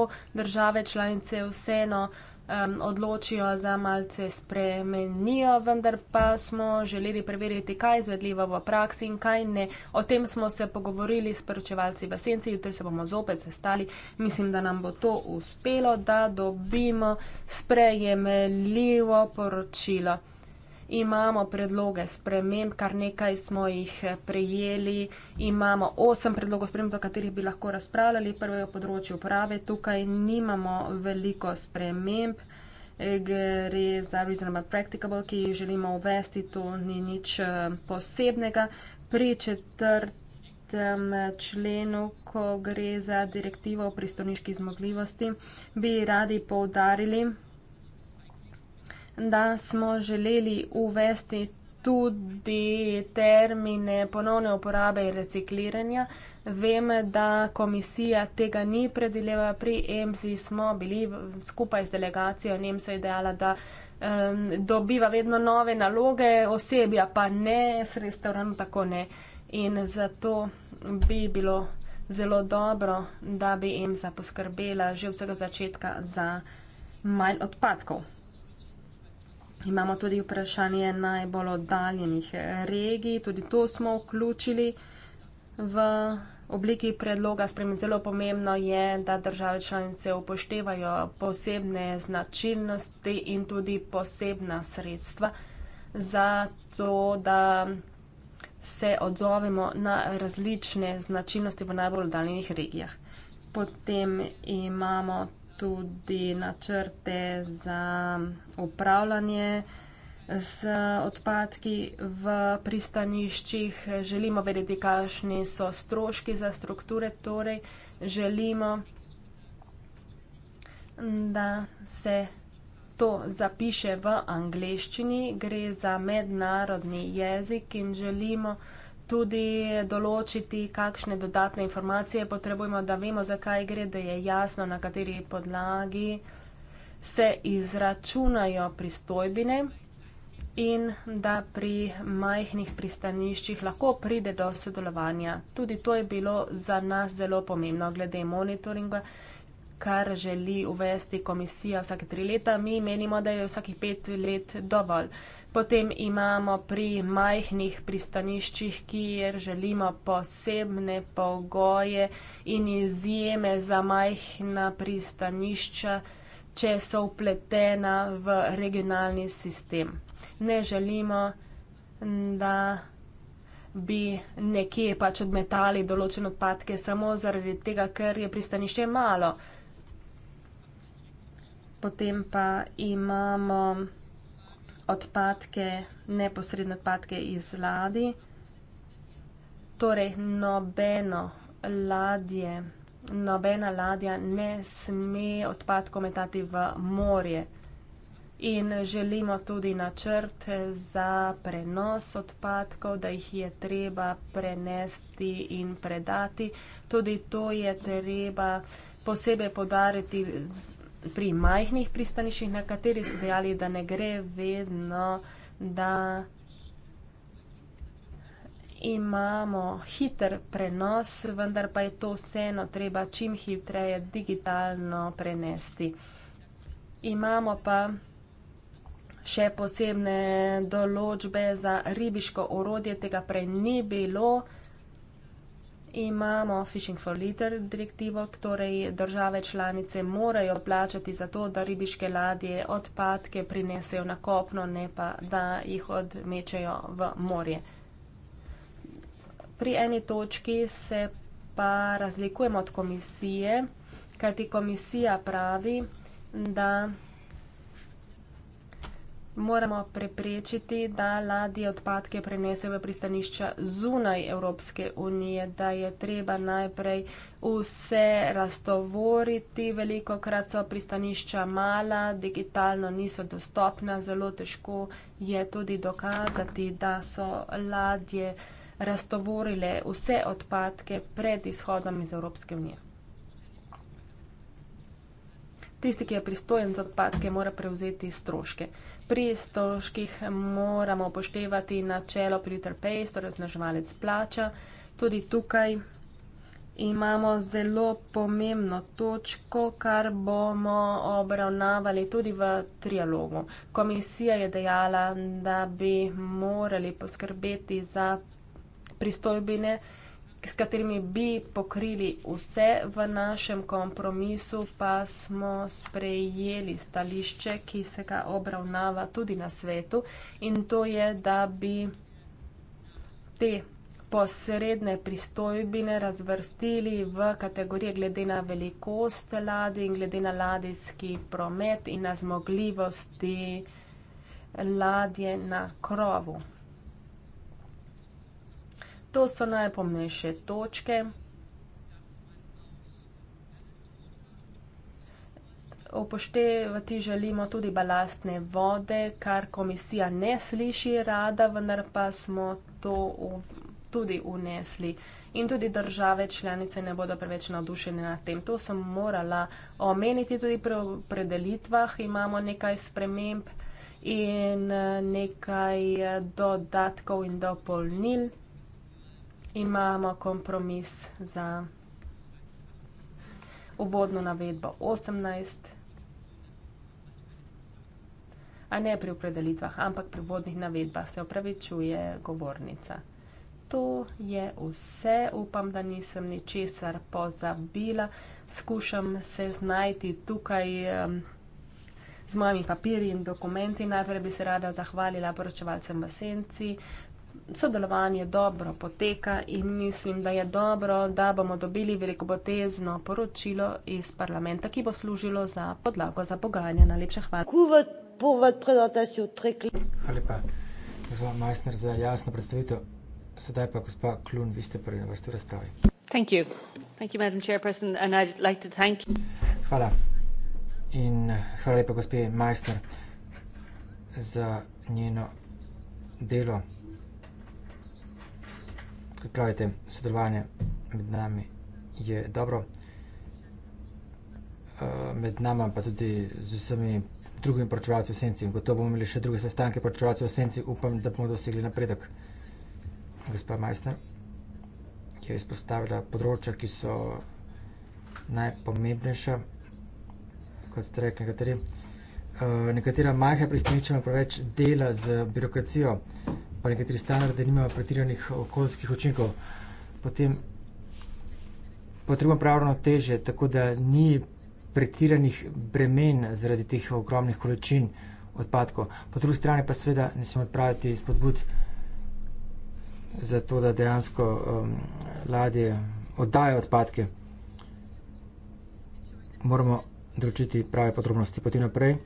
države članice vseeno um, odločijo za malce spremenijo, vendar pa smo želeli preveriti, kaj je zvedljivo v praksi in kaj ne. O tem smo se pogovorili s poročevalci v Senci, jutri se bomo zopet sestali. Mislim, da nam bo to uspelo, da dobimo sprejemljivo poročilo imamo predloge sprememb, kar nekaj smo jih eh, prejeli, imamo osem predlogov sprememb, za katerih bi lahko razpravljali. Prvo je o področju uprave, tukaj nimamo veliko sprememb, eh, gre za reasonable practicable, ki jih želimo uvesti, to ni nič eh, posebnega. Pri četrtem členu, ko gre za direktivo o pristoniški zmogljivosti, bi radi povdarili, da smo želeli uvesti tudi termine ponovne uporabe in recikliranja. Vem, da komisija tega ni predeleva. Pri EMSI smo bili skupaj z delegacijo Nemca ideala, da um, dobiva vedno nove naloge, osebja pa ne, sredstev ravno tako ne. In zato bi bilo zelo dobro, da bi EMSA poskrbela že vsega začetka za manj odpadkov. Imamo tudi vprašanje najbolj oddaljenih regij, tudi to smo vključili v obliki predloga. Spremem zelo pomembno je, da države članice upoštevajo posebne značilnosti in tudi posebna sredstva za to, da se odzovemo na različne značilnosti v najbolj oddaljenih regijah. Potem imamo tudi načrte za upravljanje z odpadki v pristaniščih, želimo vedeti, kakšni so stroški za strukture, torej želimo, da se to zapiše v angleščini, gre za mednarodni jezik in želimo, tudi določiti, kakšne dodatne informacije potrebujemo, da vemo, zakaj gre, da je jasno, na kateri podlagi se izračunajo pristojbine in da pri majhnih pristaniščih lahko pride do sodelovanja. Tudi to je bilo za nas zelo pomembno glede monitoringa kar želi uvesti komisija vsake tri leta. Mi menimo, da je vsakih pet let dovolj. Potem imamo pri majhnih pristaniščih, kjer želimo posebne pogoje in izjeme za majhna pristanišča, če so upletena v regionalni sistem. Ne želimo, da bi nekje pač odmetali določene odpadke samo zaradi tega, ker je pristanišče malo potem pa imamo odpadke, neposredne odpadke iz ladi. Torej, nobeno ladje, nobena ladja ne sme odpadkov metati v morje. In želimo tudi načrt za prenos odpadkov, da jih je treba prenesti in predati. Tudi to je treba posebej podariti pri majhnih pristaniščih, nekateri so dejali, da ne gre vedno, da imamo hiter prenos, vendar pa je to vseeno treba čim hitreje digitalno prenesti. Imamo pa še posebne določbe za ribiško orodje, tega prej ni bilo imamo Fishing for Litter direktivo, torej države članice morajo plačati za to, da ribiške ladje odpadke prinesejo na kopno, ne pa da jih odmečejo v morje. Pri eni točki se pa razlikujemo od komisije, kajti komisija pravi, da moramo preprečiti, da ladje odpadke prenese v pristanišča zunaj Evropske unije, da je treba najprej vse raztovoriti. Veliko krat so pristanišča mala, digitalno niso dostopna, zelo težko je tudi dokazati, da so ladje raztovorile vse odpadke pred izhodom iz Evropske unije. Tisti, ki je pristojen za odpadke, mora prevzeti stroške. Pri stroških moramo upoštevati načelo Peter Pace, torej vzdrževalec plača. Tudi tukaj imamo zelo pomembno točko, kar bomo obravnavali tudi v trialogu. Komisija je dejala, da bi morali poskrbeti za pristojbine s katerimi bi pokrili vse v našem kompromisu, pa smo sprejeli stališče, ki se ga obravnava tudi na svetu in to je, da bi te posredne pristojbine razvrstili v kategorije glede na velikost ladi in glede na ladijski promet in na zmogljivosti ladje na krovu. To so najpomembnejše točke. Upoštevati želimo tudi balastne vode, kar komisija ne sliši rada, vendar pa smo to tudi unesli. In tudi države članice ne bodo preveč navdušene nad tem. To sem morala omeniti tudi pri predelitvah. Imamo nekaj sprememb in eh, nekaj eh, dodatkov in dopolnil imamo kompromis za uvodno navedbo 18, a ne pri opredelitvah, ampak pri vodnih navedbah se opravičuje govornica. To je vse, upam, da nisem ničesar pozabila. Skušam se znajti tukaj um, z mojimi papiri in dokumenti. Najprej bi se rada zahvalila poročevalcem v Senci, sodelovanje dobro poteka in mislim, da je dobro, da bomo dobili velikopotezno poročilo iz parlamenta, ki bo služilo za podlago za pogajanje. Najlepša hvala. Hvala lepa, gospod Majstner, za jasno predstavitev. Sedaj pa, gospa Klun, vi ste prvi na vrsti v razpravi. Thank you. Thank you, Madam Chairperson, and I'd like to thank you. Hvala. In hvala lepa, gospe Majstner, za njeno delo kot pravite, sodelovanje med nami je dobro, eh, med nami pa tudi z vsemi drugimi poročevalci v senci. In gotovo bomo imeli še druge sestanke poročevalcev v senci, upam, da bomo dosegli napredek. Gospa Majster je izpostavila področja, ki so najpomembnejša, kot ste rekli nekateri. Eh, nekatera majhna pristanička ima preveč dela z birokracijo, pa nekateri standardi nimajo pretiranih okoljskih učinkov, potem potrebno pravno teže, tako da ni pretiranih bremen zaradi teh ogromnih količin odpadkov. Po drugi strani pa seveda ne smemo odpraviti spodbud za to, da dejansko um, ladje oddajo odpadke. Moramo določiti prave podrobnosti. Potem naprej.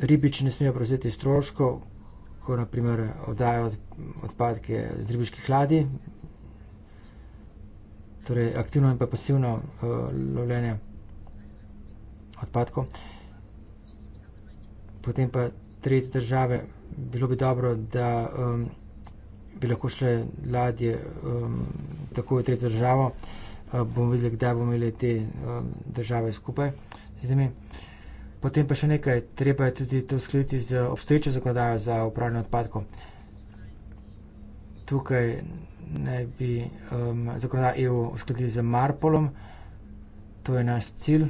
Ribiči ne smejo prevzeti stroškov, lahko naprimer oddajo od, odpadke z ribiških ladi, torej aktivno in pa pasivno uh, lovljenje odpadkov. Potem pa tretje države, bilo bi dobro, da um, bi lahko šle ladje um, tako v tretjo državo, uh, bomo videli, kdaj bomo imeli te um, države skupaj z njimi. Potem pa še nekaj, treba je tudi to skliti z obstoječo zakonodajo za upravljanje odpadkov. Tukaj naj bi um, zakonodaj EU uskladili z Marpolom, to je naš cilj.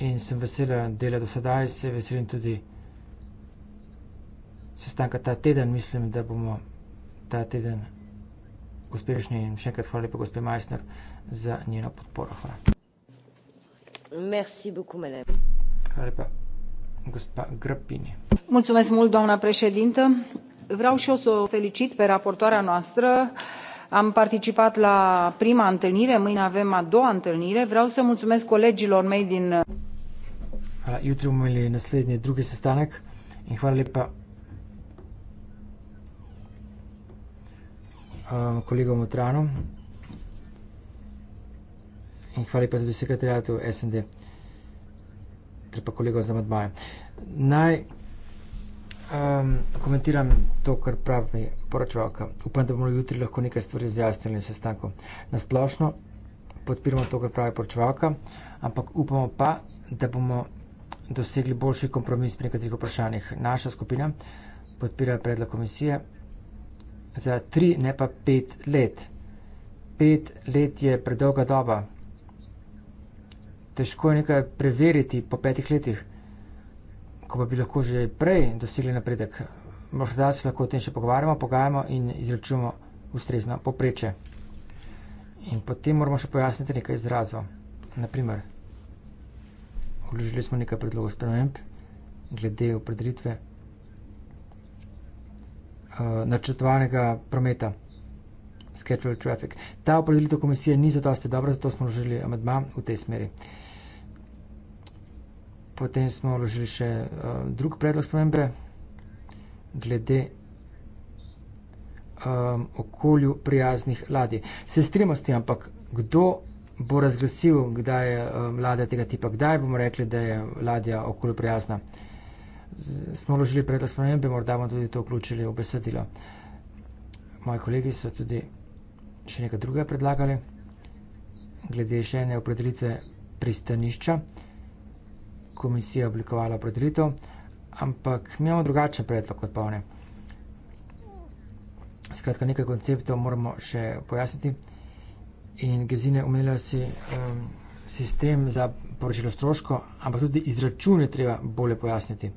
In sem vesela dela do sedaj, se veselim tudi sestanka ta teden. Mislim, da bomo ta teden uspešni in še enkrat hvala lepa gospe Majsner za njeno podporo. Hvala. Merci beaucoup, madame. Mulțumesc mult, doamna președintă. Vreau și eu să o felicit pe raportoarea noastră. Am participat la prima întâlnire, mâine avem a doua întâlnire. Vreau să mulțumesc colegilor mei din... Jutri umili naslednji drugi sestanek in hvala lepa eh, kolegom Otranom in hvala lepa tudi sekretarjatu SND ter pa kolegov za madbaje. Naj um, komentiram to, kar pravi poročevalka. Upam, da bomo jutri lahko nekaj stvari zjasnili na sestanku. Nasplošno podpiramo to, kar pravi poročevalka, ampak upamo pa, da bomo dosegli boljši kompromis pri nekaterih vprašanjih. Naša skupina podpira predlog komisije za tri, ne pa pet let. Pet let je predolga doba težko je nekaj preveriti po petih letih, ko pa bi lahko že prej dosegli napredek. Morda se lahko o tem še pogovarjamo, pogajamo in izračunamo ustrezno popreče. In potem moramo še pojasniti nekaj izrazov. Naprimer, vložili smo nekaj predlogov sprememb glede opredelitve uh, načrtovanega prometa. Scheduled traffic. Ta opredelitev komisije ni zadosti dobra, zato smo vložili amedma v tej smeri. Uh, Potem smo vložili še uh, drug predlog spremembe glede um, okolju prijaznih ladij. Se strimo s tem, ampak kdo bo razglasil, kdaj je um, ladja tega tipa, kdaj bomo rekli, da je ladja okolju prijazna. Z, smo vložili predlog spremembe, morda bomo tudi to vključili v besedilo. Moji kolegi so tudi še nekaj druga predlagali, glede še ene opredelitve pristanišča komisija oblikovala predritev, ampak mi imamo drugačen predlog kot pa one. Skratka, nekaj konceptov moramo še pojasniti. In Gezine omenila si um, sistem za poročilo stroško, ampak tudi izračun je treba bolje pojasniti.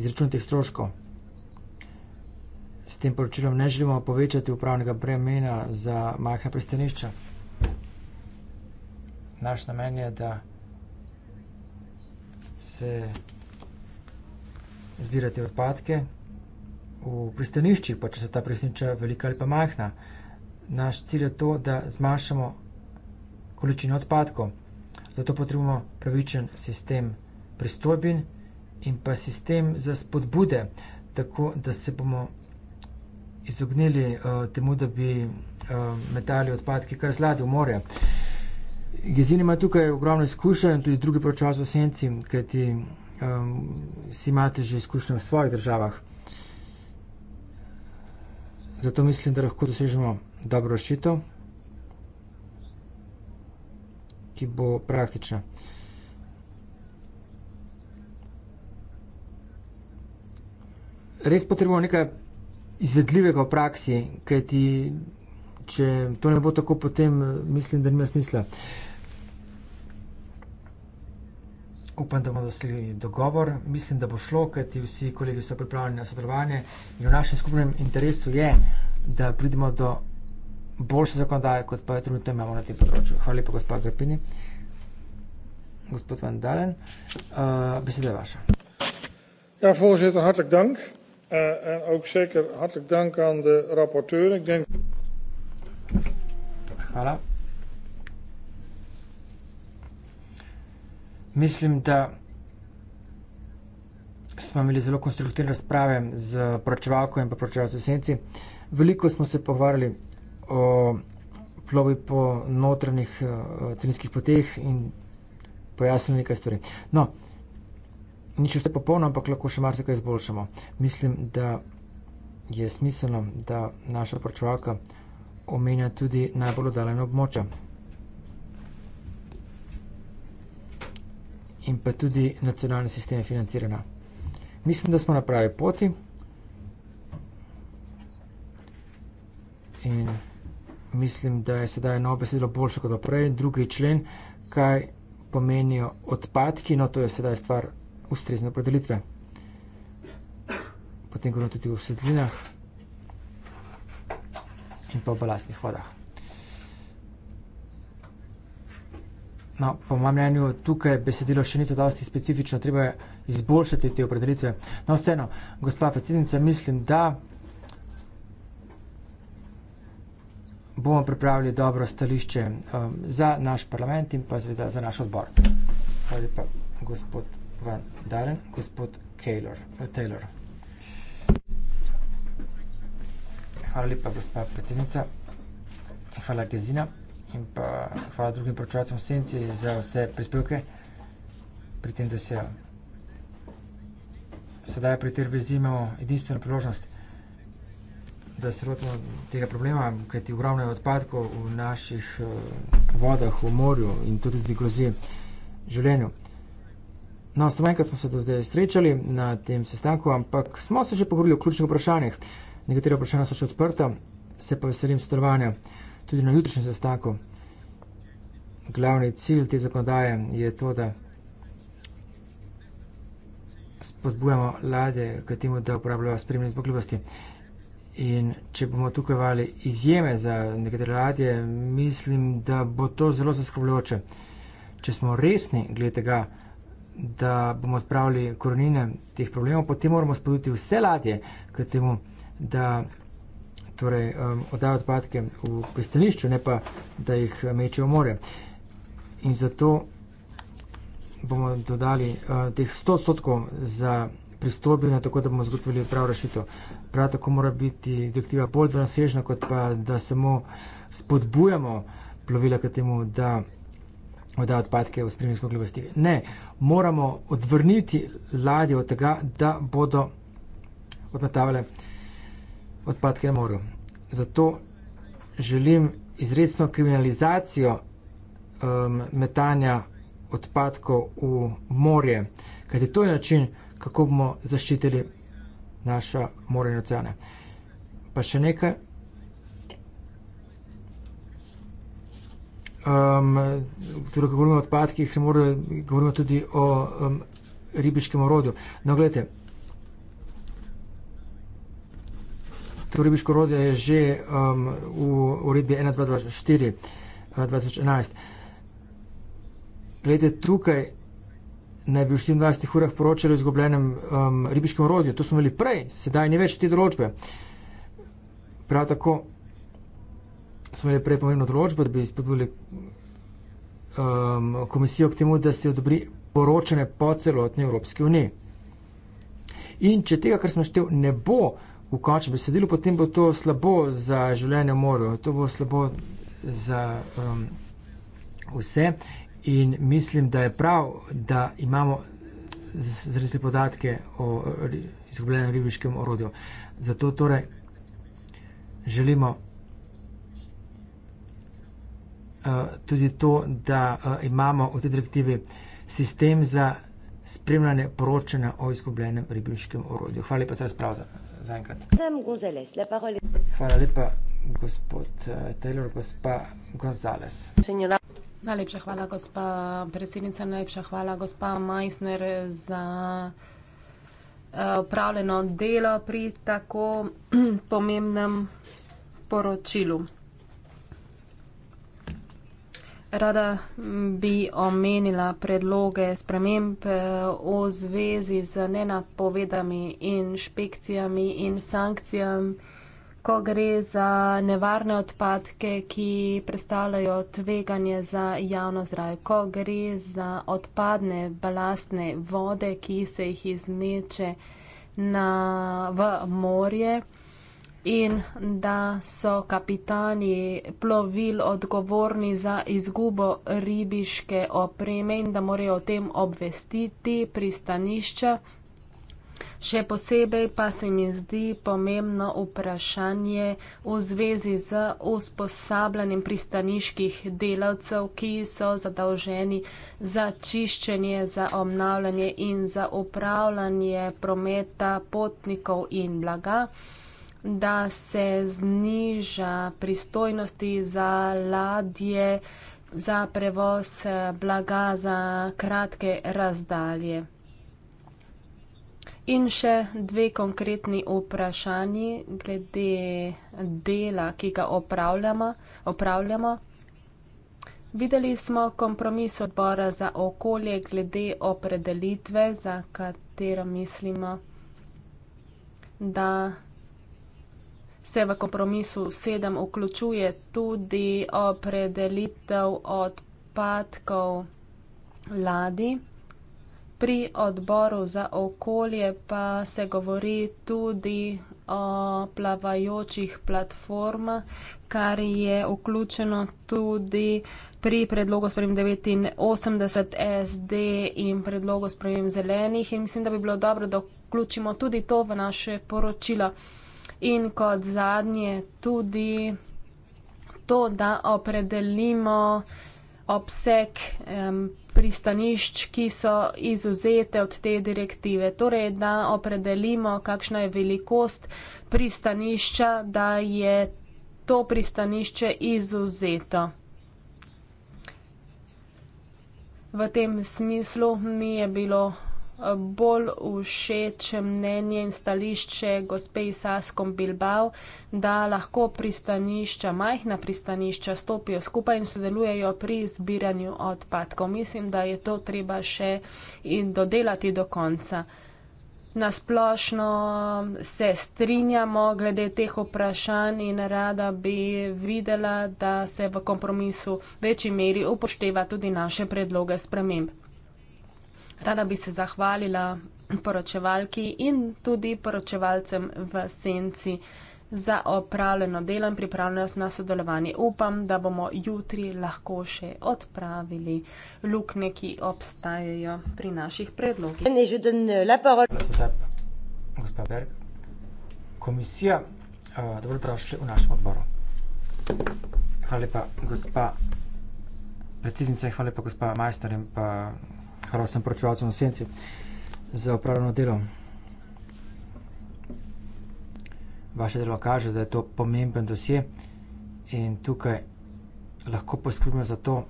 Izračun teh stroškov. S tem poročilom ne želimo povečati upravnega bremena za majhna pristanišča. Naš namen je, da se zbirate odpadke v pristaniščih, pa če se ta pristanišča velika ali pa majhna. Naš cilj je to, da zmanjšamo količino odpadkov. Zato potrebujemo pravičen sistem pristojbin in pa sistem za spodbude, tako da se bomo izognili uh, temu, da bi uh, metali odpadke kar zladi v morje. Uh, Gezin ima tukaj ogromno izkušenj, tudi drugi pročas v senci, kaj ti um, si imate že izkušnje v svojih državah. Zato mislim, da lahko dosežemo dobro rešitev, ki bo praktična. Res potrebujemo nekaj izvedljivega v praksi, kajti če to ne bo tako, potem mislim, da nima smisla. Uh, upam, da bomo dosegli dogovor. Mislim, da bo šlo, ker ti vsi kolegi so pripravljeni na sodelovanje in v našem skupnem interesu je, da pridemo do boljše zakonodaje, kot pa je trenutno imamo na tem področju. Hvala lepa, gospod Grepini. Gospod Van Dalen, uh, beseda je vaša. Ja, voorzitter, hartelijk dank. Eh, en ook zeker hartelijk dank aan de rapporteur. Ik denk... Hvala. Mislim, da smo imeli zelo konstruktivne razprave z pročevalko in pa pročevalce v senci. Veliko smo se pogovarjali o plovi po notranjih eh, celinskih poteh in pojasnili nekaj stvari. No, nič vse popolno, ampak lahko še mar se kaj izboljšamo. Mislim, da je smiselno, da naša pročevalka omenja tudi najbolj oddaljene območja. in pa tudi nacionalne sisteme financiranja. Mislim, da smo na pravi poti. In mislim, da je sedaj novo besedilo boljše kot prej. Drugi člen, kaj pomenijo odpadki, no to je sedaj stvar ustrezne opredelitve. Potem govorimo tudi o sedlinah in pa o balastnih vodah. No, po mojem mnenju, tukaj besedilo še ni za dosti specifično, treba je izboljšati te opredelitve. No, vseeno, gospa predsednica, mislim, da bomo pripravili dobro stališče um, za naš parlament in pa zveda za naš odbor. Hvala lepa, gospod Van Dalen, gospod Kaylor, eh, Taylor. Hvala lepa, gospa predsednica. Hvala, Gezina in pa hvala drugim poročevalcem v senci za vse prispevke pri tem dosjeju. Sedaj pri televiziji imamo edinstveno priložnost, da se lotimo tega problema, kajti ogromno je odpadkov v naših eh, vodah, v morju in tudi v grozi življenju. No, samo enkrat smo se do zdaj srečali na tem sestanku, ampak smo se že pogovorili o ključnih vprašanjih. Nekatere vprašanja so še odprta, se pa veselim sodelovanja tudi na jutrišnjem sestanku. Glavni cilj te zakonodaje je to, da spodbujamo lade k temu, da uporabljajo spremljenje zmogljivosti. In če bomo tukaj vali izjeme za nekatere ladje, mislim, da bo to zelo zaskrbljujoče. Če smo resni glede tega, da bomo odpravili korenine teh problemov, potem moramo spodbuditi vse ladje k temu, da torej, um, odajo odpadke v pristanišču, ne pa da jih mečejo v more. In zato bomo dodali uh, teh 100 odstotkov za pristopljene, tako da bomo zagotovili prav rešitev. Prav tako mora biti direktiva bolj dosežna, kot pa da samo spodbujamo plovila k temu, da odajo odpadke v spremljivih zmogljivosti. Ne, moramo odvrniti ladje od tega, da bodo odmetavale odpadke na morju. Zato želim izredno kriminalizacijo um, metanja odpadkov v morje, kajti to je način, kako bomo zaščitili naša morja in oceane. Pa še nekaj. Um, torej, ko govorimo o odpadkih, govorimo tudi o um, ribiškem orodju. No, gledajte, To torej, ribiško orodje je že um, v uredbi 1224-2011. Uh, Glede tukaj naj bi v 24 urah poročali o izgubljenem um, ribiškem orodju. To smo imeli prej, sedaj ni več te določbe. Prav tako smo imeli prej pomembno določbo, da bi spodbudili um, komisijo k temu, da se odobri poročene po celotni Evropski uniji. In če tega, kar smo štev, ne bo v končnem besedilu, potem bo to slabo za življenje v morju, to bo slabo za um, vse. In mislim, da je prav, da imamo zresne podatke o izgubljenem ribiškem orodju. Zato torej želimo uh, tudi to, da uh, imamo v tej direktivi sistem za spremljanje poročanja o izgubljenem ribiškem orodju. Hvala lepa za razpravo zaenkrat. Hvala lepa, gospod eh, Taylor, gospa Gonzales. Najlepša hvala, gospa predsednica, najlepša hvala, gospa Meissner, za upravljeno eh, delo pri tako pomembnem poročilu. Rada mm, bi omenila predloge sprememb o eh, zvezi z nenapovedami inšpekcijami in sankcijami, ko gre za nevarne odpadke, ki predstavljajo tveganje za javno zdravje, ko gre za odpadne balastne vode, ki se jih izmeče na, v morje in da so kapitani plovil odgovorni za izgubo ribiške opreme in da morajo o tem obvestiti pristanišča. Še posebej pa se mi zdi pomembno vprašanje v zvezi z usposabljanjem pristaniških delavcev, ki so zadolženi za čiščenje, za obnavljanje in za upravljanje prometa potnikov in blaga da se zniža pristojnosti za ladje, za prevoz blaga za kratke razdalje. In še dve konkretni vprašanji glede dela, ki ga opravljamo. opravljamo. Videli smo kompromis odbora za okolje glede opredelitve, za katero mislimo, da se v kompromisu sedem vključuje tudi opredelitev odpadkov ladi. Pri odboru za okolje pa se govori tudi o plavajočih platformah, kar je vključeno tudi pri predlogu sprejem 89 SD in predlogu sprejem zelenih. In mislim, da bi bilo dobro, da vključimo tudi to v naše poročilo. In kot zadnje tudi to, da opredelimo obseg um, pristanišč, ki so izuzete od te direktive. Torej, da opredelimo, kakšna je velikost pristanišča, da je to pristanišče izuzeto. V tem smislu mi je bilo bolj všeč mnenje in stališče gospe iz Ascom Bilbao, da lahko pristanišča, majhna pristanišča stopijo skupaj in sodelujejo pri zbiranju odpadkov. Mislim, da je to treba še in dodelati do konca. Na splošno se strinjamo glede teh vprašanj in rada bi videla, da se v kompromisu večji meri upošteva tudi naše predloge sprememb. Rada bi se zahvalila poročevalki in tudi poročevalcem v senci za opravljeno delo in pripravljenost na sodelovanje. Upam, da bomo jutri lahko še odpravili lukne, ki obstajajo pri naših predlogih. Gospa Berg, komisija, uh, dobrodošli v našem odboru. Hvala lepa, gospa predsednica, hvala lepa, gospa majster in pa čeprav sem pročevalcem v senci za upravljeno delo. Vaše delo kaže, da je to pomemben dosje in tukaj lahko poskrbimo za to,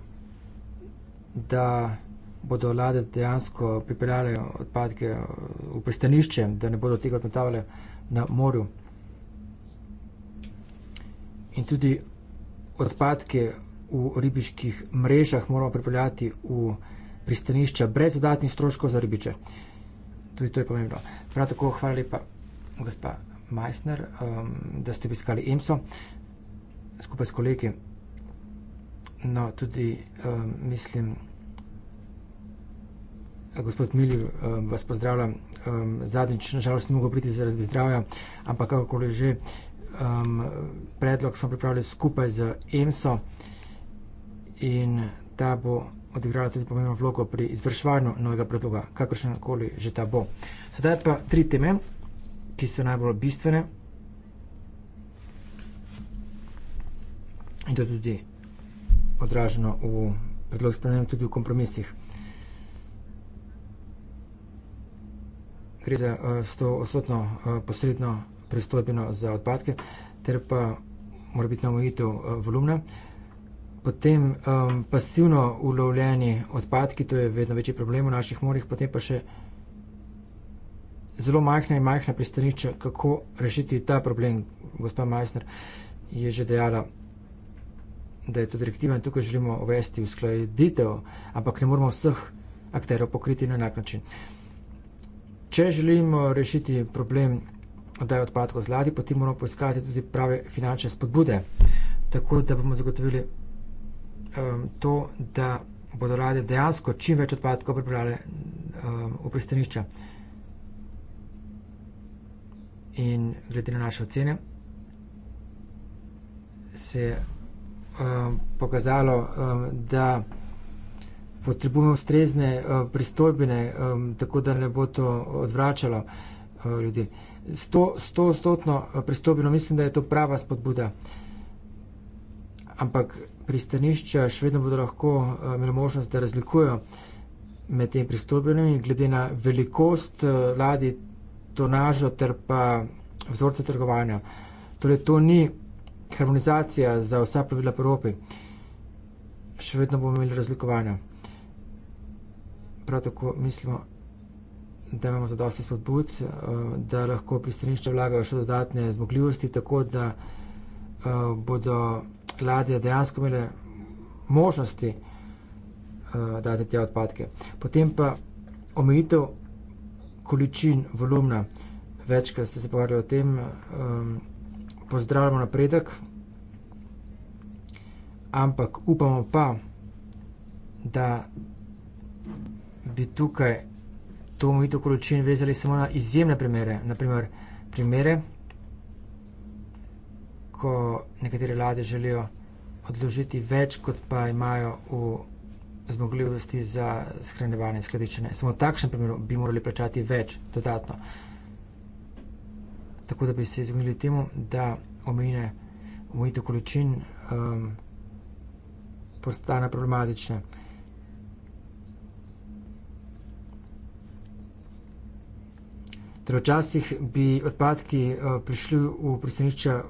da bodo vlade dejansko pripeljale odpadke v pristanišče, da ne bodo tega odmetavale na morju. In tudi odpadke v ribiških mrežah moramo pripeljati v pristanišče, pristanišča brez dodatnih stroškov za ribiče. Tudi to je pomembno. Prav tako hvala lepa, gospa Majsner, um, da ste obiskali EMSO skupaj s kolegi. No, tudi um, mislim, gospod Milju, um, vas pozdravljam. Um, zadnjič, nažalost, ni mogel priti zaradi zdravja, ampak kakorkoli že, um, predlog smo pripravili skupaj z EMSO in ta bo odigrala tudi pomembno vlogo pri izvrševanju novega predloga, kakršen koli že ta bo. Sedaj pa tri teme, ki so najbolj bistvene in to tudi odraženo v predlogu spremenjenja tudi v kompromisih. Gre za eh, stoosotno eh, posredno pristojbino za odpadke, ter pa mora biti na omejitev eh, volumna potem um, pasivno ulovljeni odpadki, to je vedno večji problem v naših morjih, potem pa še zelo majhna in majhna pristanišča, kako rešiti ta problem. Gospa Majsner je že dejala, da je to direktiva in tukaj želimo uvesti uskladitev, ampak ne moramo vseh akterov pokriti na enak način. Če želimo rešiti problem oddaje odpadkov z ladi, potem moramo poiskati tudi prave finančne spodbude, tako da bomo zagotovili um, to, da bodo ladje dejansko čim več odpadkov pripeljale um, v pristanišča. In glede na naše ocene, se je um, pokazalo, um, da potrebujemo ustrezne um, pristojbine, um, tako da ne bo to odvračalo um, ljudi. S to stotno uh, pristojbino mislim, da je to prava spodbuda. Ampak pristanišča še vedno bodo lahko eh, imeli možnost, da razlikujejo med temi pristopljenimi, glede na velikost eh, ladi, tonažo ter pa vzorce trgovanja. Torej, to ni harmonizacija za vsa pravila po Evropi. Še vedno bomo imeli razlikovanja. Prav tako mislimo, da imamo zadosti spodbud, eh, da lahko pristanišča vlagajo še dodatne zmogljivosti, tako da bodo ladje dejansko imele možnosti uh, eh, dati te odpadke. Potem pa omejitev količin volumna. Večkrat ste se pogovarjali o tem, um, pozdravljamo napredek, ampak upamo pa, da bi tukaj to omejitev količin vezali samo na izjemne primere, naprimer primere, ko nekatere vlade želijo odložiti več, kot pa imajo v zmogljivosti za shranjevanje skladiščenja. Samo v takšnem primeru bi morali plačati več dodatno. Tako da bi se izognili temu, da omejene omejitev količin um, postane problematične. Torej, včasih bi odpadki uh, prišli v pristanišča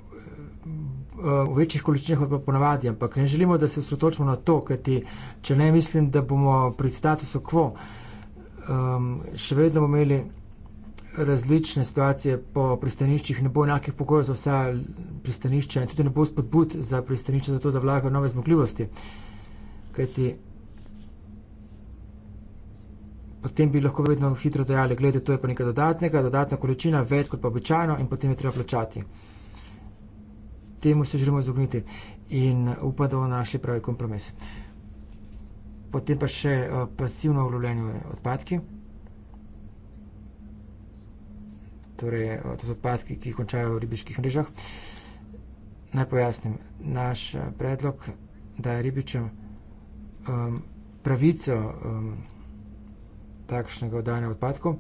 v večjih količinah, pa ponavadi, ampak ne želimo, da se osredotočimo na to, kajti če ne mislim, da bomo pri statusu quo um, še vedno imeli različne situacije po pristaniščih, ne bo enakih pogojev za vsa pristanišča in tudi ne bo spodbud za pristanišča za to, da vlagajo nove zmogljivosti. Kajti potem bi lahko vedno hitro dejali, gledajte, to je pa nekaj dodatnega, dodatna količina, več kot pa običajno in potem je treba plačati temu se želimo izogniti in upa, da bomo našli pravi kompromis. Potem pa še eh, pasivno vlovljenje odpadki. Torej, eh, to so odpadki, ki jih končajo v ribiških mrežah. Naj pojasnim, naš eh, predlog daje ribičem ehm, pravico ehm, takšnega oddanja odpadkov,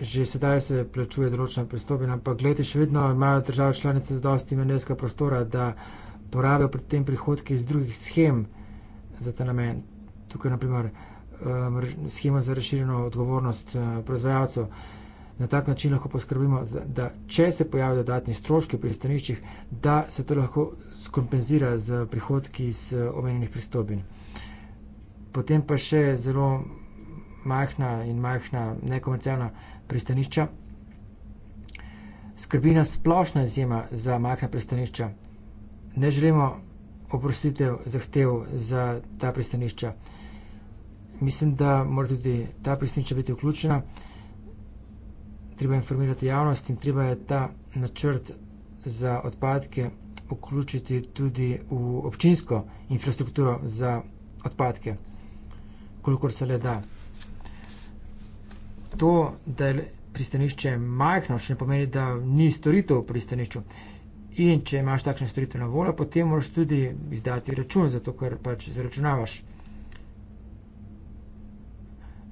že sedaj se plačuje določena pristopina, ampak gledajte, še vedno imajo države članice z dosti manevrskega prostora, da porabijo pri tem prihodke iz drugih schem za ta namen. Tukaj naprimer um, schema za razširjeno odgovornost uh, proizvajalcev. Na tak način lahko poskrbimo, da če se pojavijo dodatni stroški pri staniščih, da se to lahko skompenzira z prihodki iz uh, omenjenih pristopin. Potem pa še zelo majhna in majhna nekomercialna pristanišča. Skrbi nas splošna izjema za majhna pristanišča. Ne želimo oprostitev zahtev za ta pristanišča. Mislim, da mora tudi ta pristanišča biti vključena. Treba informirati javnost in treba je ta načrt za odpadke vključiti tudi v občinsko infrastrukturo za odpadke, kolikor se le da to, da je pristanišče majhno, še ne pomeni, da ni storitev v pristanišču. In če imaš takšne storitve na voljo, potem moraš tudi izdati račun, zato ker pač zračunavaš.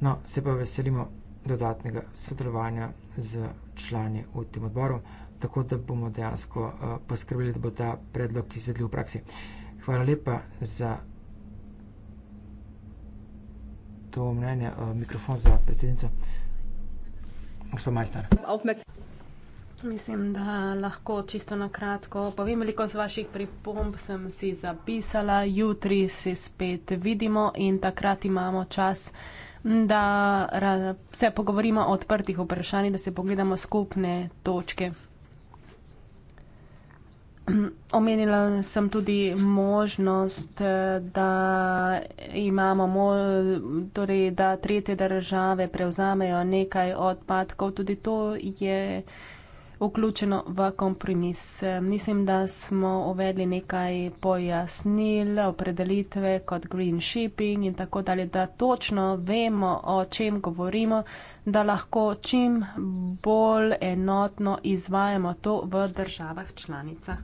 No, se pa veselimo dodatnega sodelovanja z člani v tem odboru, tako da bomo dejansko uh, poskrbeli, da bo ta predlog izvedljiv v praksi. Hvala lepa za to mnenje. Uh, mikrofon za predsednico gospod Majstar. Mislim, da lahko čisto na kratko povem veliko z vaših pripomb, sem si zapisala, jutri se spet vidimo in takrat imamo čas, da se pogovorimo o odprtih vprašanjih, da se pogledamo skupne točke. Omenila sem tudi možnost, eh, da imamo, torej, da tretje države prevzamejo nekaj odpadkov. Tudi to je vključeno v kompromis. Eh, mislim, da smo uvedli nekaj pojasnil, opredelitve kot green shipping in tako dalje, da točno vemo, o čem govorimo, da lahko čim bolj enotno izvajamo to v državah članicah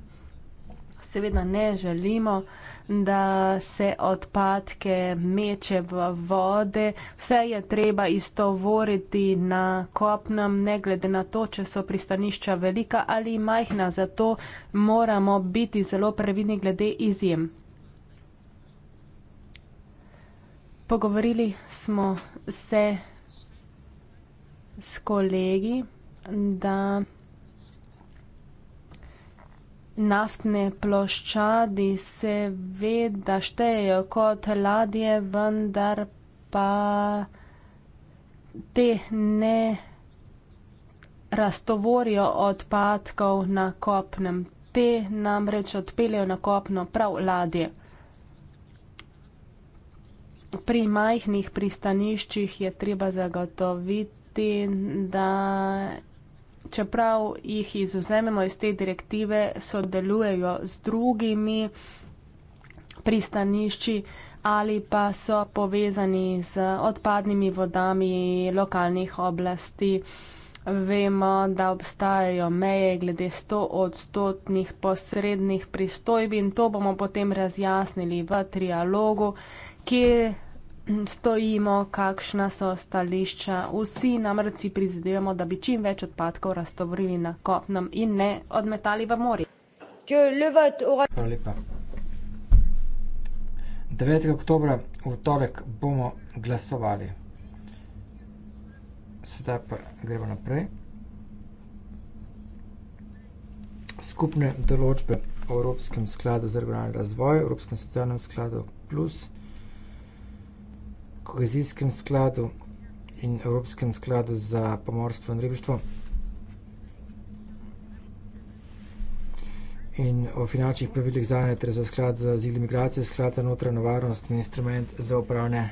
seveda ne želimo, da se odpadke meče v vode. Vse je treba istovoriti na kopnem, ne glede na to, če so pristanišča velika ali majhna. Zato moramo biti zelo previdni glede izjem. Pogovorili smo se s kolegi, da naftne ploščadi seveda štejejo kot ladje, vendar pa te ne rastovorijo odpadkov na kopnem. Te namreč odpeljajo na kopno prav ladje. Pri majhnih pristaniščih je treba zagotoviti, da čeprav jih izuzememo iz te direktive, sodelujejo z drugimi pristanišči ali pa so povezani z odpadnimi vodami lokalnih oblasti. Vemo, da obstajajo meje glede 100 odstotnih posrednih pristojb in to bomo potem razjasnili v trialogu, ki stojimo, kakšna so stališča. Vsi namreč si prizadevamo, da bi čim več odpadkov raztovorili na kopnem in ne odmetali v morje. 9. oktober, v torek, bomo glasovali. Sedaj pa gremo naprej. Skupne določbe o Evropskem skladu za regionalni razvoj, Evropskem socialnem skladu plus kohezijskem skladu in Evropskem skladu za pomorstvo in ribištvo in o finančnih pravilih zanje ter za sklad za azil in migracije, sklad za notranjo varnost in instrument za upravne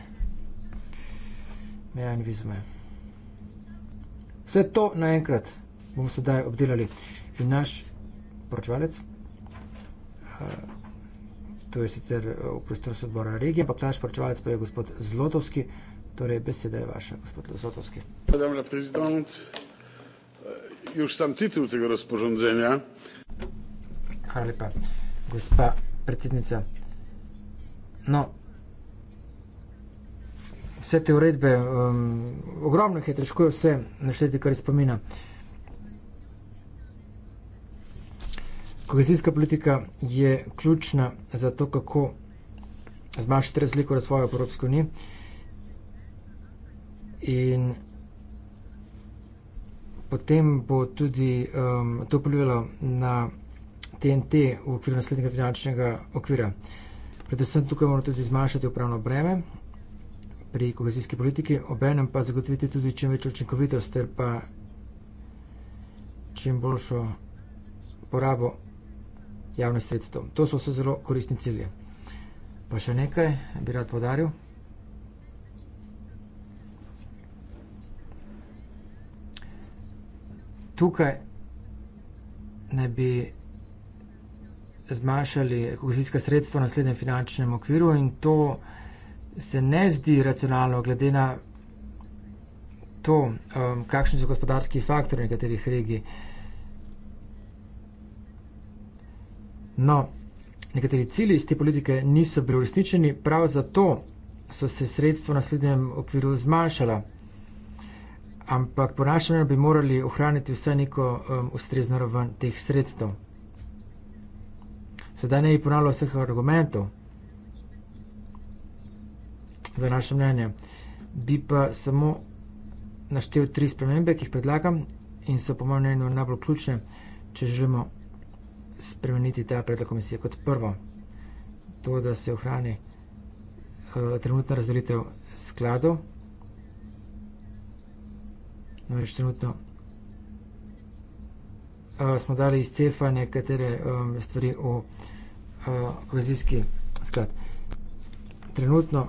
meja in vizume. Vse to naenkrat bomo sedaj obdelali in naš poročevalec uh, to je sicer eh, v prostoru sodbora regije, ampak naš poročevalec pa je gospod Zlotovski, torej beseda je vaša, gospod Zlotovski. Madam la prezident, eh, juž sam titul tega razporządzenja. Hvala lepa, gospa predsednica. No, vse te uredbe, um, ogromno jih je, težko je vse našteti, kar je spomina. Uh, Kohezijska politika je ključna za to, kako zmanjšati razliko razvoja v Evropski uniji in potem bo tudi um, to vplivalo na TNT v okviru naslednjega finančnega okvira. Predvsem tukaj moramo tudi zmanjšati upravno breme pri kohezijski politiki, obenem pa zagotoviti tudi čim večjo učinkovitost ter pa čim boljšo porabo javnih sredstev. To so vse zelo koristni cilje. Pa še nekaj bi rad podaril. Tukaj ne bi zmanjšali kohezijska sredstva v naslednjem finančnem okviru in to se ne zdi racionalno, glede na to, um, kakšni so gospodarski faktori nekaterih regij. No, nekateri cilji iz te politike niso bili uresničeni, prav zato so se sredstva v naslednjem okviru zmanjšala. Ampak po našem mnenju bi morali ohraniti vse neko um, ustrezno raven teh sredstev. Sedaj ne bi ponavljal vseh argumentov za naše mnenje. Bi pa samo naštel tri spremembe, ki jih predlagam in so po mojem mnenju najbolj ključne, če želimo spremeniti ta predlog komisije kot prvo. To, da se ohrani uh, trenutna razdelitev skladov. Namreč trenutno uh, smo dali iz CEFA nekatere um, stvari v uh, kohezijski sklad. Trenutno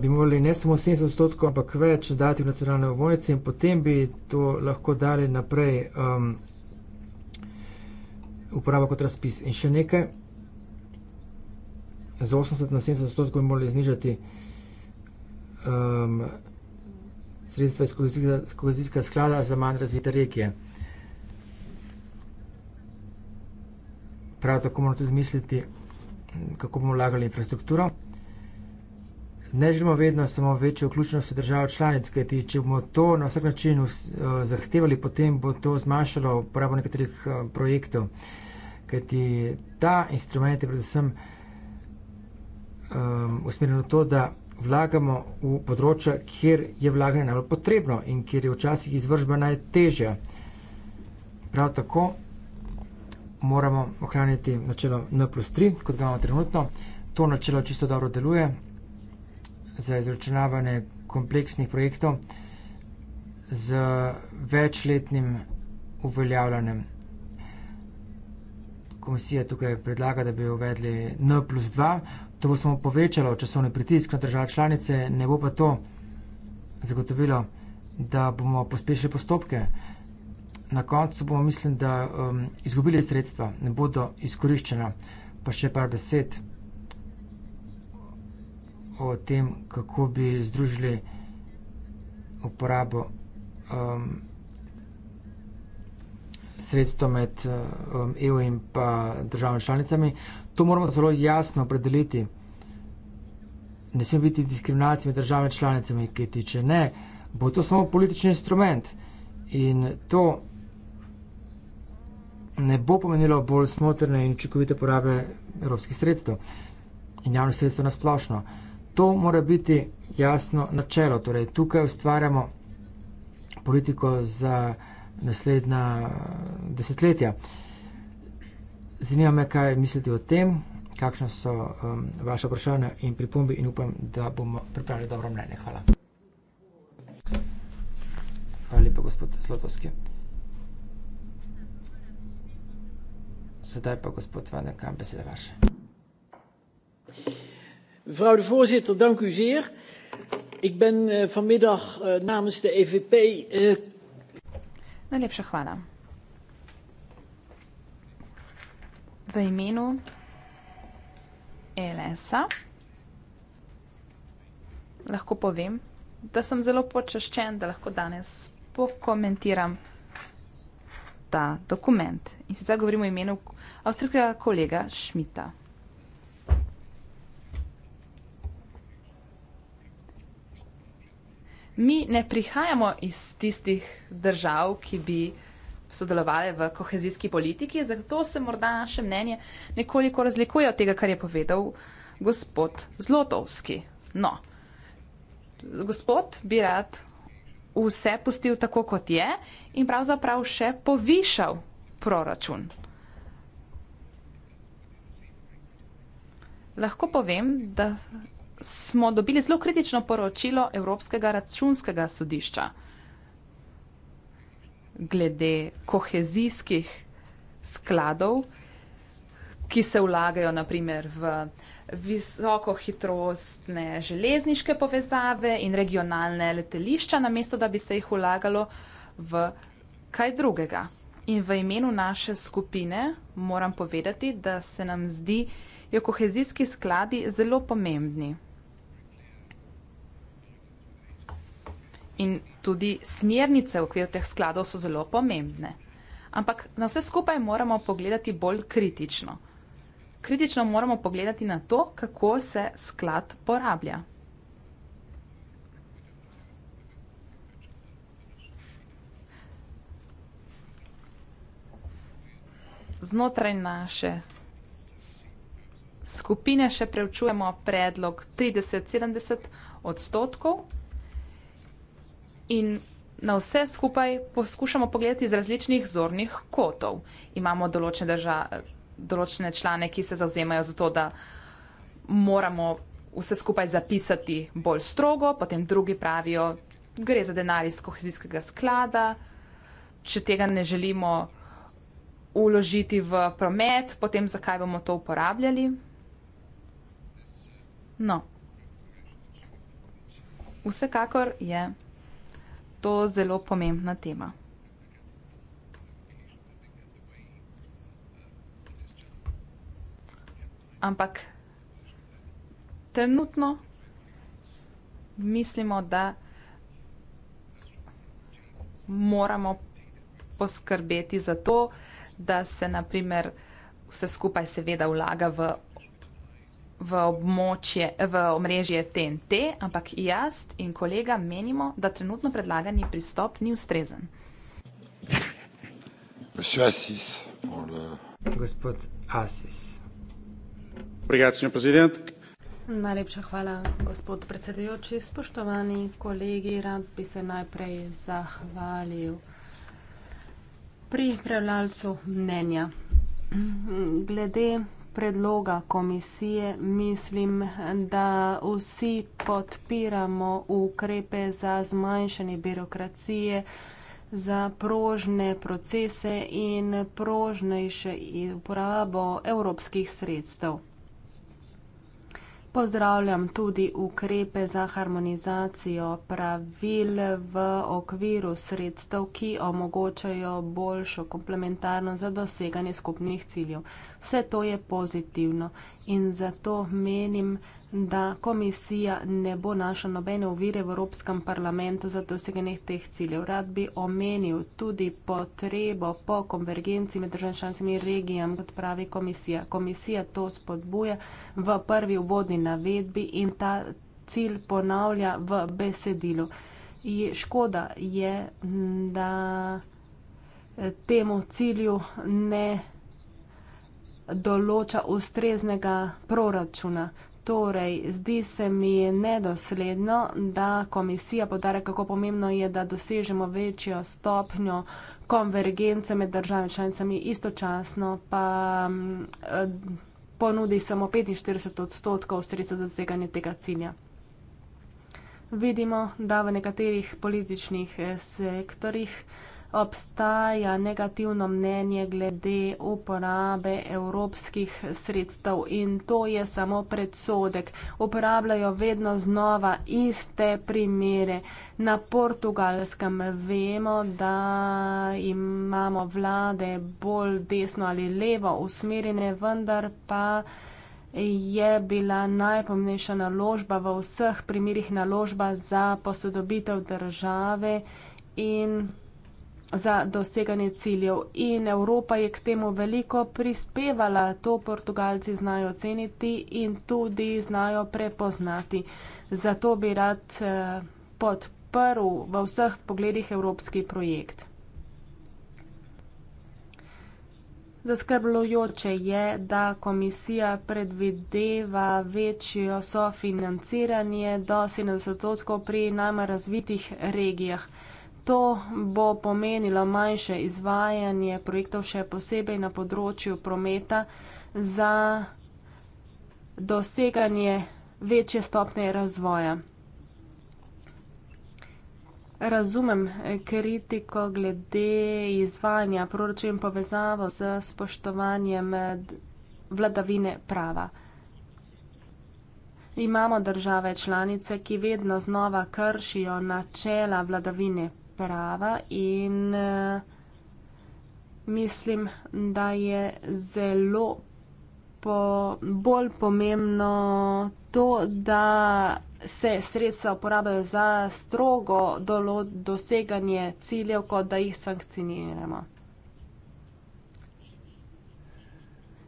bi morali ne samo 70 odstotkov, ampak več dati v nacionalne obvojnice in potem bi to lahko dali naprej um, uporaba kot razpis. In še nekaj, za 80 na 70 odstotkov bi morali znižati um, sredstva iz kohezijskega sklada za manj razvite regije. Prav tako moramo tudi misliti, kako bomo vlagali infrastrukturo ne želimo vedno samo večjo vključenost držav članic, kajti če bomo to na vsak način eh, zahtevali, potem bo to zmanjšalo uporabo nekaterih eh, projektov. Kajti ta instrument je predvsem um, usmerjen v to, da vlagamo v področja, kjer je vlaganje najbolj potrebno in kjer je včasih izvržba najtežja. Prav tako moramo ohraniti načelo N plus 3, kot ga imamo trenutno. To načelo čisto dobro deluje za izračunavanje kompleksnih projektov z večletnim uveljavljanjem. Komisija tukaj predlaga, da bi uvedli N plus 2. To bo samo povečalo časovni pritisk na države članice, ne bo pa to zagotovilo, da bomo pospešili postopke. Na koncu bomo, mislim, da um, izgubili sredstva, ne bodo izkoriščena. Pa še par besed o tem, kako bi združili uporabo um, sredstva med uh, um, EU in pa državami članicami. To moramo zelo jasno opredeliti. Ne sme biti diskriminacije med državami članicami, ki tiče ne, bo to samo politični instrument in to ne bo pomenilo bolj smotrne in učinkovite porabe evropskih sredstev in javnih sredstev nasplošno. To mora biti jasno načelo. Torej, tukaj ustvarjamo politiko za naslednja desetletja. Zanima me, kaj mislite o tem, kakšno so um, vaše vprašanje in pripombi in upam, da bomo pripravili dobro mnenje. Hvala. Hvala lepa, gospod Zlotovski. Sedaj pa, gospod Vane, kam besede vaše? Mevrouw de voorzitter, dank u zeer. Ik ben uh, vanmiddag uh, namens de EVP. Eh, Najlepša hvala. V imenu e LS-a lahko povem, da sem zelo počaščen, da lahko danes pokomentiram ta dokument. In sicer govorimo o imenu avstrijskega kolega Šmita. mi ne prihajamo iz tistih držav, ki bi sodelovali v kohezijski politiki, zato se morda naše mnenje nekoliko razlikuje od tega, kar je povedal gospod Zlotovski. No, gospod bi rad vse pustil tako, kot je in pravzaprav še povišal proračun. Lahko povem, da smo dobili zelo kritično poročilo Evropskega računskega sodišča glede kohezijskih skladov, ki se vlagajo na primer v visokohitrostne železniške povezave in regionalna letališča, namesto da bi se jih vlagalo v kaj drugega. In v imenu naše skupine moram povedati, da se nam zdijo kohezijski skladi zelo pomembni. in tudi smernice v okviru teh skladov so zelo pomembne. Ampak na vse skupaj moramo pogledati bolj kritično. Kritično moramo pogledati na to, kako se sklad porablja. Znotraj naše skupine še preučujemo predlog 30-70 odstotkov in na vse skupaj poskušamo pogledati z različnih zornih kotov. Imamo določene, drža, določene člane, ki se zauzemajo za to, da moramo vse skupaj zapisati bolj strogo, potem drugi pravijo, gre za denar iz kohezijskega sklada, če tega ne želimo uložiti v promet, potem zakaj bomo to uporabljali. No. Vsekakor je. Yeah to zelo pomembna tema. Ampak trenutno mislimo, da moramo poskrbeti za to, da se na primer vse skupaj seveda vlaga v v območje, v omrežje TNT, ampak jaz in kolega menimo, da trenutno predlagani pristop ni ustrezen. Asis, le... Gospod Asis. Prijatelj, prezident. Najlepša hvala, gospod predsedujoči. Spoštovani kolegi, rad bi se najprej zahvalil pri prevlalcu mnenja. Glede predloga komisije mislim, da vsi podpiramo ukrepe za zmanjšanje birokracije, za prožne procese in prožnejše uporabo evropskih sredstev. Pozdravljam tudi ukrepe za harmonizacijo pravil v okviru sredstev, ki omogočajo boljšo komplementarno za doseganje skupnih ciljev. Vse to je pozitivno in zato menim, da komisija ne bo naša nobene uvire v Evropskem parlamentu za doseganje teh ciljev. Rad bi omenil tudi potrebo po konvergenci med državami članicami in regijami, kot pravi komisija. Komisija to spodbuja v prvi uvodni navedbi in ta cilj ponavlja v besedilu. Je, škoda je, da temu cilju ne določa ustreznega proračuna. Torej, zdi se mi nedosledno, da komisija podarja, kako pomembno je, da dosežemo večjo stopnjo konvergence med državami članicami, istočasno pa mm, eh, ponudi samo 45 odstotkov sredstva za doseganje tega cilja. Vidimo, da v nekaterih političnih eh, sektorjih obstaja negativno mnenje glede uporabe evropskih sredstev in to je samo predsodek. Uporabljajo vedno znova iste primere. Na portugalskem vemo, da imamo vlade bolj desno ali levo usmerjene, vendar pa je bila najpomnejša naložba v vseh primerih naložba za posodobitev države in za doseganje ciljev in Evropa je k temu veliko prispevala, to Portugalci znajo ceniti in tudi znajo prepoznati. Zato bi rad eh, podprl v vseh pogledih evropski projekt. Zaskrbljujoče je, da komisija predvideva večjo sofinanciranje do 70% pri najmanj razvitih regijah. To bo pomenilo manjše izvajanje projektov še posebej na področju prometa za doseganje večje stopne razvoja. Razumem kritiko glede izvajanja proračun povezavo s spoštovanjem vladavine prava. Imamo države članice, ki vedno znova kršijo načela vladavine prava in eh, mislim, da je zelo po, bolj pomembno to, da se sredstva uporabljajo za strogo dolo, doseganje ciljev, kot da jih sankciniramo.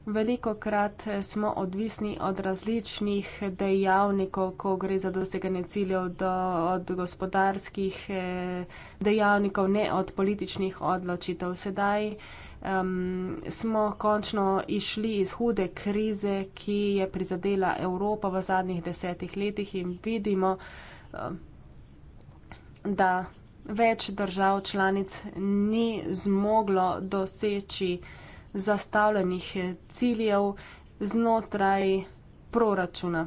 Velikokrat eh, smo odvisni od različnih dejavnikov, ko gre za doseganje ciljev, do, od gospodarskih eh, dejavnikov, ne od političnih odločitev. Sedaj um, smo končno išli iz hude krize, ki je prizadela Evropo v zadnjih desetih letih in vidimo, um, da več držav članic ni zmoglo doseči zastavljenih eh, ciljev znotraj proračuna.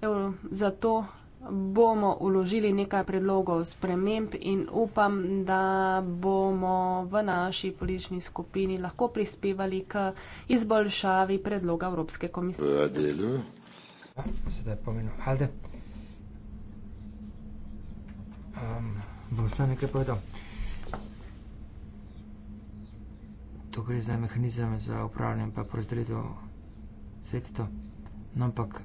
Evo, zato bomo uložili nekaj predlogov sprememb in upam, da bomo v naši politični skupini lahko prispevali k izboljšavi predloga Evropske komisije. Um, bo vse nekaj povedal. to gre za mehanizem za upravljanje in razdelitev sredstev. No, ampak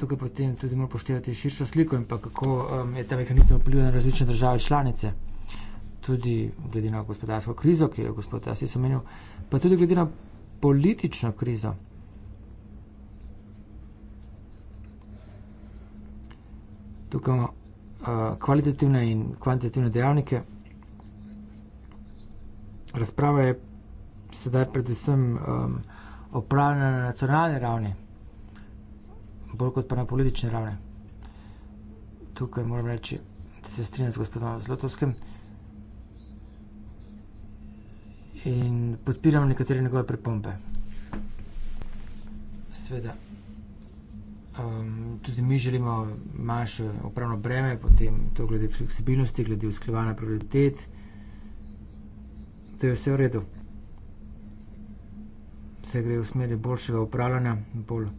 tukaj potem tudi moramo poštevati širšo sliko in kako um, je ta mehanizem vplival na različne države članice. Tudi glede na gospodarsko krizo, ki jo je gospod Jasis omenil, pa tudi glede na politično krizo. Tukaj imamo uh, kvalitativne in kvantitativne dejavnike razprava je sedaj predvsem um, opravljena na nacionalni ravni, bolj kot pa na politični ravni. Tukaj moram reči, da se strinjam z gospodom Zlotovskim in podpiram nekatere njegove pripombe. Sveda, um, tudi mi želimo manjše upravno breme, potem to glede fleksibilnosti, glede usklajevanja prioritet to je vse v redu. Vse gre v smeri boljšega upravljanja, bolj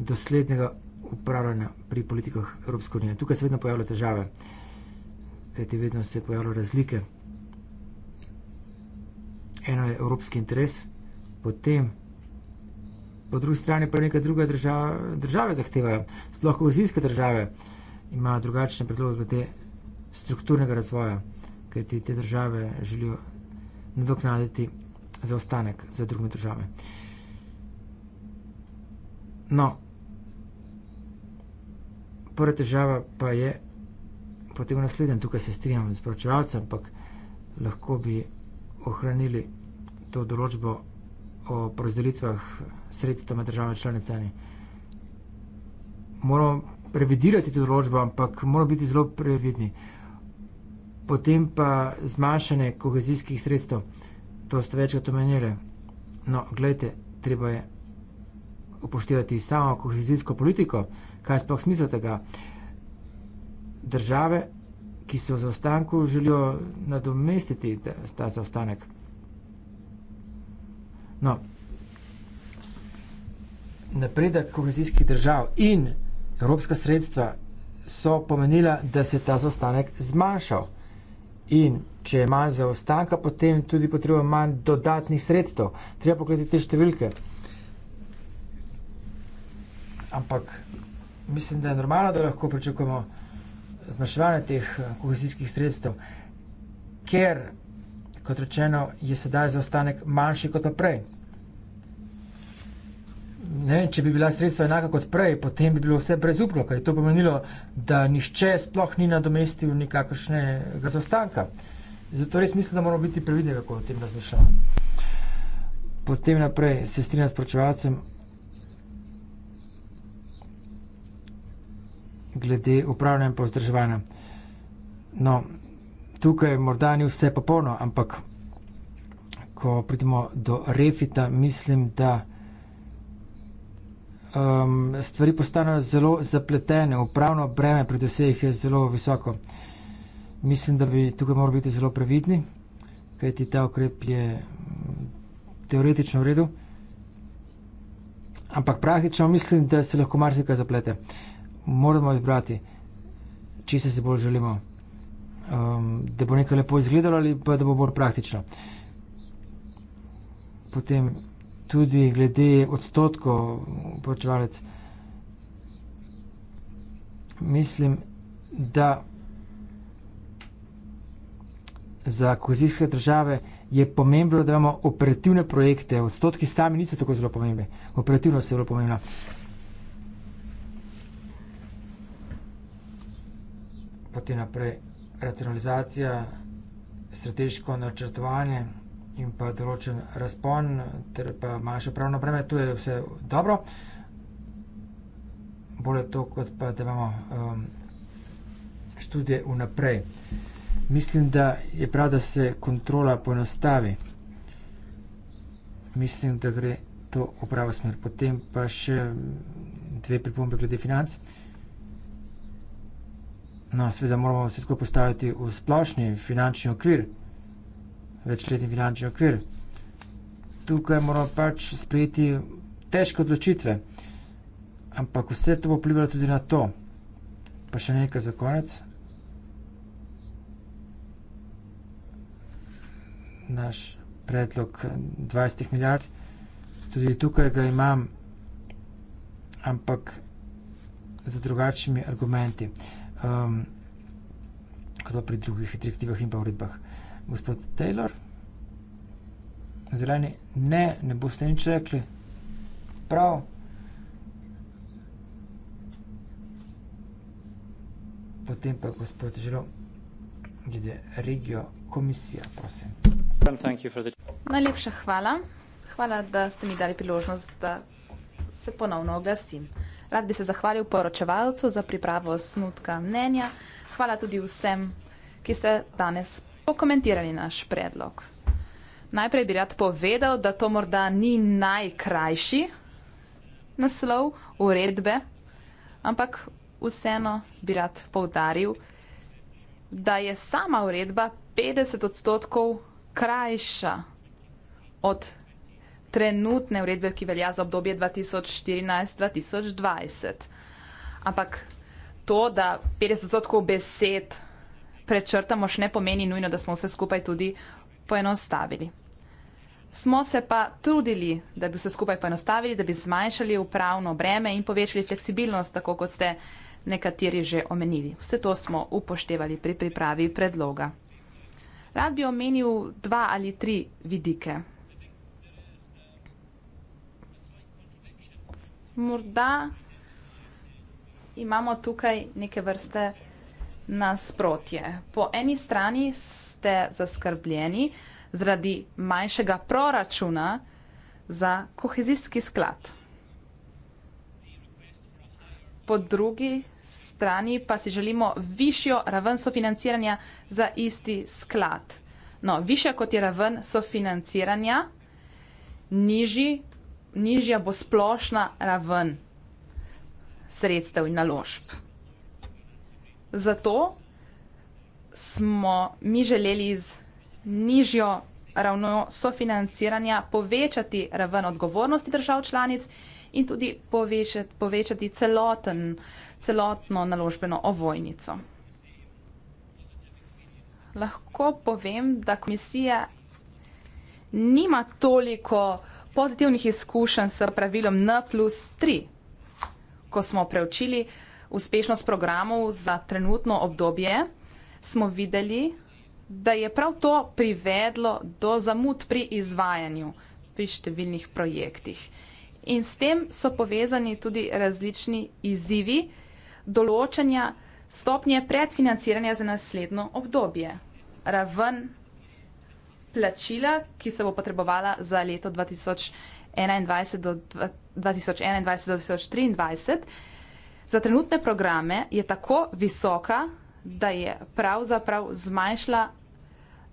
doslednega upravljanja pri politikah Evropske unije. Tukaj se vedno pojavljajo težave, kajti vedno se pojavljajo razlike. Eno je evropski interes, potem po drugi strani pa nekaj druga država, države zahtevajo. Sploh kohezijske države imajo drugačne predloge glede strukturnega razvoja, kajti te države želijo nadoknaditi zaostanek za druge države. No, prva težava pa je potem naslednja, tukaj se strinjam z poročevalcem, ampak lahko bi ohranili to določbo o porazdelitvah sredstva med državami članicami. Moramo revidirati to določbo, ampak moramo biti zelo previdni potem pa zmanjšanje kohezijskih sredstev. To ste večkrat omenili. No, gledajte, treba je upoštevati samo kohezijsko politiko. Kaj je sploh smisel tega? Države, ki se v zaostanku želijo nadomestiti ta zaostanek. No, napredek kohezijskih držav in evropska sredstva so pomenila, da se je ta zaostanek zmanjšal. In če je manj zaostanka, potem tudi potrebujem manj dodatnih sredstev. Treba pogledati te številke. Ampak mislim, da je normalno, da lahko pričakujemo zmanjševanje teh eh, kohezijskih sredstev, ker, kot rečeno, je sedaj zaostanek manjši kot pa prej ne, če bi bila sredstva enaka kot prej, potem bi bilo vse brezupno, kaj to pomenilo, da nišče sploh ni nadomestil nikakršnega zaostanka. Zato res mislim, da moramo biti previdni, kako o tem razmišljamo. Potem naprej se strinjam s pročevalcem glede upravljanja in pa vzdrževanja. No, tukaj morda ni vse popolno, ampak ko pridemo do refita, mislim, da um, stvari postanejo zelo zapletene, upravno breme pred vseh je zelo visoko. Mislim, da bi tukaj morali biti zelo previdni, kajti ta ukrep je mm, teoretično v redu, ampak praktično mislim, da se lahko marsikaj zaplete. Moramo izbrati, če se si bolj želimo, um, da bo nekaj lepo izgledalo ali pa da bo bolj praktično. Potem tudi glede odstotkov, poročevalec. Mislim, da za kozijske države je pomembno, da imamo operativne projekte. Odstotki sami niso tako zelo pomembni. Operativnost je zelo pomembna. Potem naprej racionalizacija, strateško načrtovanje in pa določen razpon, ter pa manjše pravno breme, tu je vse dobro. Bolje to, kot pa da imamo um, študije vnaprej. Mislim, da je prav, da se kontrola poenostavi. Mislim, da gre to v pravo smer. Potem pa še dve pripombe glede financ. No, sveda moramo vse skupaj postaviti v splošni finančni okvir večletni finančni okvir. Tukaj moramo pač sprejeti težke odločitve, ampak vse to bo vplivalo tudi na to. Pa še nekaj za konec. Naš predlog 20 milijard, tudi tukaj ga imam, ampak z drugačnimi argumenti, um, kot pri drugih direktivah in pa uredbah gospod Taylor. Zeleni, ne, ne boste nič rekli. Prav. Potem pa gospod Žilo, glede regijo komisija, prosim. Najlepša hvala. Hvala, da ste mi dali priložnost, da se ponovno oglasim. Rad bi se zahvalil poročevalcu za pripravo snutka mnenja. Hvala tudi vsem, ki ste danes pokomentirali naš predlog. Najprej bi rad povedal, da to morda ni najkrajši naslov uredbe, ampak vseeno bi rad povdaril, da je sama uredba 50 odstotkov krajša od trenutne uredbe, ki velja za obdobje 2014-2020. Ampak to, da 50 odstotkov besed prečrtamo, še ne pomeni nujno, da smo vse skupaj tudi poenostavili. Smo se pa trudili, da bi vse skupaj poenostavili, da bi zmanjšali upravno breme in povečali fleksibilnost, tako kot ste nekateri že omenili. Vse to smo upoštevali pri pripravi predloga. Rad bi omenil dva ali tri vidike. Morda imamo tukaj neke vrste nasprotje. Po eni strani ste zaskrbljeni zaradi manjšega proračuna za kohezijski sklad. Po drugi strani pa si želimo višjo raven sofinanciranja za isti sklad. No, višja kot je raven sofinanciranja, nižji, nižja bo splošna raven sredstev in naložb. Zato smo mi želeli z nižjo ravno sofinanciranja povečati raven odgovornosti držav članic in tudi povečati, povečati celoten, celotno naložbeno ovojnico. Lahko povem, da komisija nima toliko pozitivnih izkušenj s pravilom N plus 3, ko smo preučili uspešnost programov za trenutno obdobje, smo videli, da je prav to privedlo do zamud pri izvajanju pri številnih projektih. In s tem so povezani tudi različni izzivi določanja stopnje predfinanciranja za naslednjo obdobje. Raven plačila, ki se bo potrebovala za leto 2021 do 2021 do 2023, za trenutne programe je tako visoka, da je pravzaprav zmanjšala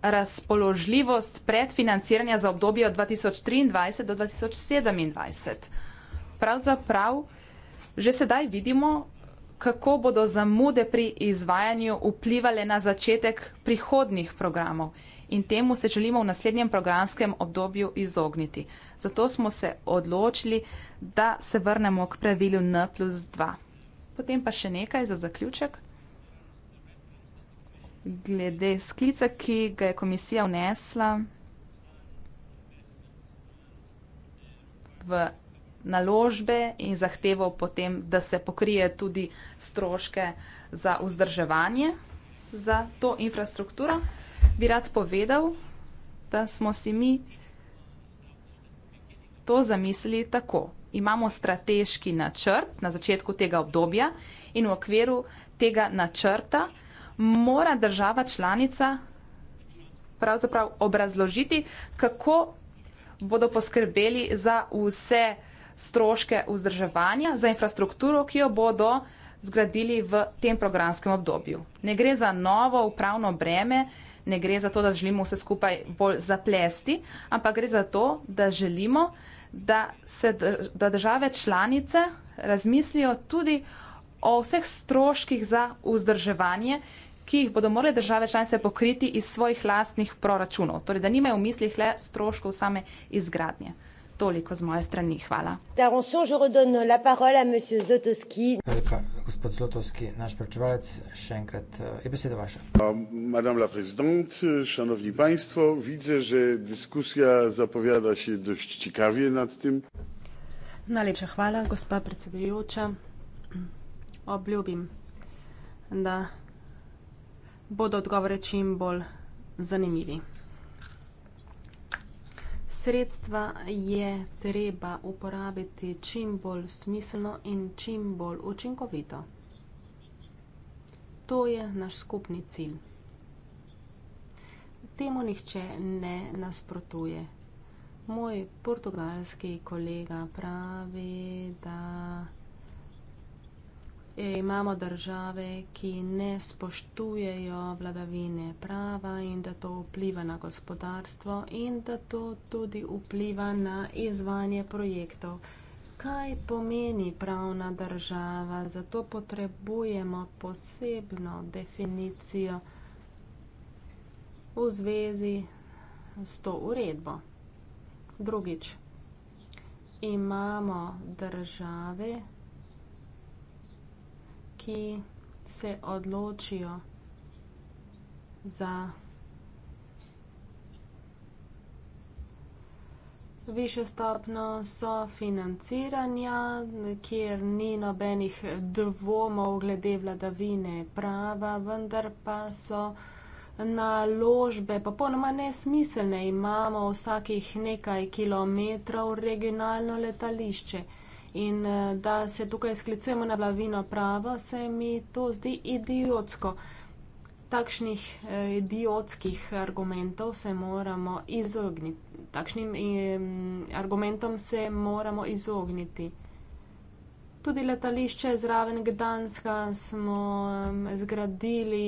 razpoložljivost predfinanciranja za obdobje od 2023 do 2027. Pravzaprav že sedaj vidimo, kako bodo zamude pri izvajanju vplivale na začetek prihodnih programov. In temu se želimo v naslednjem programskem obdobju izogniti. Zato smo se odločili, da se vrnemo k pravilu N plus 2. Potem pa še nekaj za zaključek. Glede sklica, ki ga je komisija vnesla v naložbe in zahtevo potem, da se pokrije tudi stroške za vzdrževanje za to infrastrukturo, bi rad povedal, da smo si mi to zamislili tako imamo strateški načrt na začetku tega obdobja in v okviru tega načrta mora država članica pravzaprav obrazložiti, kako bodo poskrbeli za vse stroške vzdrževanja, za infrastrukturo, ki jo bodo zgradili v tem programskem obdobju. Ne gre za novo upravno breme, ne gre za to, da želimo vse skupaj bolj zaplesti, ampak gre za to, da želimo, da se da države članice razmislijo tudi o vseh stroških za vzdrževanje, ki jih bodo morale države članice pokriti iz svojih lastnih proračunov. Torej, da nimajo v mislih le stroškov same izgradnje. Toliko z moje strani, hvala. Eh, madame la Présidente, Szanowni Państwo, widzę, że dyskusja zapowiada się dość ciekawie nad tym. Najlepsza chwała, gospa predsedujuća. Obljubim, da bodo odgovore čim bolj zanimivi sredstva je treba uporabiti čim bolj smiselno in čim bolj učinkovito. To je naš skupni cilj. Temu nihče ne nasprotuje. Moj portugalski kolega pravi, da imamo države, ki ne spoštujejo vladavine prava in da to vpliva na gospodarstvo in da to tudi vpliva na izvanje projektov. Kaj pomeni pravna država? Zato potrebujemo posebno definicijo v zvezi s to uredbo. Drugič, imamo države, ki se odločijo za višjo stopnjo sofinanciranja, kjer ni nobenih dvomov glede vladavine prava, vendar pa so naložbe popolnoma nesmiselne. Imamo vsakih nekaj kilometrov regionalno letališče. In eh, da se tukaj sklicujemo na vladavino prava, se mi to zdi idiotsko. Takšnih eh, idiotskih argumentov se moramo izogniti. Takšnim um, argumentom se moramo izogniti. Tudi letališče zraven Gdanska smo zgradili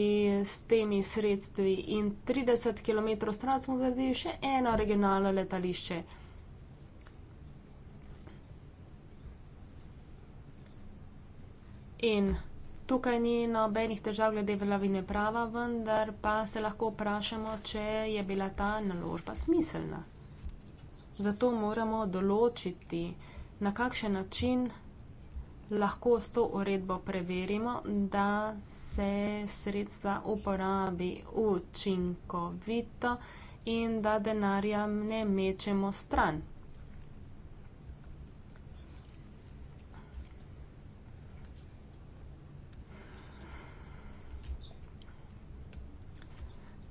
s temi sredstvi in 30 km stran smo zgradili še eno regionalno letališče. In tukaj ni nobenih težav glede vladavine prava, vendar pa se lahko vprašamo, če je bila ta naložba smiselna. Zato moramo določiti, na kakšen način lahko s to uredbo preverimo, da se sredstva uporabi učinkovito in da denarja ne mečemo stran.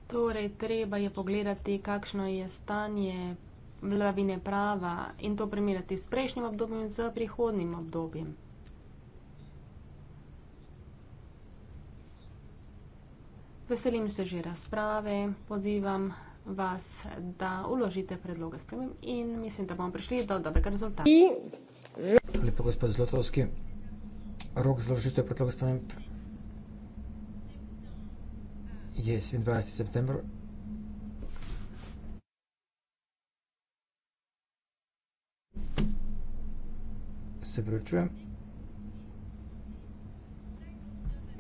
Torej, treba je pogledati, kakšno je stanje vladavine prava in to primerjati s prejšnjim obdobjem z prihodnim obdobjem. Veselim se že razprave, pozivam vas, da uložite predloge spremem in mislim, da bomo prišli do dobrega rezultata. Lepo gospod Zlotovski, rok za uložitev predloga spremem je 27. september. Se pročujem.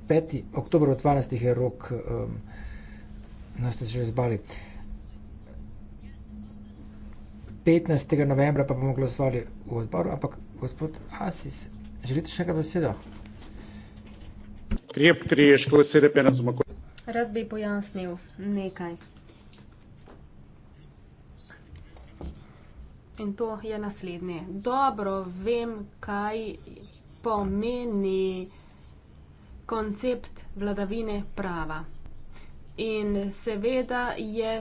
5. oktober 12. je rok, um, nas no, ste se že zbali. 15. novembra pa bomo glasovali v odboru, ampak gospod Asis, želite še nekaj beseda? Krijep, kriješ, ko se repena zmakuje. Rad bi pojasnil nekaj. In to je naslednje. Dobro vem, kaj pomeni koncept vladavine prava. In seveda je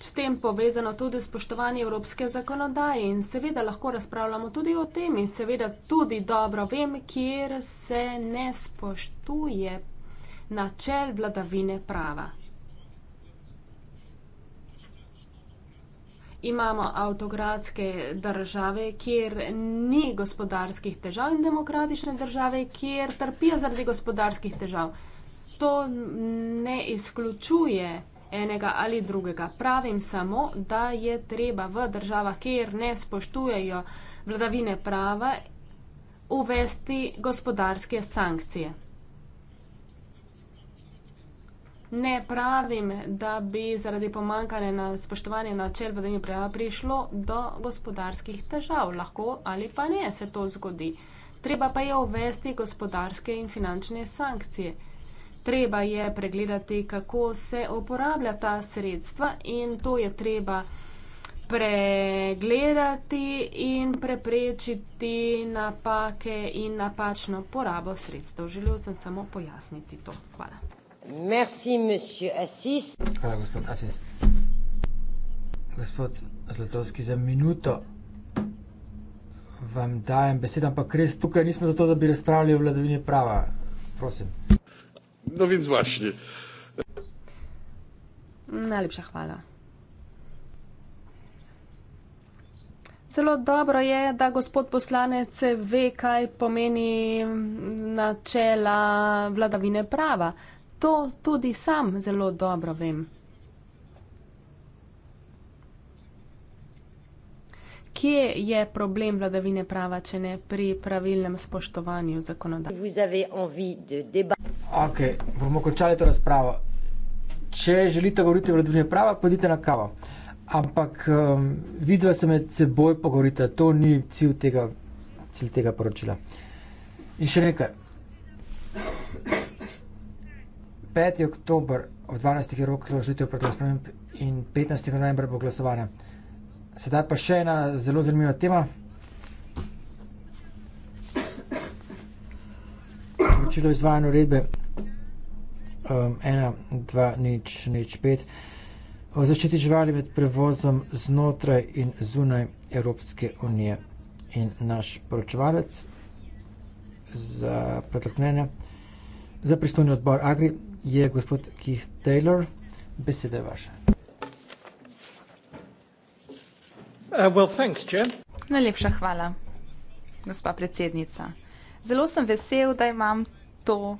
s tem povezano tudi spoštovanje evropske zakonodaje in seveda lahko razpravljamo tudi o tem in seveda tudi dobro vem, kjer se ne spoštuje prava načel vladavine prava. Imamo avtokratske države, kjer ni gospodarskih težav, in demokratične države, kjer trpijo zaradi gospodarskih težav. To ne izključuje enega ali drugega. Pravim samo, da je treba v državah, kjer ne spoštujejo vladavine prava, uvesti gospodarske sankcije. Ne pravim, da bi zaradi pomankanja na spoštovanja načel vladavine prava prišlo do gospodarskih težav, lahko ali pa ne se to zgodi. Treba pa je uvesti gospodarske in finančne sankcije. Treba je pregledati, kako se uporablja ta sredstva in to je treba pregledati in preprečiti napake in napačno porabo sredstev. Želel sem samo pojasniti to. Hvala. Merci, monsieur Assis. Hvala, gospod Assis. Gospod Zlatovski, za minuto vam dajem besedo, ampak res tukaj nismo zato, da bi razpravljali o vladavini prava. Prosim. No, vidim z vašimi. Najlepša hvala. Zelo dobro je, da gospod poslanec ve, kaj pomeni načela vladavine prava. To tudi sam zelo dobro vem. Kje je problem vladavine prava, če ne pri pravilnem spoštovanju zakonodaje? Ok, bomo končali to razpravo. Če želite govoriti o vladavini prava, pojdite na kavo. Ampak um, ehm, vidva se med seboj pogovorite, to ni cilj tega, cilj tega poročila. In še nekaj. 5. oktober ob 12. je rok zložitev protestov in 15. november bo glasovanje. Sedaj pa še ena zelo zanimiva tema. Poročilo izvajanja uredbe um, 1, 2, nič, nič, 5 o zaščiti živali med prevozom znotraj in zunaj Evropske unije. In naš poročevalec za predlog mnenja, za pristojni odbor Agri, je gospod Keith Taylor. Besede vaše. Uh, well, thanks, Najlepša hvala, gospa predsednica. Zelo sem vesel, da imam to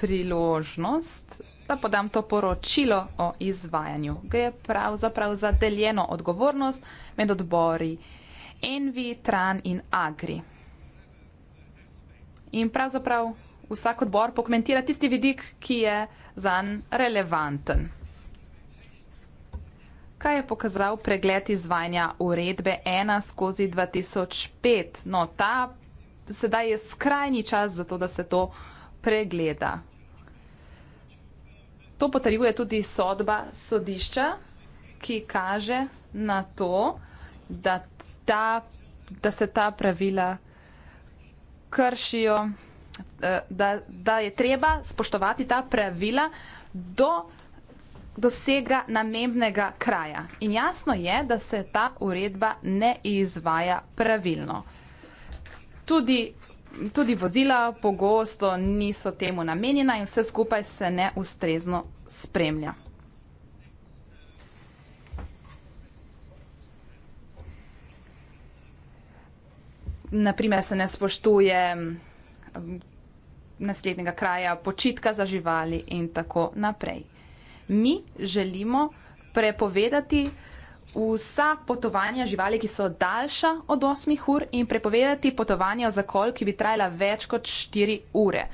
priložnost, da podam to poročilo o izvajanju. Gre pravzaprav za deljeno odgovornost med odbori Envi, Tran in Agri. In pravzaprav vsak odbor pokomentira tisti vidik, ki je zanj relevanten. Kaj je pokazal pregled izvajanja uredbe 1 skozi 2005? No, ta sedaj je skrajni čas za to, da se to pregleda. To potrjuje tudi sodba sodišča, ki kaže na to, da, ta, da se ta pravila kršijo. Eh, da, da je treba spoštovati ta pravila do dosega namembnega kraja. In jasno je, da se ta uredba ne izvaja pravilno. Tudi, tudi vozila pogosto niso temu namenjena in vse skupaj se neustrezno spremlja. Naprimer, se ne spoštuje Um, naslednjega kraja, počitka za živali in tako naprej. Mi želimo prepovedati vsa potovanja živali, ki so daljša od 8 ur in prepovedati potovanja v zakol, ki bi trajala več kot 4 ure.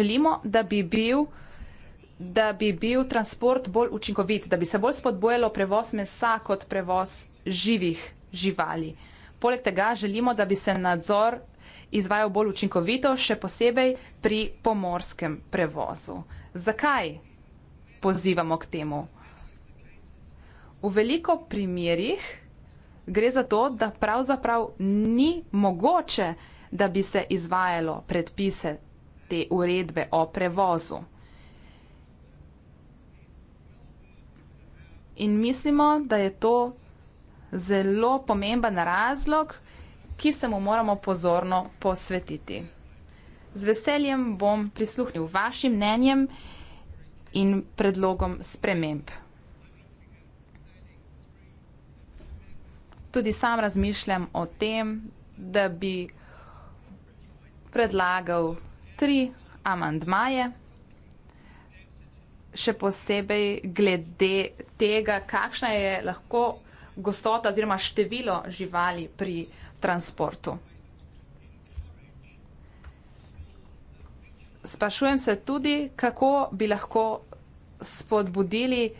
Želimo, da bi bil da bi bil transport bolj učinkovit, da bi se bolj spodbojalo prevoz mesa kot prevoz živih živali. Poleg tega želimo, da bi se nadzor izvajal bolj učinkovito, še posebej pri pomorskem prevozu. Zakaj pozivamo k temu? V veliko primerjih gre za to, da pravzaprav ni mogoče, da bi se izvajalo predpise te uredbe o prevozu. In mislimo, da je to zelo pomemben razlog, ki se mu moramo pozorno posvetiti. Z veseljem bom prisluhnil vašim mnenjem in predlogom sprememb. Tudi sam razmišljam o tem, da bi predlagal tri amandmaje, še posebej glede tega, kakšna je lahko gostota oziroma število živali pri uh, transportu. Sprašujem se tudi, kako bi lahko spodbudili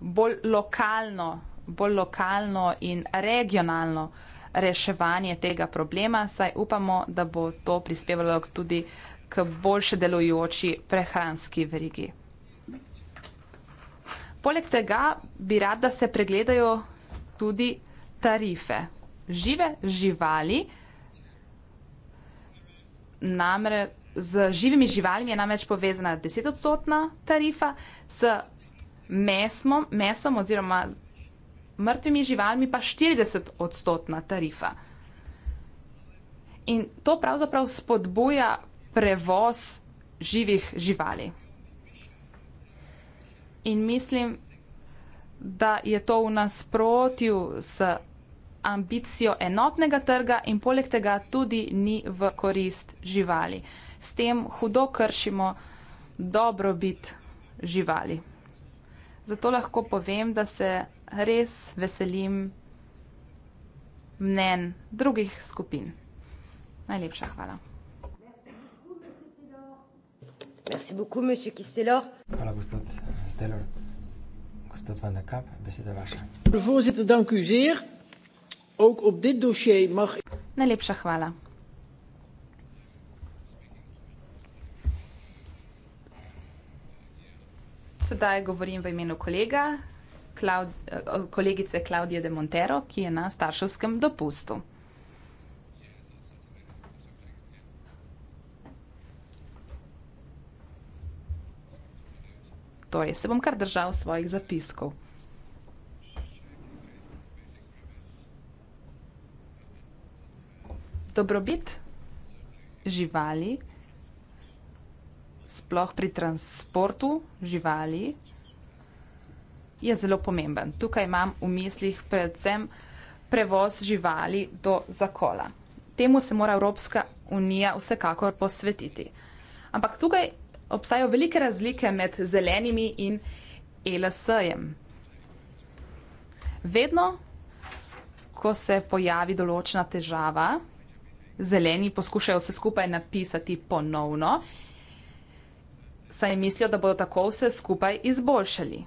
bolj lokalno, bolj lokalno in regionalno reševanje tega problema, saj upamo, da bo to prispevalo tudi k boljše delujoči prehranski verigi. Poleg tega bi rad, da se pregledajo tudi tarife žive živali. Namreč z živimi živalmi je namreč povezana desetodstotna tarifa, s mesmom, mesom oziroma mrtvimi živalmi pa štiridesetodstotna tarifa. In to pravzaprav spodbuja prevoz živih živali. In mislim, da je to v nasprotju s ambicijo enotnega trga in poleg tega tudi ni v korist živali. S tem hudo kršimo dobrobit živali. Zato lahko povem, da se res veselim mnen drugih skupin. Najlepša hvala. Merci beaucoup, monsieur Kistelor. Hvala, gospod Taylor. Gospod Van der Kap, beseda vaša. Voorzitter, dank u zeer ook op dit dossier mag. Najlepša hvala. Sedaj govorim v imenu kolega, Klaud, eh, kolegice Klaudije de Montero, ki je na starševskem dopustu. Torej, se bom kar držal svojih zapiskov. dobrobit živali, sploh pri transportu živali, je zelo pomemben. Tukaj imam v mislih predvsem prevoz živali do zakola. Temu se mora Evropska unija vsekakor posvetiti. Ampak tukaj obstajajo velike razlike med zelenimi in LSE-jem. Vedno, ko se pojavi določena težava, zeleni poskušajo vse skupaj napisati ponovno, saj mislijo, da bodo tako vse skupaj izboljšali.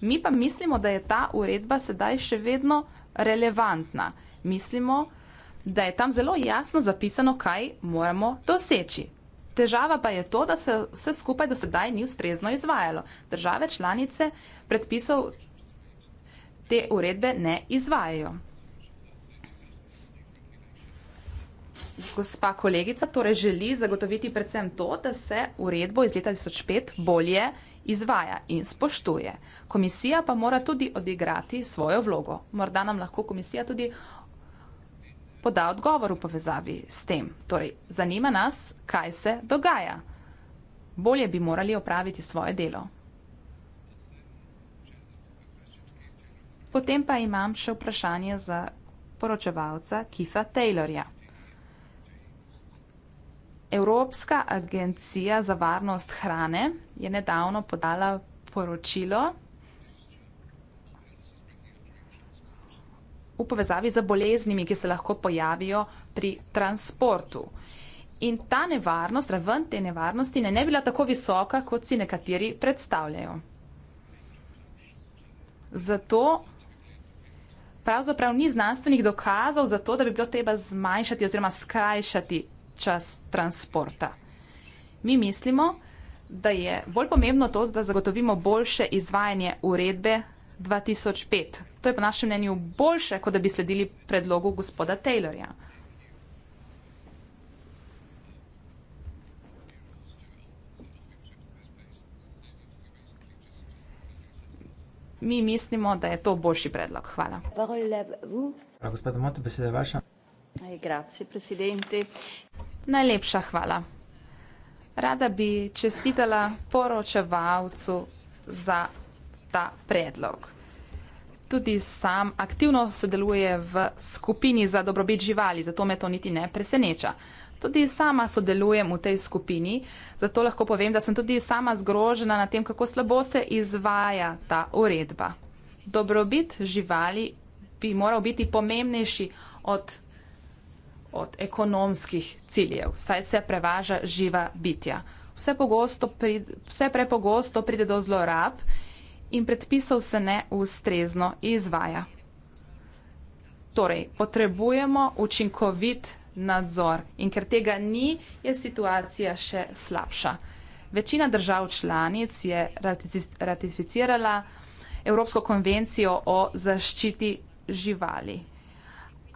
Mi pa mislimo, da je ta uredba sedaj še vedno relevantna. Mislimo, da je tam zelo jasno zapisano, kaj moramo doseči. Težava pa je to, da se vse skupaj do sedaj ni ustrezno izvajalo. Države članice predpisov te uredbe ne izvajajo. gospa kolegica torej želi zagotoviti predvsem to, da se uredbo iz leta 2005 bolje izvaja in spoštuje. Komisija pa mora tudi odigrati svojo vlogo. Morda nam lahko komisija tudi poda odgovor v povezavi s tem. Torej, zanima nas, kaj se dogaja. Bolje bi morali opraviti svoje delo. Potem pa imam še vprašanje za poročevalca Kitha Taylorja. Evropska agencija za varnost hrane je nedavno podala poročilo v povezavi z boleznimi, ki se lahko pojavijo pri transportu. In ta nevarnost, raven te nevarnosti, ne, ne bila tako visoka, kot si nekateri predstavljajo. Zato pravzaprav ni znanstvenih dokazov za to, da bi bilo treba zmanjšati oziroma skrajšati čas transporta. Mi mislimo, da je bolj pomembno to, da zagotovimo boljše izvajanje uredbe 2005. To je po našem mnenju boljše, kot da bi sledili predlogu gospoda Taylorja. Mi mislimo, da je to boljši predlog. Hvala. Gospod, imate besede vaša? Eh, Najlepša hvala. Rada bi čestitala poročevalcu za ta predlog. Tudi sam aktivno sodeluje v skupini za dobrobit živali, zato me to niti ne preseneča. Tudi sama sodelujem v tej skupini, zato lahko povem, da sem tudi sama zgrožena na tem, kako slabo se izvaja ta uredba. Dobrobit živali bi moral biti pomembnejši od od ekonomskih ciljev, saj se prevaža živa bitja. Vse, vse prepogosto pride do zlorab in predpisov se ne ustrezno izvaja. Torej, potrebujemo učinkovit nadzor in ker tega ni, je situacija še slabša. Večina držav članic je ratificirala Evropsko konvencijo o zaščiti živali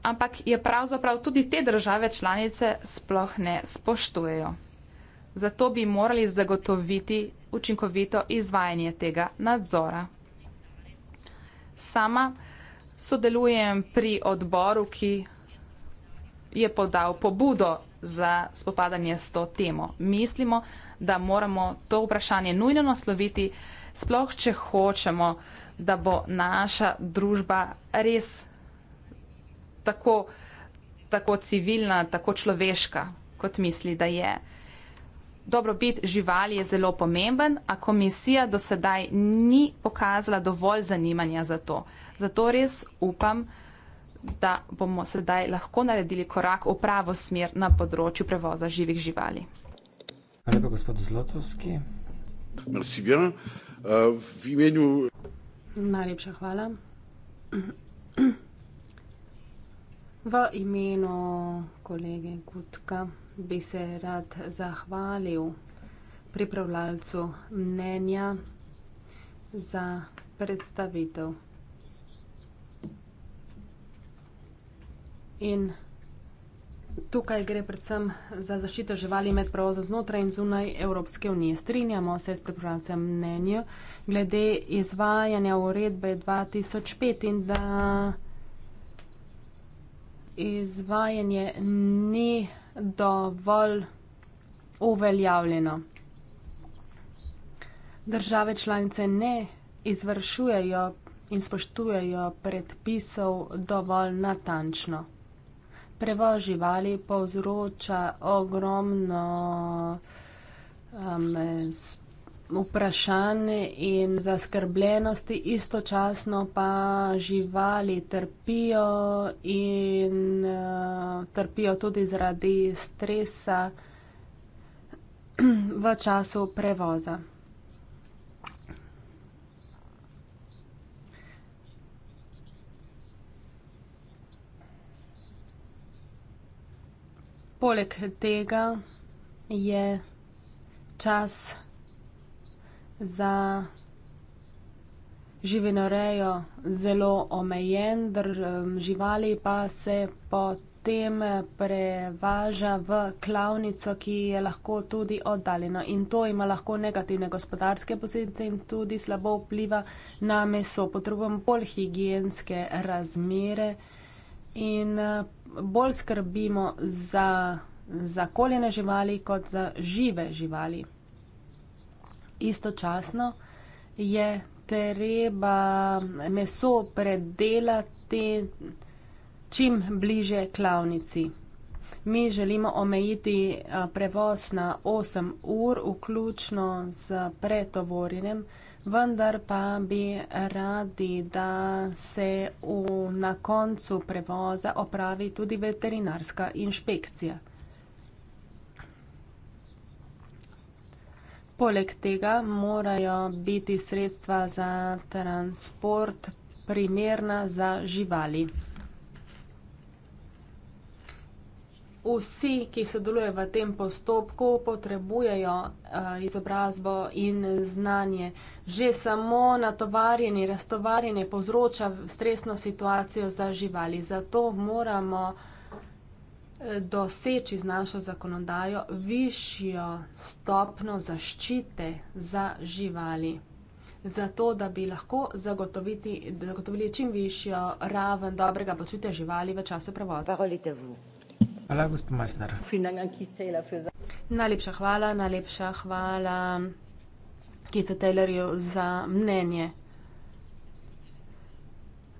ampak je pravzaprav tudi te države članice sploh ne spoštujejo. Zato bi morali zagotoviti učinkovito izvajanje tega nadzora. Sama sodelujem pri odboru, ki je podal pobudo za spopadanje s to temo. Mislimo, da moramo to vprašanje nujno nasloviti, sploh če hočemo, da bo naša družba res tako, tako civilna, tako človeška, kot misli, da je. Dobrobit živali je zelo pomemben, a komisija do sedaj ni pokazala dovolj zanimanja za to. Zato res upam, da bomo sedaj lahko naredili korak v pravo smer na področju prevoza živih živali. Lepo, gospod Zlotovski. Merci bien. Uh, v imenu. Najlepša hvala. V imenu kolege Gutka bi se rad zahvalil pripravljalcu mnenja za predstavitev. In tukaj gre predvsem za zaščito živali med prozo znotraj in zunaj Evropske unije. Strinjamo se s pripravljalcem mnenja glede izvajanja uredbe 2005 in da izvajanje ni dovolj uveljavljeno. Države članice ne izvršujejo in spoštujejo predpisov dovolj natančno. Prevoz živali povzroča ogromno um, vprašanj in zaskrbljenosti, istočasno pa živali trpijo in uh, trpijo tudi zaradi stresa v času prevoza. Poleg tega je čas za živinorejo zelo omejen, um, živali pa se potem prevaža v klavnico, ki je lahko tudi oddaljena. In to ima lahko negativne gospodarske posledice in tudi slabo vpliva na meso. Potrebujemo bolj higijenske razmere in uh, bolj skrbimo za zakoljene živali kot za žive živali istočasno je treba meso predelati čim bliže klavnici. Mi želimo omejiti prevoz na 8 ur, vključno z pretovorjenjem, vendar pa bi radi, da se v, na koncu prevoza opravi tudi veterinarska inšpekcija. Poleg tega morajo biti sredstva za transport primerna za živali. Vsi, ki sodelujejo v tem postopku, potrebujejo uh, izobrazbo in znanje. Že samo natovarjanje, raztovarjanje povzroča stresno situacijo za živali. Zato moramo uh, doseči z našo zakonodajo višjo stopno zaščite za živali. Zato, da bi lahko zagotovili čim višjo raven dobrega počutja živali v času prevoza. Hvala, gospod Masner. Najlepša hvala, najlepša hvala Kita Taylorju za mnenje.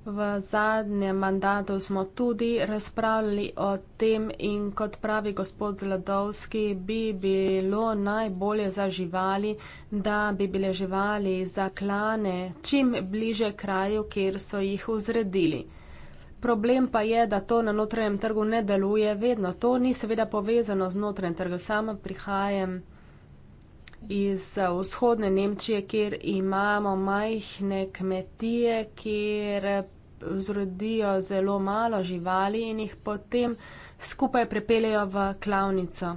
V zadnjem mandatu smo tudi razpravljali o tem in kot pravi gospod Zladovski, bi bilo najbolje za živali, da bi bile živali zaklane čim bliže kraju, kjer so jih vzredili. Problem pa je, da to na notranjem trgu ne deluje vedno. To ni seveda povezano z notranjem trgom. Sama prihajam iz eh, vzhodne Nemčije, kjer imamo majhne kmetije, kjer eh, vzrodijo zelo malo živali in jih potem skupaj prepeljejo v klavnico.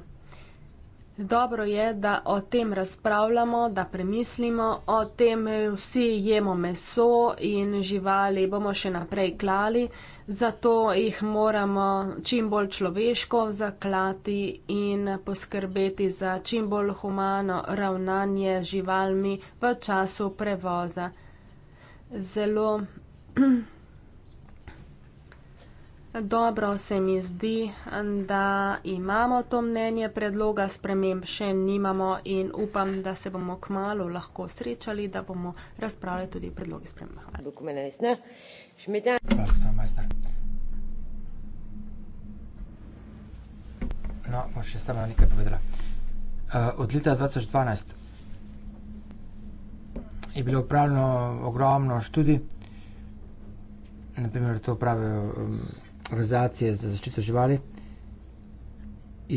Dobro je, da o tem razpravljamo, da premislimo o tem, vsi jemo meso in živali bomo še naprej klali, zato jih moramo čim bolj človeško zaklati in poskrbeti za čim bolj humano ravnanje živalmi v času prevoza. Zelo Dobro se mi zdi, da imamo to mnenje, predloga sprememb še nimamo in upam, da se bomo k malu lahko srečali, da bomo razpravljali tudi predlogi sprememb. Hvala. No, bom še samo nekaj povedala. Eh, od leta 2012 je bilo upravljeno ogromno študij, naprimer to pravijo organizacije za zaščito živali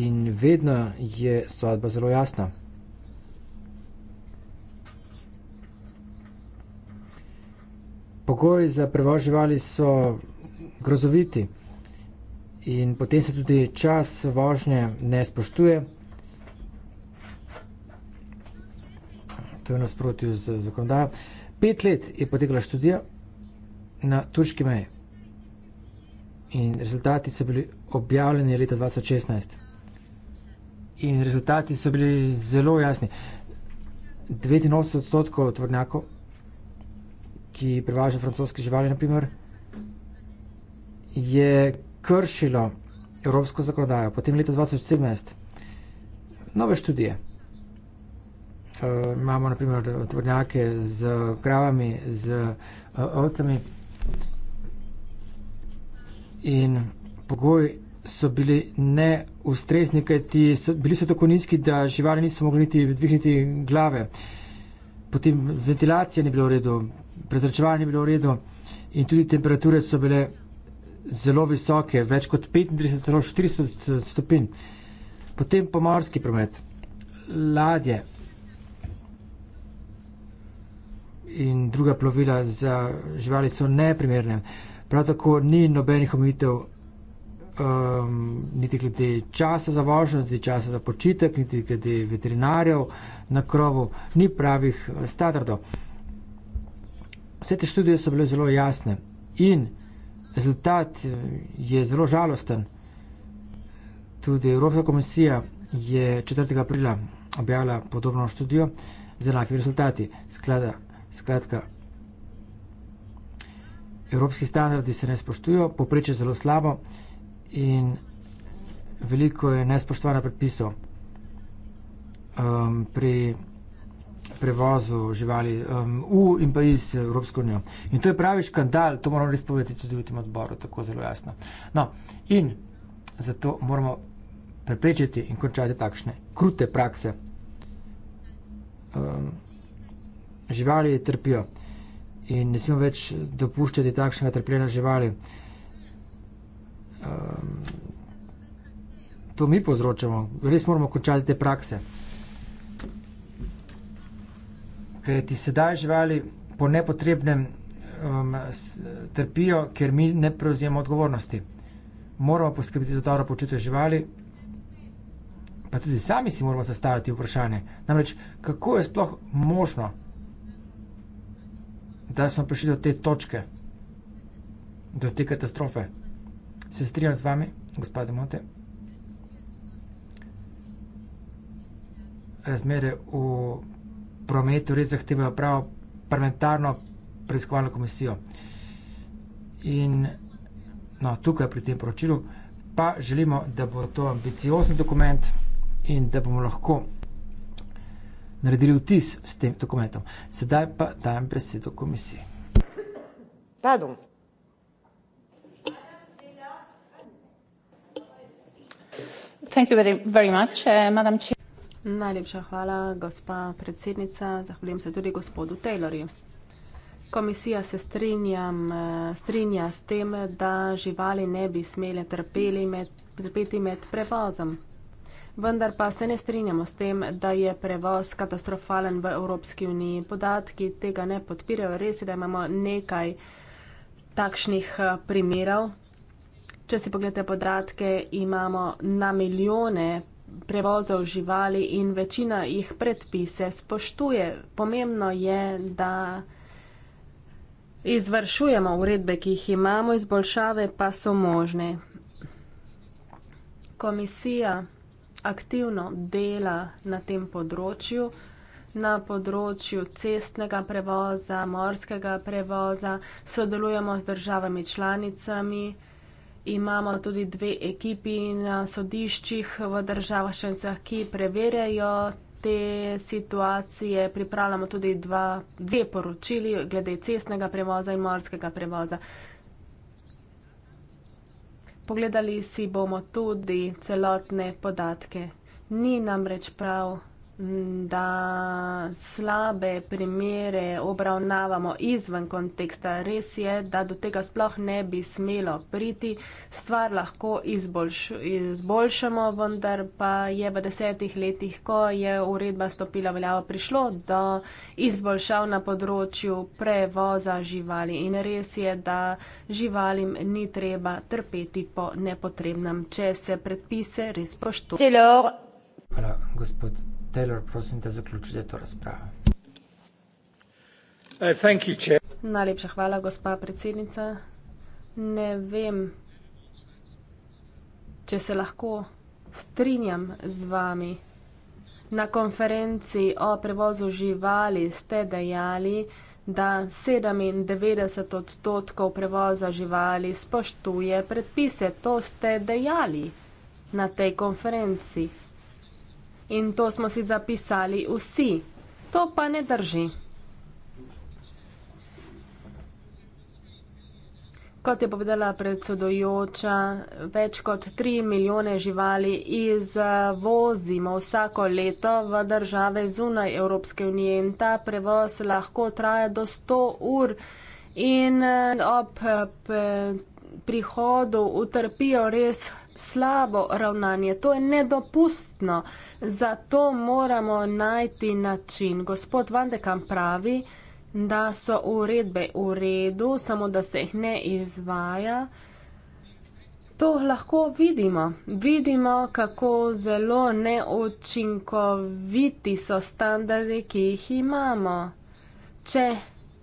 in vedno je sodba zelo jasna. Pogoji za prevoz živali so grozoviti in potem se tudi čas vožnje ne spoštuje. To je v nasprotju z zakonodajo. Pet let je potekala študija na turški meji. In rezultati so bili objavljeni leta 2016. In rezultati so bili zelo jasni. 89 odstotkov tvornjakov, ki prevažajo francoske živali, naprimer, je kršilo evropsko zakonodajo. Potem leta 2017, nove študije. E, imamo, naprimer, tvornjake z kravami, z eh, ovcami. E, in pogoji so bili neustrezni, kajti so, bili so tako nizki, da živali niso mogli niti dvigniti glave. Potem ventilacija ni bila v redu, prezračevanje ni bilo v redu in tudi temperature so bile zelo visoke, več kot 35-400 eh, stopinj. Potem pomorski promet, ladje in druga plovila za živali so neprimerne. Prav tako ni nobenih omejitev um, niti glede časa za vožnjo, niti časa za počitek, niti glede veterinarjev na krovu, ni pravih uh, standardov. Vse te študije so bile zelo jasne in rezultat uh, je zelo žalosten. Tudi Evropska komisija je 4. aprila objavila podobno študijo z enakimi rezultati. Skladka, evropski standardi se ne spoštujo, poprečje zelo slabo in veliko je nespoštovanja predpisov um, pri prevozu živali um, v in pa iz Evropsko unijo. In to je pravi škandal, to moramo res povedati tudi v tem odboru, tako zelo jasno. No, in zato moramo preprečiti in končati takšne krute prakse. Um, živali trpijo in ne smemo več dopuščati takšnega trpljenja živali. Ehm, to mi povzročamo, res moramo končati te prakse. Ker ti sedaj živali po nepotrebnem um, trpijo, ker mi ne prevzemamo odgovornosti. Moramo poskrbeti za dobro počutje živali, pa tudi sami si moramo zastaviti vprašanje. Namreč, kako je sploh možno? da smo prišli do te točke, do te katastrofe. Se strinjam z vami, gospod Mote. Razmere v prometu res zahtevajo pravo parlamentarno preiskovalno komisijo. In no, tukaj pri tem poročilu pa želimo, da bo to ambiciozen dokument in da bomo lahko naredili vtis s tem dokumentom. Sedaj pa dajem besedo komisiji. Radom. Eh, Najlepša hvala, gospa predsednica. Zahvaljujem se tudi gospodu Taylorju. Komisija se strinjam, eh, strinja s tem, da živali ne bi smeli trpeti med, med prevozom vendar pa se ne strinjamo s tem, da je prevoz katastrofalen v Evropski uniji. Podatki tega ne podpirajo. Res je, da imamo nekaj takšnih eh, primerov. Če si pogledate podatke, imamo na milijone prevozov živali in večina jih predpise spoštuje. Pomembno je, da izvršujemo uredbe, ki jih imamo, izboljšave pa so možne. Komisija aktivno dela na tem področju, na področju cestnega prevoza, morskega prevoza, sodelujemo z državami članicami. Imamo tudi dve ekipi na sodiščih v državah članicah, ki preverjajo te situacije. Pripravljamo tudi dva, dve poročili glede cestnega prevoza in morskega prevoza. Pogledali si bomo tudi celotne podatke. Ni namreč prav, da slabe primere obravnavamo izven konteksta. Res je, da do tega sploh ne bi smelo priti. Stvar lahko izboljš, izboljšamo, vendar pa je v desetih letih, ko je uredba stopila veljavo, prišlo do izboljšav na področju prevoza živali. In res je, da živalim ni treba trpeti po nepotrebnem, če se predpise res poštuje. Hvala, gospod. Taylor, prosim, da zaključite to razpravo. Eh, Najlepša hvala, gospa predsednica. Ne vem, če se lahko strinjam z vami. Na konferenci o prevozu živali ste dejali, da 97 odstotkov prevoza živali spoštuje predpise. To ste dejali na tej konferenci. In to smo si zapisali vsi. To pa ne drži. Kot je povedala predsodojoča, več kot tri milijone živali izvozimo vsako leto v države zunaj Evropske unije in ta prevoz lahko traja do 100 ur in eh, ob eh, prihodu utrpijo res slabo ravnanje, to je nedopustno. Zato moramo najti način. Gospod Vandekam pravi, da so uredbe v redu, samo da se jih ne izvaja. To lahko vidimo. Vidimo, kako zelo neučinkoviti so standardi, ki jih imamo. Če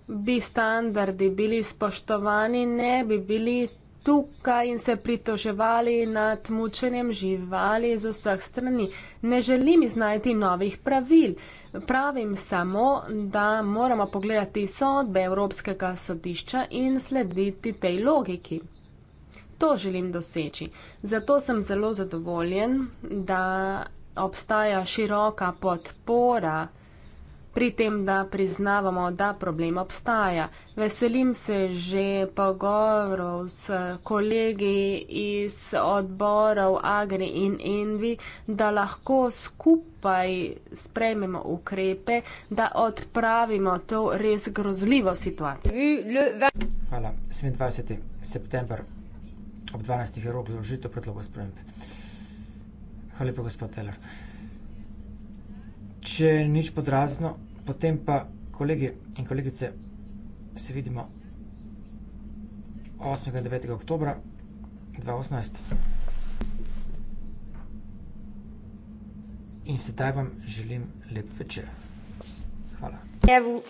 bi standardi bili spoštovani, ne bi bili tukaj in se pritoževali nad mučenjem živali z vseh strani. Ne želim iznajti novih pravil. Pravim samo, da moramo pogledati sodbe Evropskega sodišča in slediti tej logiki. To želim doseči. Zato sem zelo zadovoljen, da obstaja široka podpora pri tem, da priznavamo, da problem obstaja. Veselim se že pogovorov s kolegi iz odborov Agri in Envi, da lahko skupaj sprejmemo ukrepe, da odpravimo to res grozljivo situacijo. Hvala. 27. september ob 12. roku za vložitev predlogov sprememb. Hvala lepa, gospod Teller če nič podrazno, potem pa, kolegi in kolegice, se vidimo 8. in 9. oktobra 2018. In sedaj vam želim lep večer. Hvala. Evo.